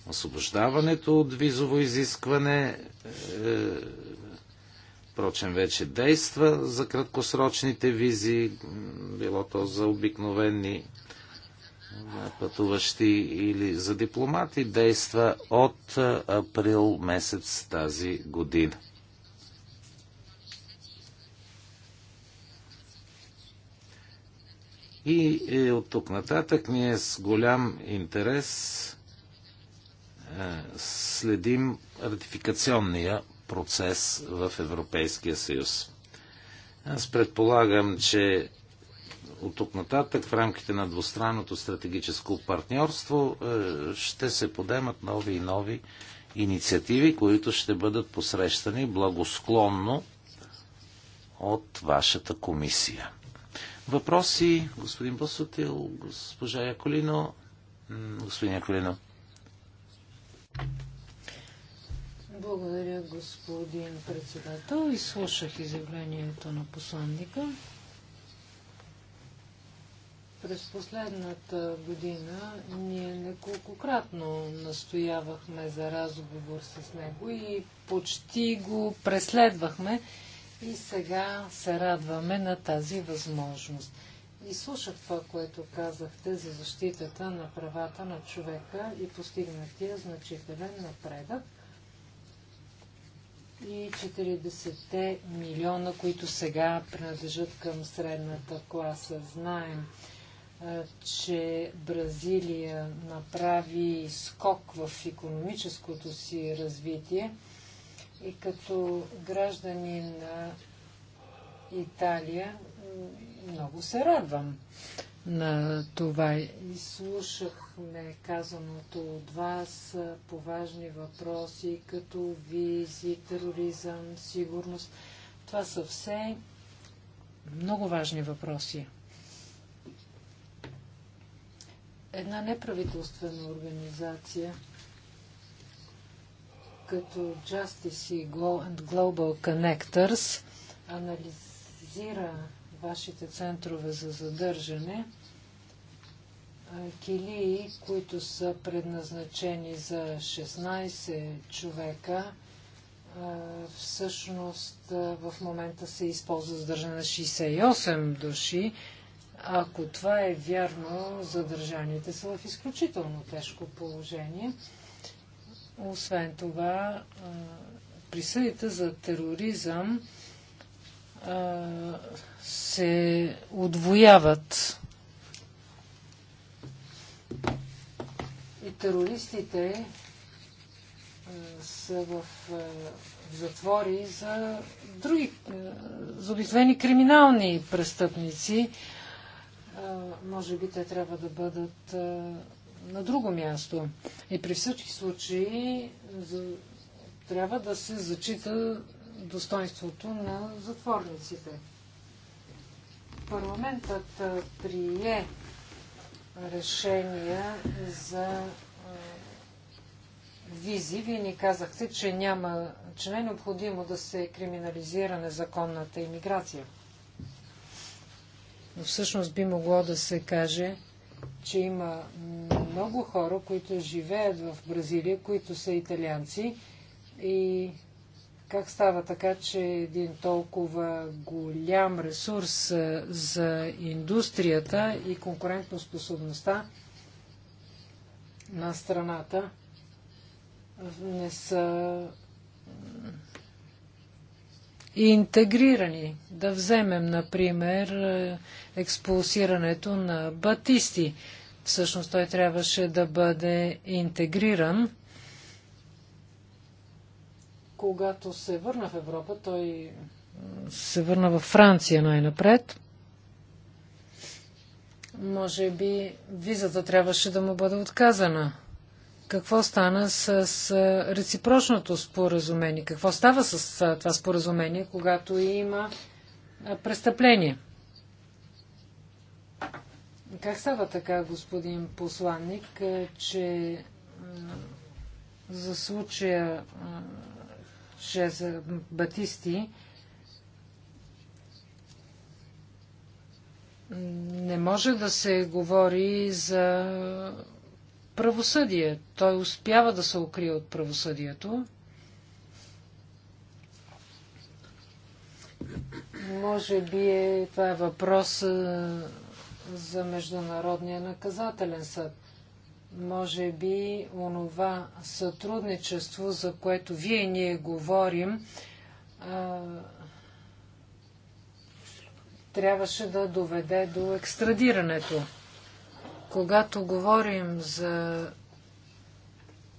Освобождаването от визово изискване, е, впрочем, вече действа за краткосрочните визи, било то за обикновени на пътуващи или за дипломати действа от април месец тази година. И е, от тук нататък ние с голям интерес следим ратификационния процес в Европейския съюз. Аз предполагам, че от тук нататък в рамките на двустранното стратегическо партньорство е, ще се подемат нови и нови инициативи, които ще бъдат посрещани благосклонно от вашата комисия. Въпроси, господин Босотил, госпожа Яколино, господин Яколино.
Благодаря, господин председател. Изслушах изявлението на посланника. През последната година ние неколкократно настоявахме за разговор с него и почти го преследвахме и сега се радваме на тази възможност. И слушах това, което казахте за защитата на правата на човека и постигнатия значителен напредък и 40 милиона, които сега принадлежат към средната класа. Знаем, че Бразилия направи скок в економическото си развитие и като граждани на Италия много се радвам на това. И слушахме казаното от вас по важни въпроси, като визи, тероризъм, сигурност. Това са все много важни въпроси. една неправителствена организация като Justice and Global Connectors анализира вашите центрове за задържане, килии, които са предназначени за 16 човека, всъщност в момента се използва задържане на 68 души. Ако това е вярно, задържаните са в изключително тежко положение. Освен това, присъдите за тероризъм се отвояват. И терористите са в затвори за други, за обикновени криминални престъпници може би те трябва да бъдат на друго място. И при всички случаи за... трябва да се зачита достоинството на затворниците. Парламентът прие решения за визи. Вие ни казахте, че, няма, че не е необходимо да се криминализира незаконната иммиграция. Но всъщност би могло да се каже, че има много хора, които живеят в Бразилия, които са италианци и как става така, че един толкова голям ресурс за индустрията и конкурентоспособността на страната не са интегрирани. Да вземем, например, е, експулсирането на Батисти. Всъщност той трябваше да бъде интегриран. Когато се върна в Европа, той се върна във Франция най-напред. Може би визата трябваше да му бъде отказана какво стана с, реципрочното споразумение? Какво става с това споразумение, когато има престъпление? Как става така, господин посланник, че за случая, че за Батисти не може да се говори за правосъдие. Той успява да се укрие от правосъдието. Може би е, това е въпрос е, за Международния наказателен съд. Може би онова сътрудничество, за което вие и ние говорим, а, е, трябваше да доведе до екстрадирането. Когато говорим за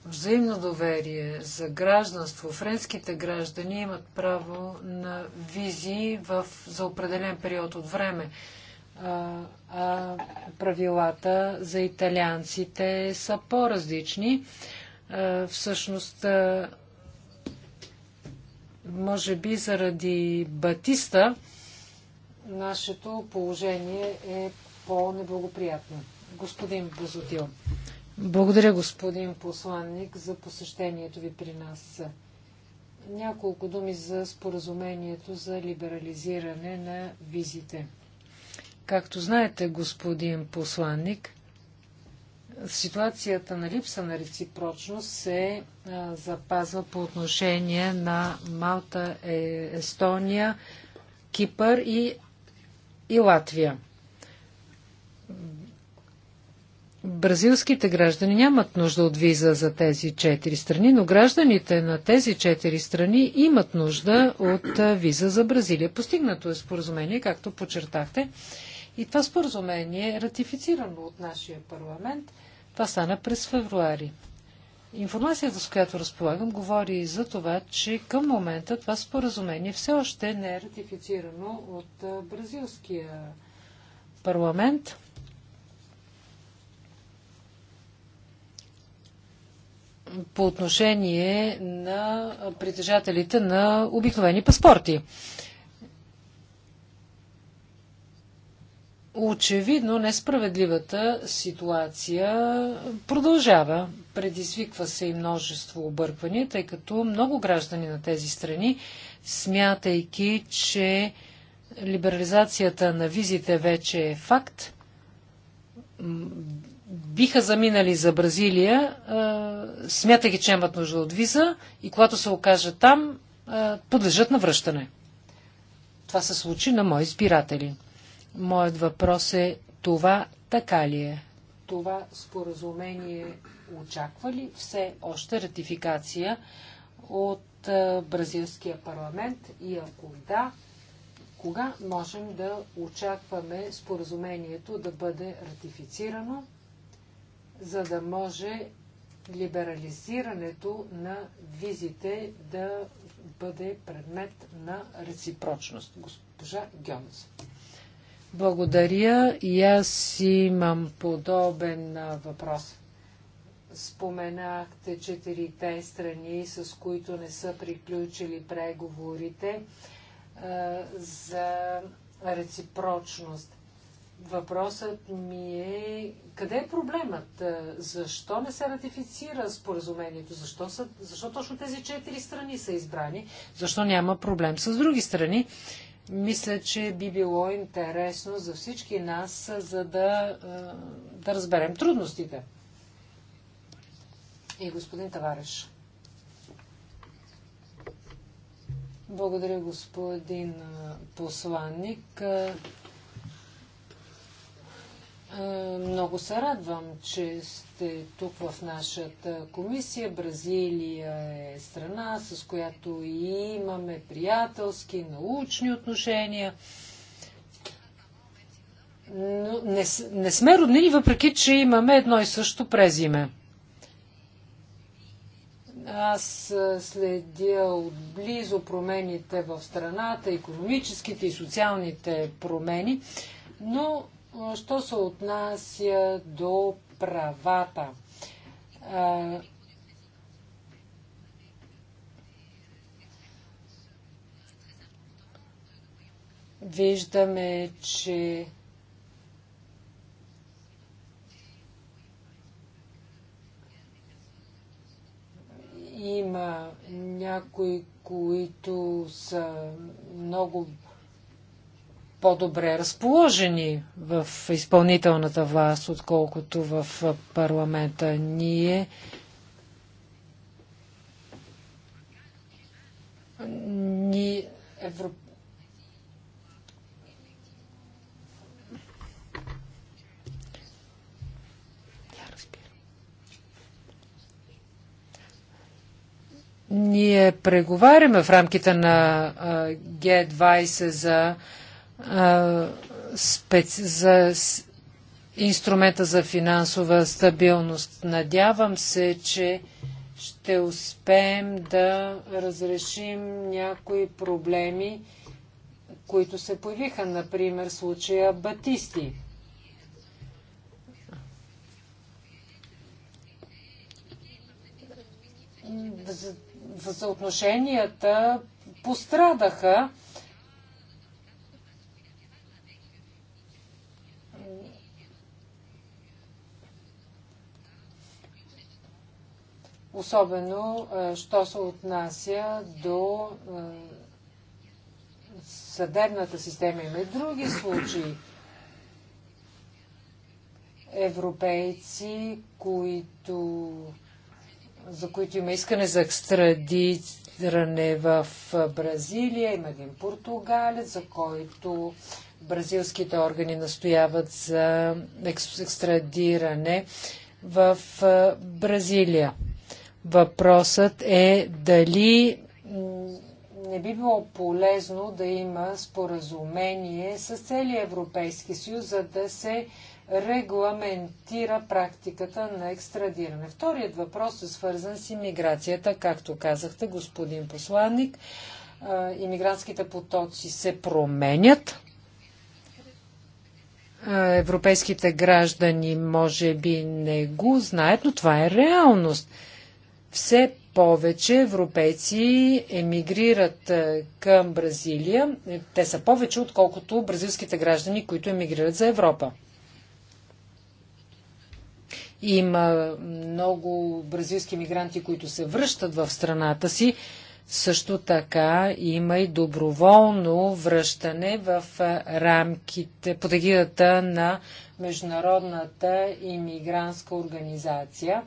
взаимно доверие, за гражданство, френските граждани имат право на визии в, за определен период от време. А, а правилата за италианците са по-различни. всъщност, а, може би заради Батиста, нашето положение е по-неблагоприятно господин Бозотил. Благодаря, господин посланник, за посещението ви при нас. Няколко думи за споразумението за либерализиране на визите. Както знаете, господин посланник, ситуацията на липса на реципрочност се запазва по отношение на Малта, е, Естония, Кипър и, и Латвия бразилските граждани нямат нужда от виза за тези четири страни, но гражданите на тези четири страни имат нужда от виза за Бразилия. Постигнато е споразумение, както подчертахте. И това споразумение е ратифицирано от нашия парламент. Това стана през февруари. Информацията, с която разполагам, говори и за това, че към момента това споразумение все още не е ратифицирано от бразилския парламент. по отношение на притежателите на обикновени паспорти. Очевидно несправедливата ситуация продължава. Предизвиква се и множество обърквания, тъй като много граждани на тези страни, смятайки, че либерализацията на визите вече е факт, биха заминали за Бразилия, смятайки, че имат нужда от виза и когато се окажат там, подлежат на връщане. Това се случи на мои избиратели. Моят въпрос е, това така ли е? Това споразумение очаква ли все още ратификация от бразилския парламент и ако да, кога можем да очакваме споразумението да бъде ратифицирано? за да може либерализирането на визите да бъде предмет на реципрочност. Госпожа Гьонс. Благодаря. И аз имам подобен въпрос. Споменахте четирите страни, с които не са приключили преговорите за реципрочност. Въпросът ми е къде е проблемът? Е, защо не се ратифицира споразумението? Защо, са, защо точно тези четири страни са избрани? Защо няма проблем с други страни? Мисля, че би било интересно за всички нас, за да, е, да разберем трудностите. И господин Тавареш. Благодаря, господин е, посланник. Е, много се радвам, че сте тук в нашата комисия. Бразилия е страна, с която и имаме приятелски, научни отношения. Но не, не сме роднини, въпреки че имаме едно и също презиме. Аз е, следя отблизо промените в страната, економическите и социалните промени, но Що се отнася до правата? Виждаме, че има някои, които са много по-добре разположени в изпълнителната власт, отколкото в парламента. Ние ни Европ... Ние преговаряме в рамките на Г20 за специ... за инструмента за финансова стабилност. Надявам се, че ще успеем да разрешим някои проблеми, които се появиха, например случая Батисти. За, за отношенията пострадаха особено е, що се отнася до е, съдебната система. Има и други случаи. Европейци, които, за които има искане за екстрадиране в е, Бразилия. Има един португалец, за който бразилските органи настояват за екстрадиране в Бразилия. Въпросът е дали не би било полезно да има споразумение с целия Европейски съюз, за да се регламентира практиката на екстрадиране. Вторият въпрос е свързан с иммиграцията. Както казахте, господин посланник, иммигрантските потоци се променят. Европейските граждани може би не го знаят, но това е реалност. Все повече европейци емигрират е, към Бразилия. Те са повече, отколкото бразилските граждани, които емигрират за Европа. Има много бразилски мигранти, които се връщат в страната си. Също така има и доброволно връщане в е, рамките, под егидата на Международната иммигрантска организация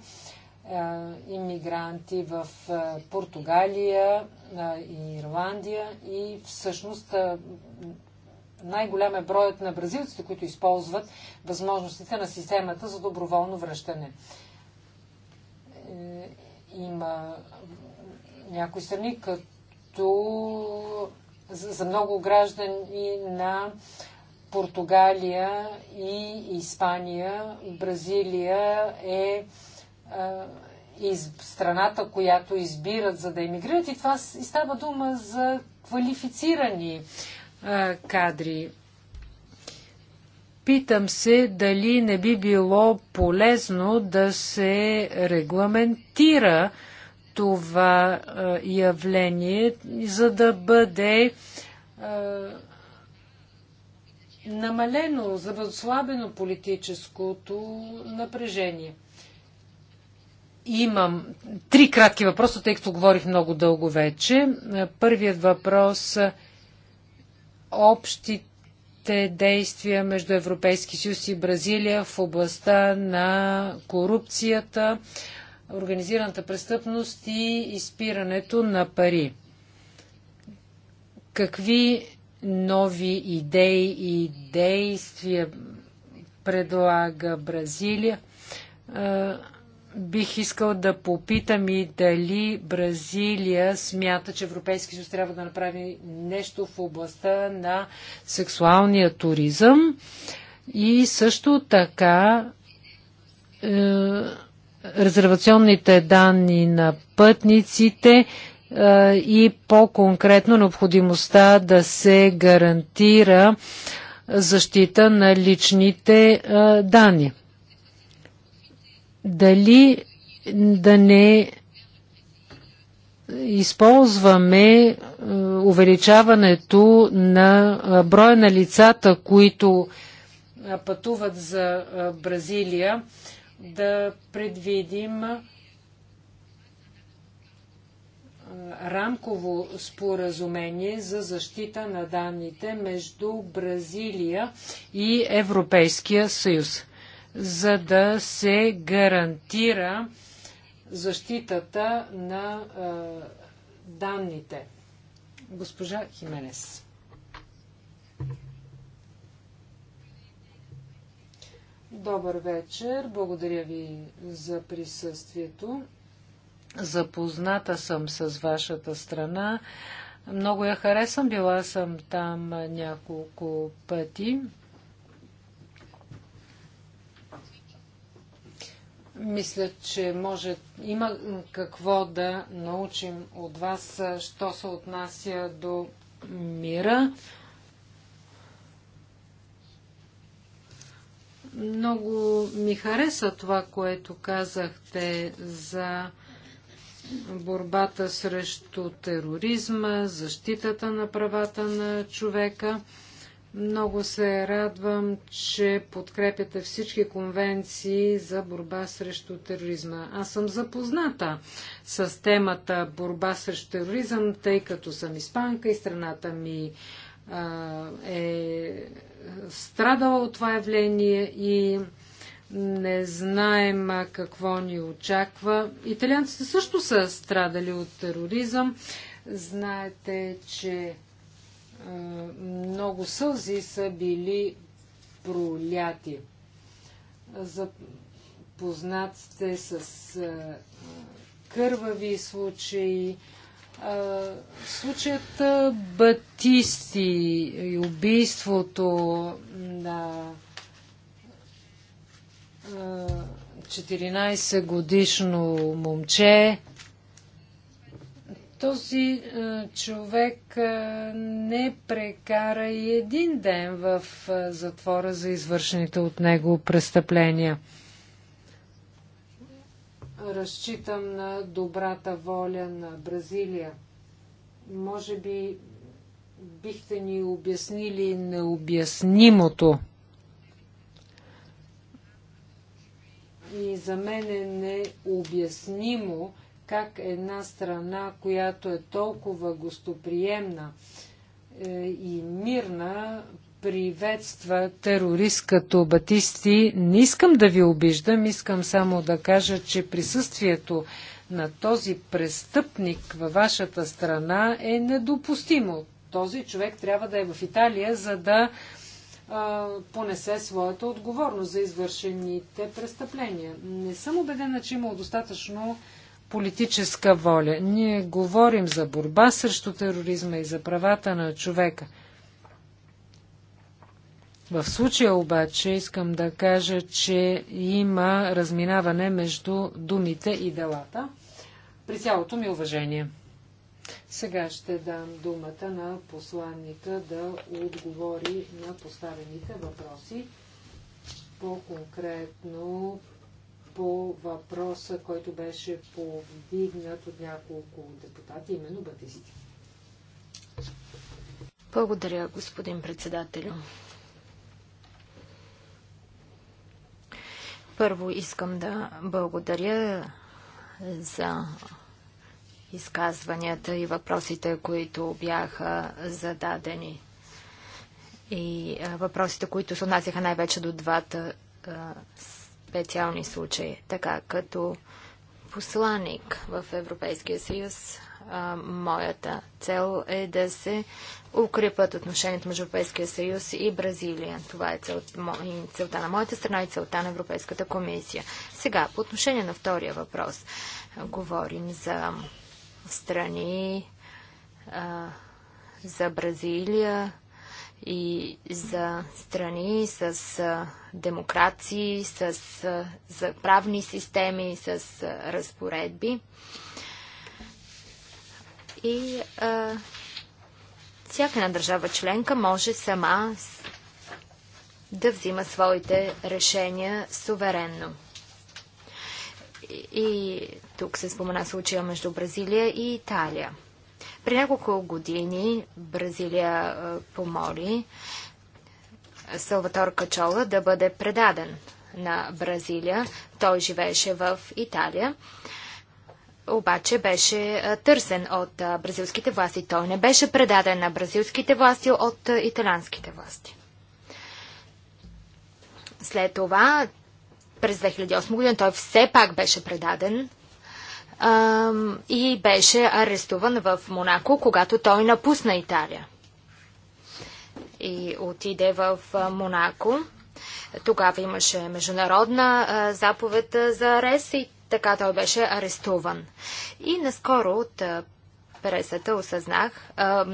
иммигранти в Португалия и Ирландия и всъщност най-голям е броят на бразилците, които използват възможностите на системата за доброволно връщане. Е, има някои страни, като за много граждани на Португалия и Испания, Бразилия е из страната, която избират за да емигрират. И това и става дума за квалифицирани а, кадри. Питам се дали не би било полезно да се регламентира това а, явление, за да бъде а, намалено, за да отслабено политическото напрежение. Имам три кратки въпроса, тъй като говорих много дълго вече. Първият въпрос е общите действия между Европейски съюз и Бразилия в областта на корупцията, организираната престъпност и изпирането на пари. Какви нови идеи и действия предлага Бразилия? Е, бих искал да попитам и дали Бразилия смята, че Европейски съюз трябва да направи нещо в областта на сексуалния туризъм и също така е, резервационните данни на пътниците е, и по-конкретно необходимостта да се гарантира защита на личните е, данни дали да не използваме е, увеличаването на е, броя на лицата, които е, пътуват за Бразилия, да предвидим рамково споразумение за защита на данните между Бразилия и Европейския съюз за да се гарантира защитата на данните. Госпожа Хименес. Добър вечер. Благодаря ви за присъствието. Запозната съм с вашата страна. Много я харесвам. Била съм там няколко пъти. Мисля, че може, има какво да научим от вас, що се отнася до мира. Много ми хареса това, което казахте за борбата срещу тероризма, защитата на правата на човека – много се радвам, че подкрепяте всички конвенции за борба срещу тероризма. Аз съм запозната с темата борба срещу тероризъм, тъй като съм испанка и страната ми а, е страдала от това явление и не знаем какво ни очаква. Италианците също са страдали от тероризъм. Знаете, че много сълзи са били проляти. Запознат сте с кървави случаи. Случаят Батисти и убийството на 14 годишно момче, този е, човек е, не прекара и един ден в е, затвора за извършените от него престъпления. Разчитам на добрата воля на Бразилия. Може би бихте ни обяснили необяснимото. И за мен е необяснимо, как една страна, която е толкова гостоприемна е, и мирна, приветства терорист като Батисти. Не искам да ви обиждам, искам само да кажа, че присъствието на този престъпник във вашата страна е недопустимо. Този човек трябва да е в Италия, за да а, понесе своята отговорност за извършените престъпления. Не съм убедена, че имал достатъчно политическа воля. Ние говорим за борба срещу тероризма и за правата на човека. В случая обаче искам да кажа, че има разминаване между думите и делата. При цялото ми уважение. Сега ще дам думата на посланника да отговори на поставените въпроси по-конкретно по въпроса, който беше повдигнат от няколко депутати, именно Батисти.
Благодаря, господин председател. Първо искам да благодаря за изказванията и въпросите, които бяха зададени. И въпросите, които се отнасяха най-вече до двата а, специални случаи, така като посланик в Европейския съюз. А, моята цел е да се укрепят отношенията между Европейския съюз и Бразилия. Това е цел, целта на моята страна и целта на Европейската комисия. Сега, по отношение на втория въпрос, говорим за страни, а, за Бразилия, и за страни с демокрации, с за правни системи, с разпоредби. И а, всяка една държава членка може сама да взима своите решения суверенно. И тук се спомена случая между Бразилия и Италия. При няколко години Бразилия помоли Салватор Качола да бъде предаден на Бразилия. Той живееше в Италия обаче беше търсен от бразилските власти. Той не беше предаден на бразилските власти от италянските власти. След това, през 2008 година, той все пак беше предаден и беше арестуван в Монако, когато той напусна Италия. И отиде в Монако. Тогава имаше международна а, заповед за арест и така той беше арестуван. И наскоро от пресата осъзнах, а,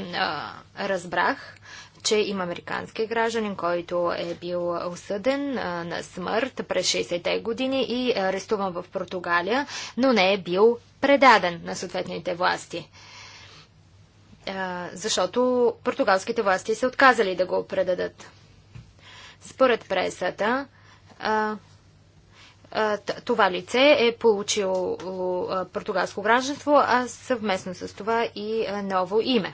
разбрах, че има американски гражданин, който е бил осъден на смърт през 60-те години и арестуван в Португалия, но не е бил предаден на съответните власти. защото португалските власти са отказали да го предадат. Според пресата, това лице е получило португалско гражданство, а съвместно с това и ново име.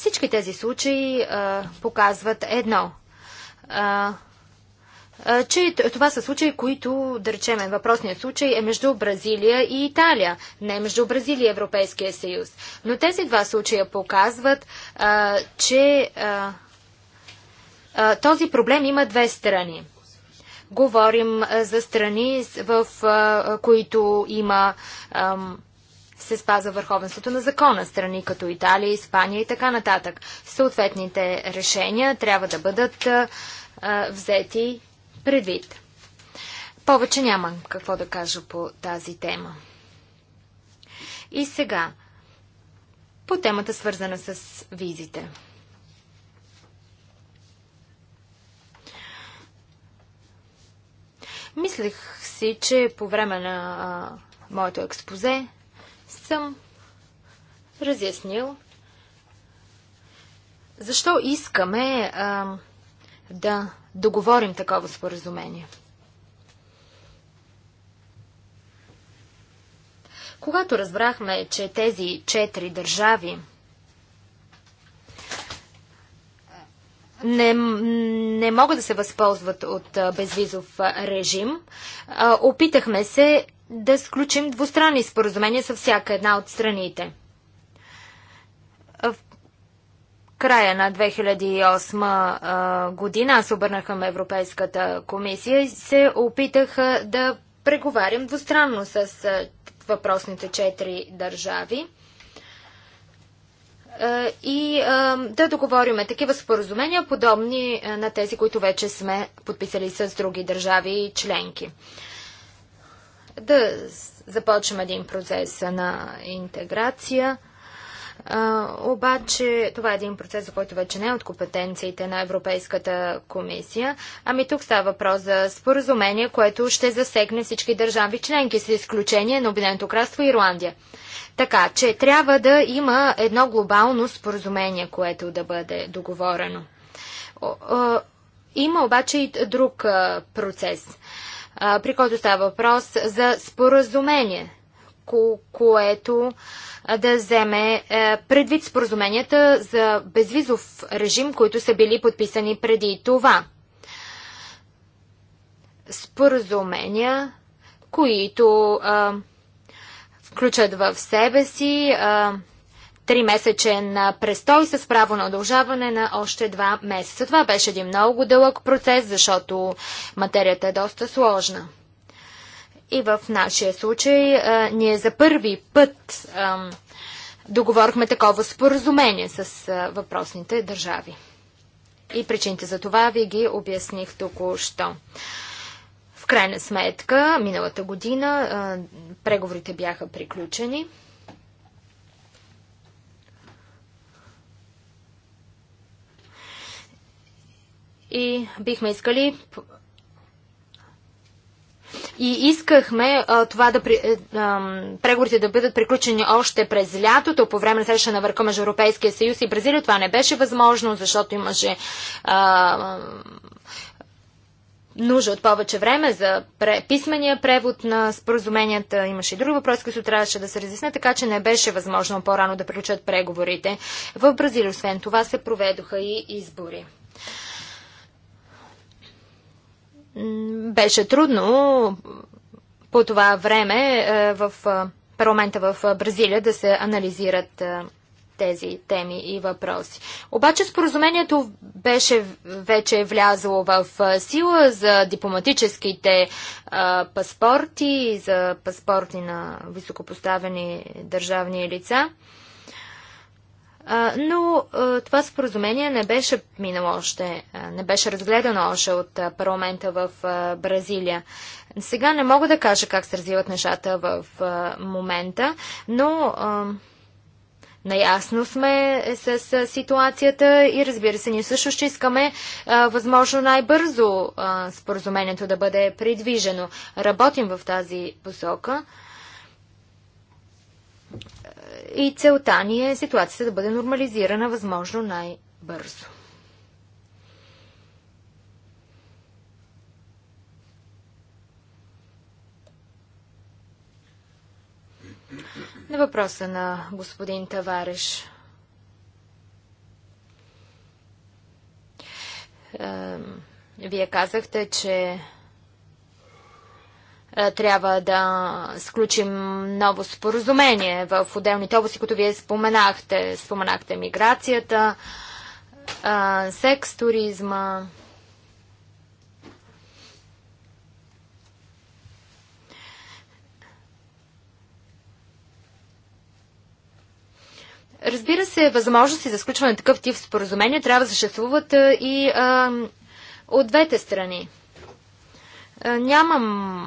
Всички тези случаи а, показват едно. А, а, че това са случаи, които, да речем, въпросният случай е между Бразилия и Италия, не между Бразилия и Европейския съюз. Но тези два случая показват, а, че а, а, този проблем има две страни говорим за страни, в които има А, се спазва върховенството на закона, страни като Италия, Испания и така нататък. Съответните решения трябва да бъдат а, взети предвид. Повече няма какво да кажа по тази тема. И сега, по темата свързана с визите. Мислех си, че по време на а, моето експозе съм разяснил защо искаме а, да договорим такова споразумение. Когато разбрахме, че тези четири държави не, не могат да се възползват от безвизов режим, опитахме се да сключим двустранни споразумения с всяка една от страните. В края на 2008 година аз обърнах към Европейската комисия и се опитах да преговарям двустранно с въпросните четири държави и да договориме такива споразумения, подобни на тези, които вече сме подписали с други държави и членки да започнем един процес на интеграция. А, обаче това е един процес, за който вече не е от компетенциите на Европейската комисия. Ами тук става въпрос за споразумение, което ще засегне всички държави членки, с изключение на Обединеното кралство и Ирландия. Така че трябва да има едно глобално споразумение, което да бъде договорено. Има обаче и друг процес – при който става въпрос за споразумение, което да вземе е, предвид споразуменията за безвизов режим, които са били подписани преди това. Споразумения, които включат в себе си а, тримесечен престой с право на удължаване на още два месеца. Това беше един много дълъг процес, защото материята е доста сложна. И в нашия случай а, ние за първи път а, договорихме такова споразумение с а, въпросните държави. И причините за това ви ги обясних току-що. В крайна сметка, миналата година а, преговорите бяха приключени. и бихме искали и искахме а, това да при, е, а, преговорите да бъдат приключени още през лятото, по време на среща на върха между Европейския съюз и Бразилия. Това не беше възможно, защото имаше а, нужда от повече време за пре, писмения превод на споразуменията. Имаше и други въпроси, които трябваше да се разясне, така че не беше възможно по-рано да приключат преговорите. В Бразилия, освен това, се проведоха и избори. Беше трудно по това време е, в е, парламента в е, Бразилия да се анализират тези теми и въпроси. Обаче споразумението беше вече влязло в сила за дипломатическите а, паспорти, за паспорти на високопоставени държавни лица но това споразумение не беше минало още, не беше разгледано още от парламента в Бразилия. Сега не мога да кажа как се развиват нещата в момента, но Наясно сме е, с, ситуацията и разбира се, ние също ще искаме възможно най-бързо споразумението да бъде придвижено. Работим в тази посока и целта ни е ситуацията да бъде нормализирана възможно най-бързо. На въпроса на господин Тавареш. Вие казахте, че е, трябва да сключим ново споразумение в отделните области, които вие споменахте. Споменахте миграцията, е, секс, туризма. Разбира се, възможности за сключване на такъв тип споразумения трябва да съществуват е, и а, от двете страни. А, нямам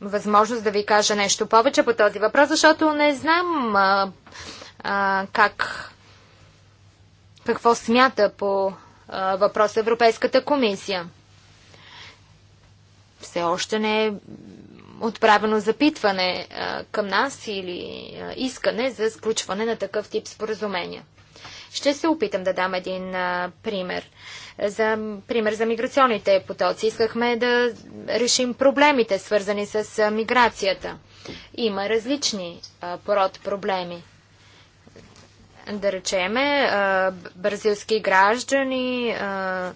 възможност да ви кажа нещо повече по този въпрос, защото не знам а, а, как, какво смята по а, въпрос Европейската комисия. Все още не е отправено запитване а, към нас или а, искане за сключване на такъв тип споразумения. Ще се опитам да дам един а, пример. За, пример за миграционните потоци. Искахме да решим проблемите, свързани с а, миграцията. Има различни а, пород проблеми. Да речеме, а, бразилски граждани а,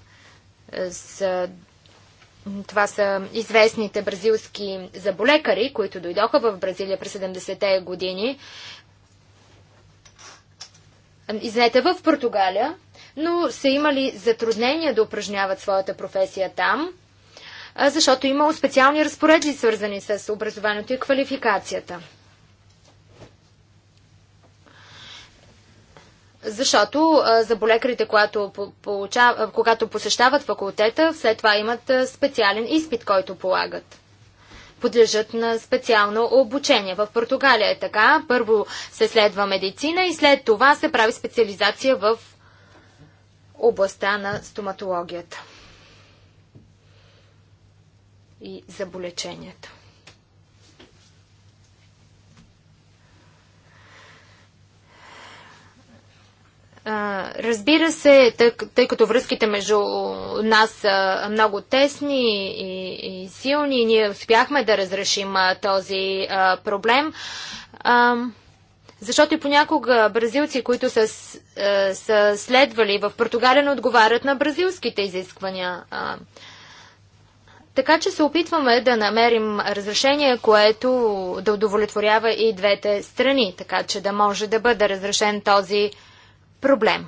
с това са известните бразилски заболекари, които дойдоха в Бразилия през 70-те години изнете в Португалия, но са имали затруднения да упражняват своята професия там, защото имало специални разпоредби, свързани с образованието и квалификацията. Защото заболекарите, когато, получав... когато посещават факултета, след това имат специален изпит, който полагат подлежат на специално обучение. В Португалия е така. Първо се следва медицина и след това се прави специализация в областта на стоматологията и заболеченията. Разбира се, тъй, тъй като връзките между нас са много тесни и, и силни, ние успяхме да разрешим този а, проблем. А, защото и понякога бразилци, които са, а, са следвали в Португалия, не отговарят на бразилските изисквания. А, така че се опитваме да намерим разрешение, което да удовлетворява и двете страни, така че да може да бъде разрешен този проблем проблем.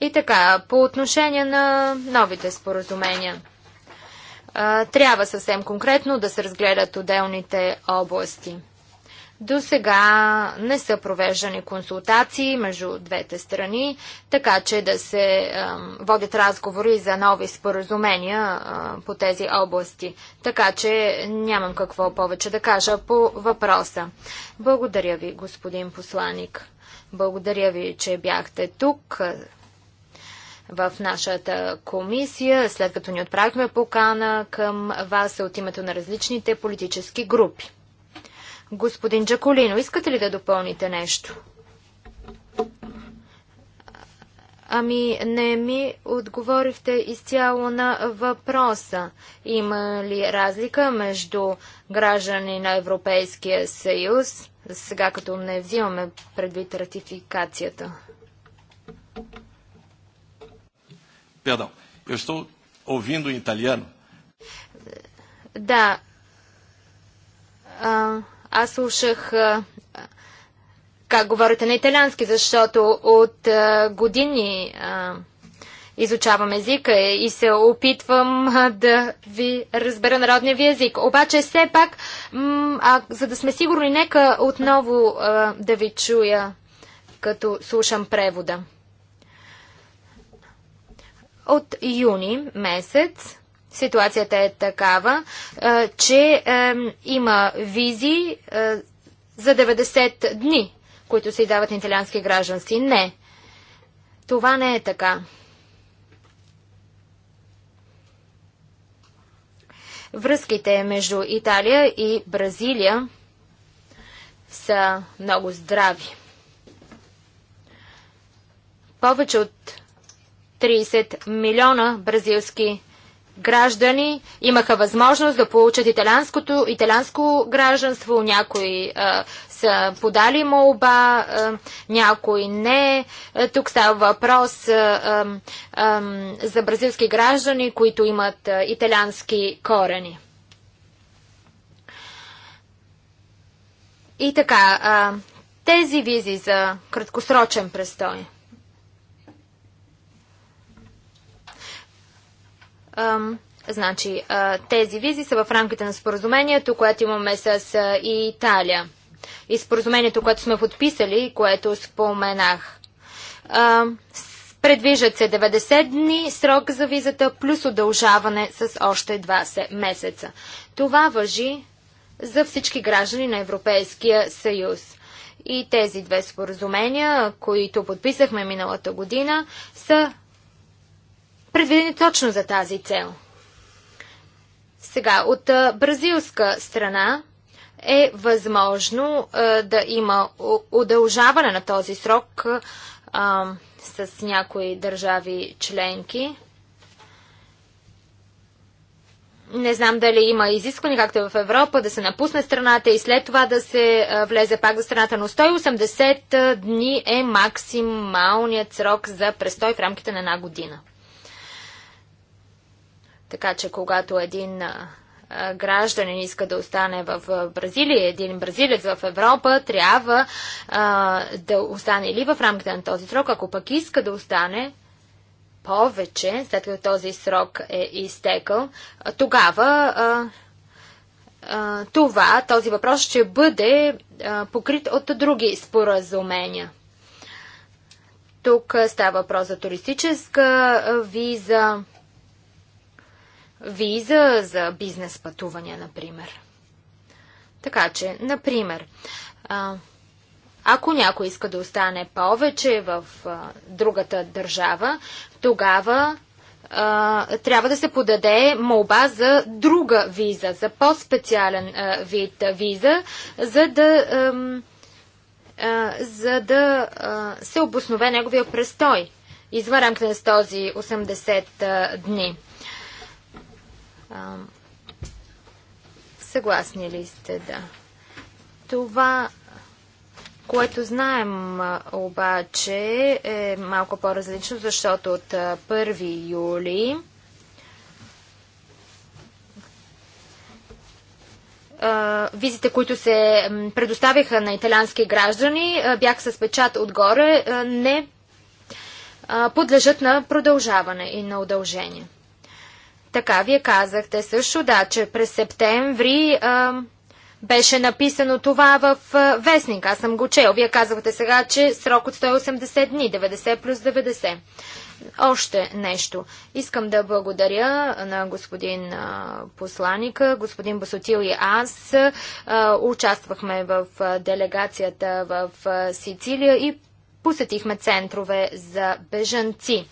И така, по отношение на новите споразумения. Трябва съвсем конкретно да се разгледат отделните области. До сега не са провеждани консултации между двете страни, така че да се водят разговори за нови споразумения по тези области. Така че нямам какво повече да кажа по въпроса. Благодаря ви, господин посланик. Благодаря ви, че бяхте тук в нашата комисия, след като ни отправихме покана към вас от името на различните политически групи. Господин Джаколино, искате ли да допълните нещо? Ами не ми отговорихте изцяло на въпроса. Има ли разлика между граждани на Европейския съюз, сега като не взимаме предвид ратификацията?
Perdão, eu estou ouvindo em italiano.
Да. А, аз слушах как говорите на италиански, защото от години изучавам езика и се опитвам да ви разбера народния ви език. Обаче все пак, а, за да сме сигурни, нека отново а, да ви чуя, като слушам превода. От юни месец Ситуацията е такава, че има визи за 90 дни, които се дават на италиански граждански. Не. Това не е така. Връзките между Италия и Бразилия са много здрави. Повече от 30 милиона бразилски граждани граждани имаха възможност да получат италянското, италянско гражданство, някои а, са подали молба, някои не. тук става въпрос а, а, за бразилски граждани, които имат а, италянски корени. И така, а, тези визи за краткосрочен престой. Значи, тези визи са в рамките на споразумението, което имаме с Италия. И споразумението, което сме подписали, което споменах. Предвижат се 90 дни срок за визата, плюс удължаване с още 2 месеца. Това въжи за всички граждани на Европейския съюз. И тези две споразумения, които подписахме миналата година, са предвидени точно за тази цел. Сега, от бразилска страна е възможно да има удължаване на този срок а, с някои държави членки. Не знам дали има изискване, както е в Европа, да се напусне страната и след това да се влезе пак за страната. Но 180 дни е максималният срок за престой в рамките на една година. Така че когато един гражданин иска да остане в Бразилия, един бразилец в Европа трябва а, да остане или в рамките на този срок, ако пък иска да остане повече, след като този срок е изтекал, тогава а, а, това, този въпрос ще бъде а, покрит от други споразумения. Тук става въпрос за туристическа виза, виза за бизнес пътувания, например. Така че, например, ако някой иска да остане повече в другата държава, тогава трябва да се подаде молба за друга виза, за по-специален вид виза, за да, за да се обоснове неговия престой извън рамките с този 80 дни. А, съгласни ли сте, да? Това, което знаем обаче, е малко по-различно, защото от 1 юли визите, които се предоставяха на италиански граждани, бях с печат отгоре, не подлежат на продължаване и на удължение. Така, вие казахте също, да, че през септември а, беше написано това в а, вестник. Аз съм го чел. Вие казахте сега, че срок от 180 дни, 90 плюс 90. Още нещо. Искам да благодаря на господин а, посланика, господин Басотил и аз. А, участвахме в а, делегацията в Сицилия и посетихме центрове за бежанци.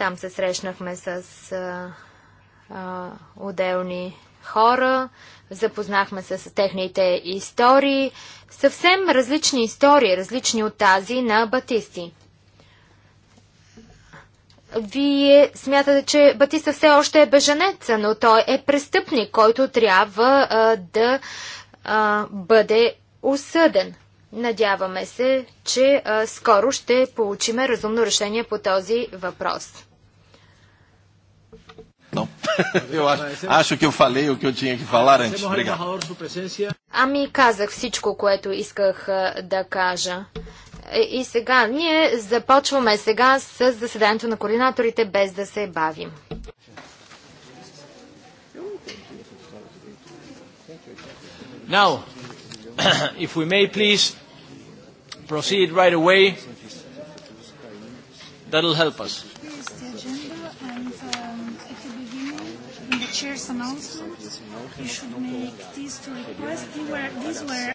Там се срещнахме с а, а, отделни хора, запознахме се с техните истории, съвсем различни истории, различни от тази на Батисти. Вие смятате, че Батиста все още е беженец, но той е престъпник, който трябва а, да а, бъде осъден. Надяваме се, че а, скоро ще получиме разумно решение по този въпрос.
Não. Eu acho, acho que eu falei o que eu tinha que falar antes. Obrigado.
Ами казах всичко, което исках да кажа. И сега, ние започваме сега с заседанието на координаторите, без да се бавим. Now, if we may please proceed right away,
that'll help us.
chair's announcement, you should make these two requests. These were,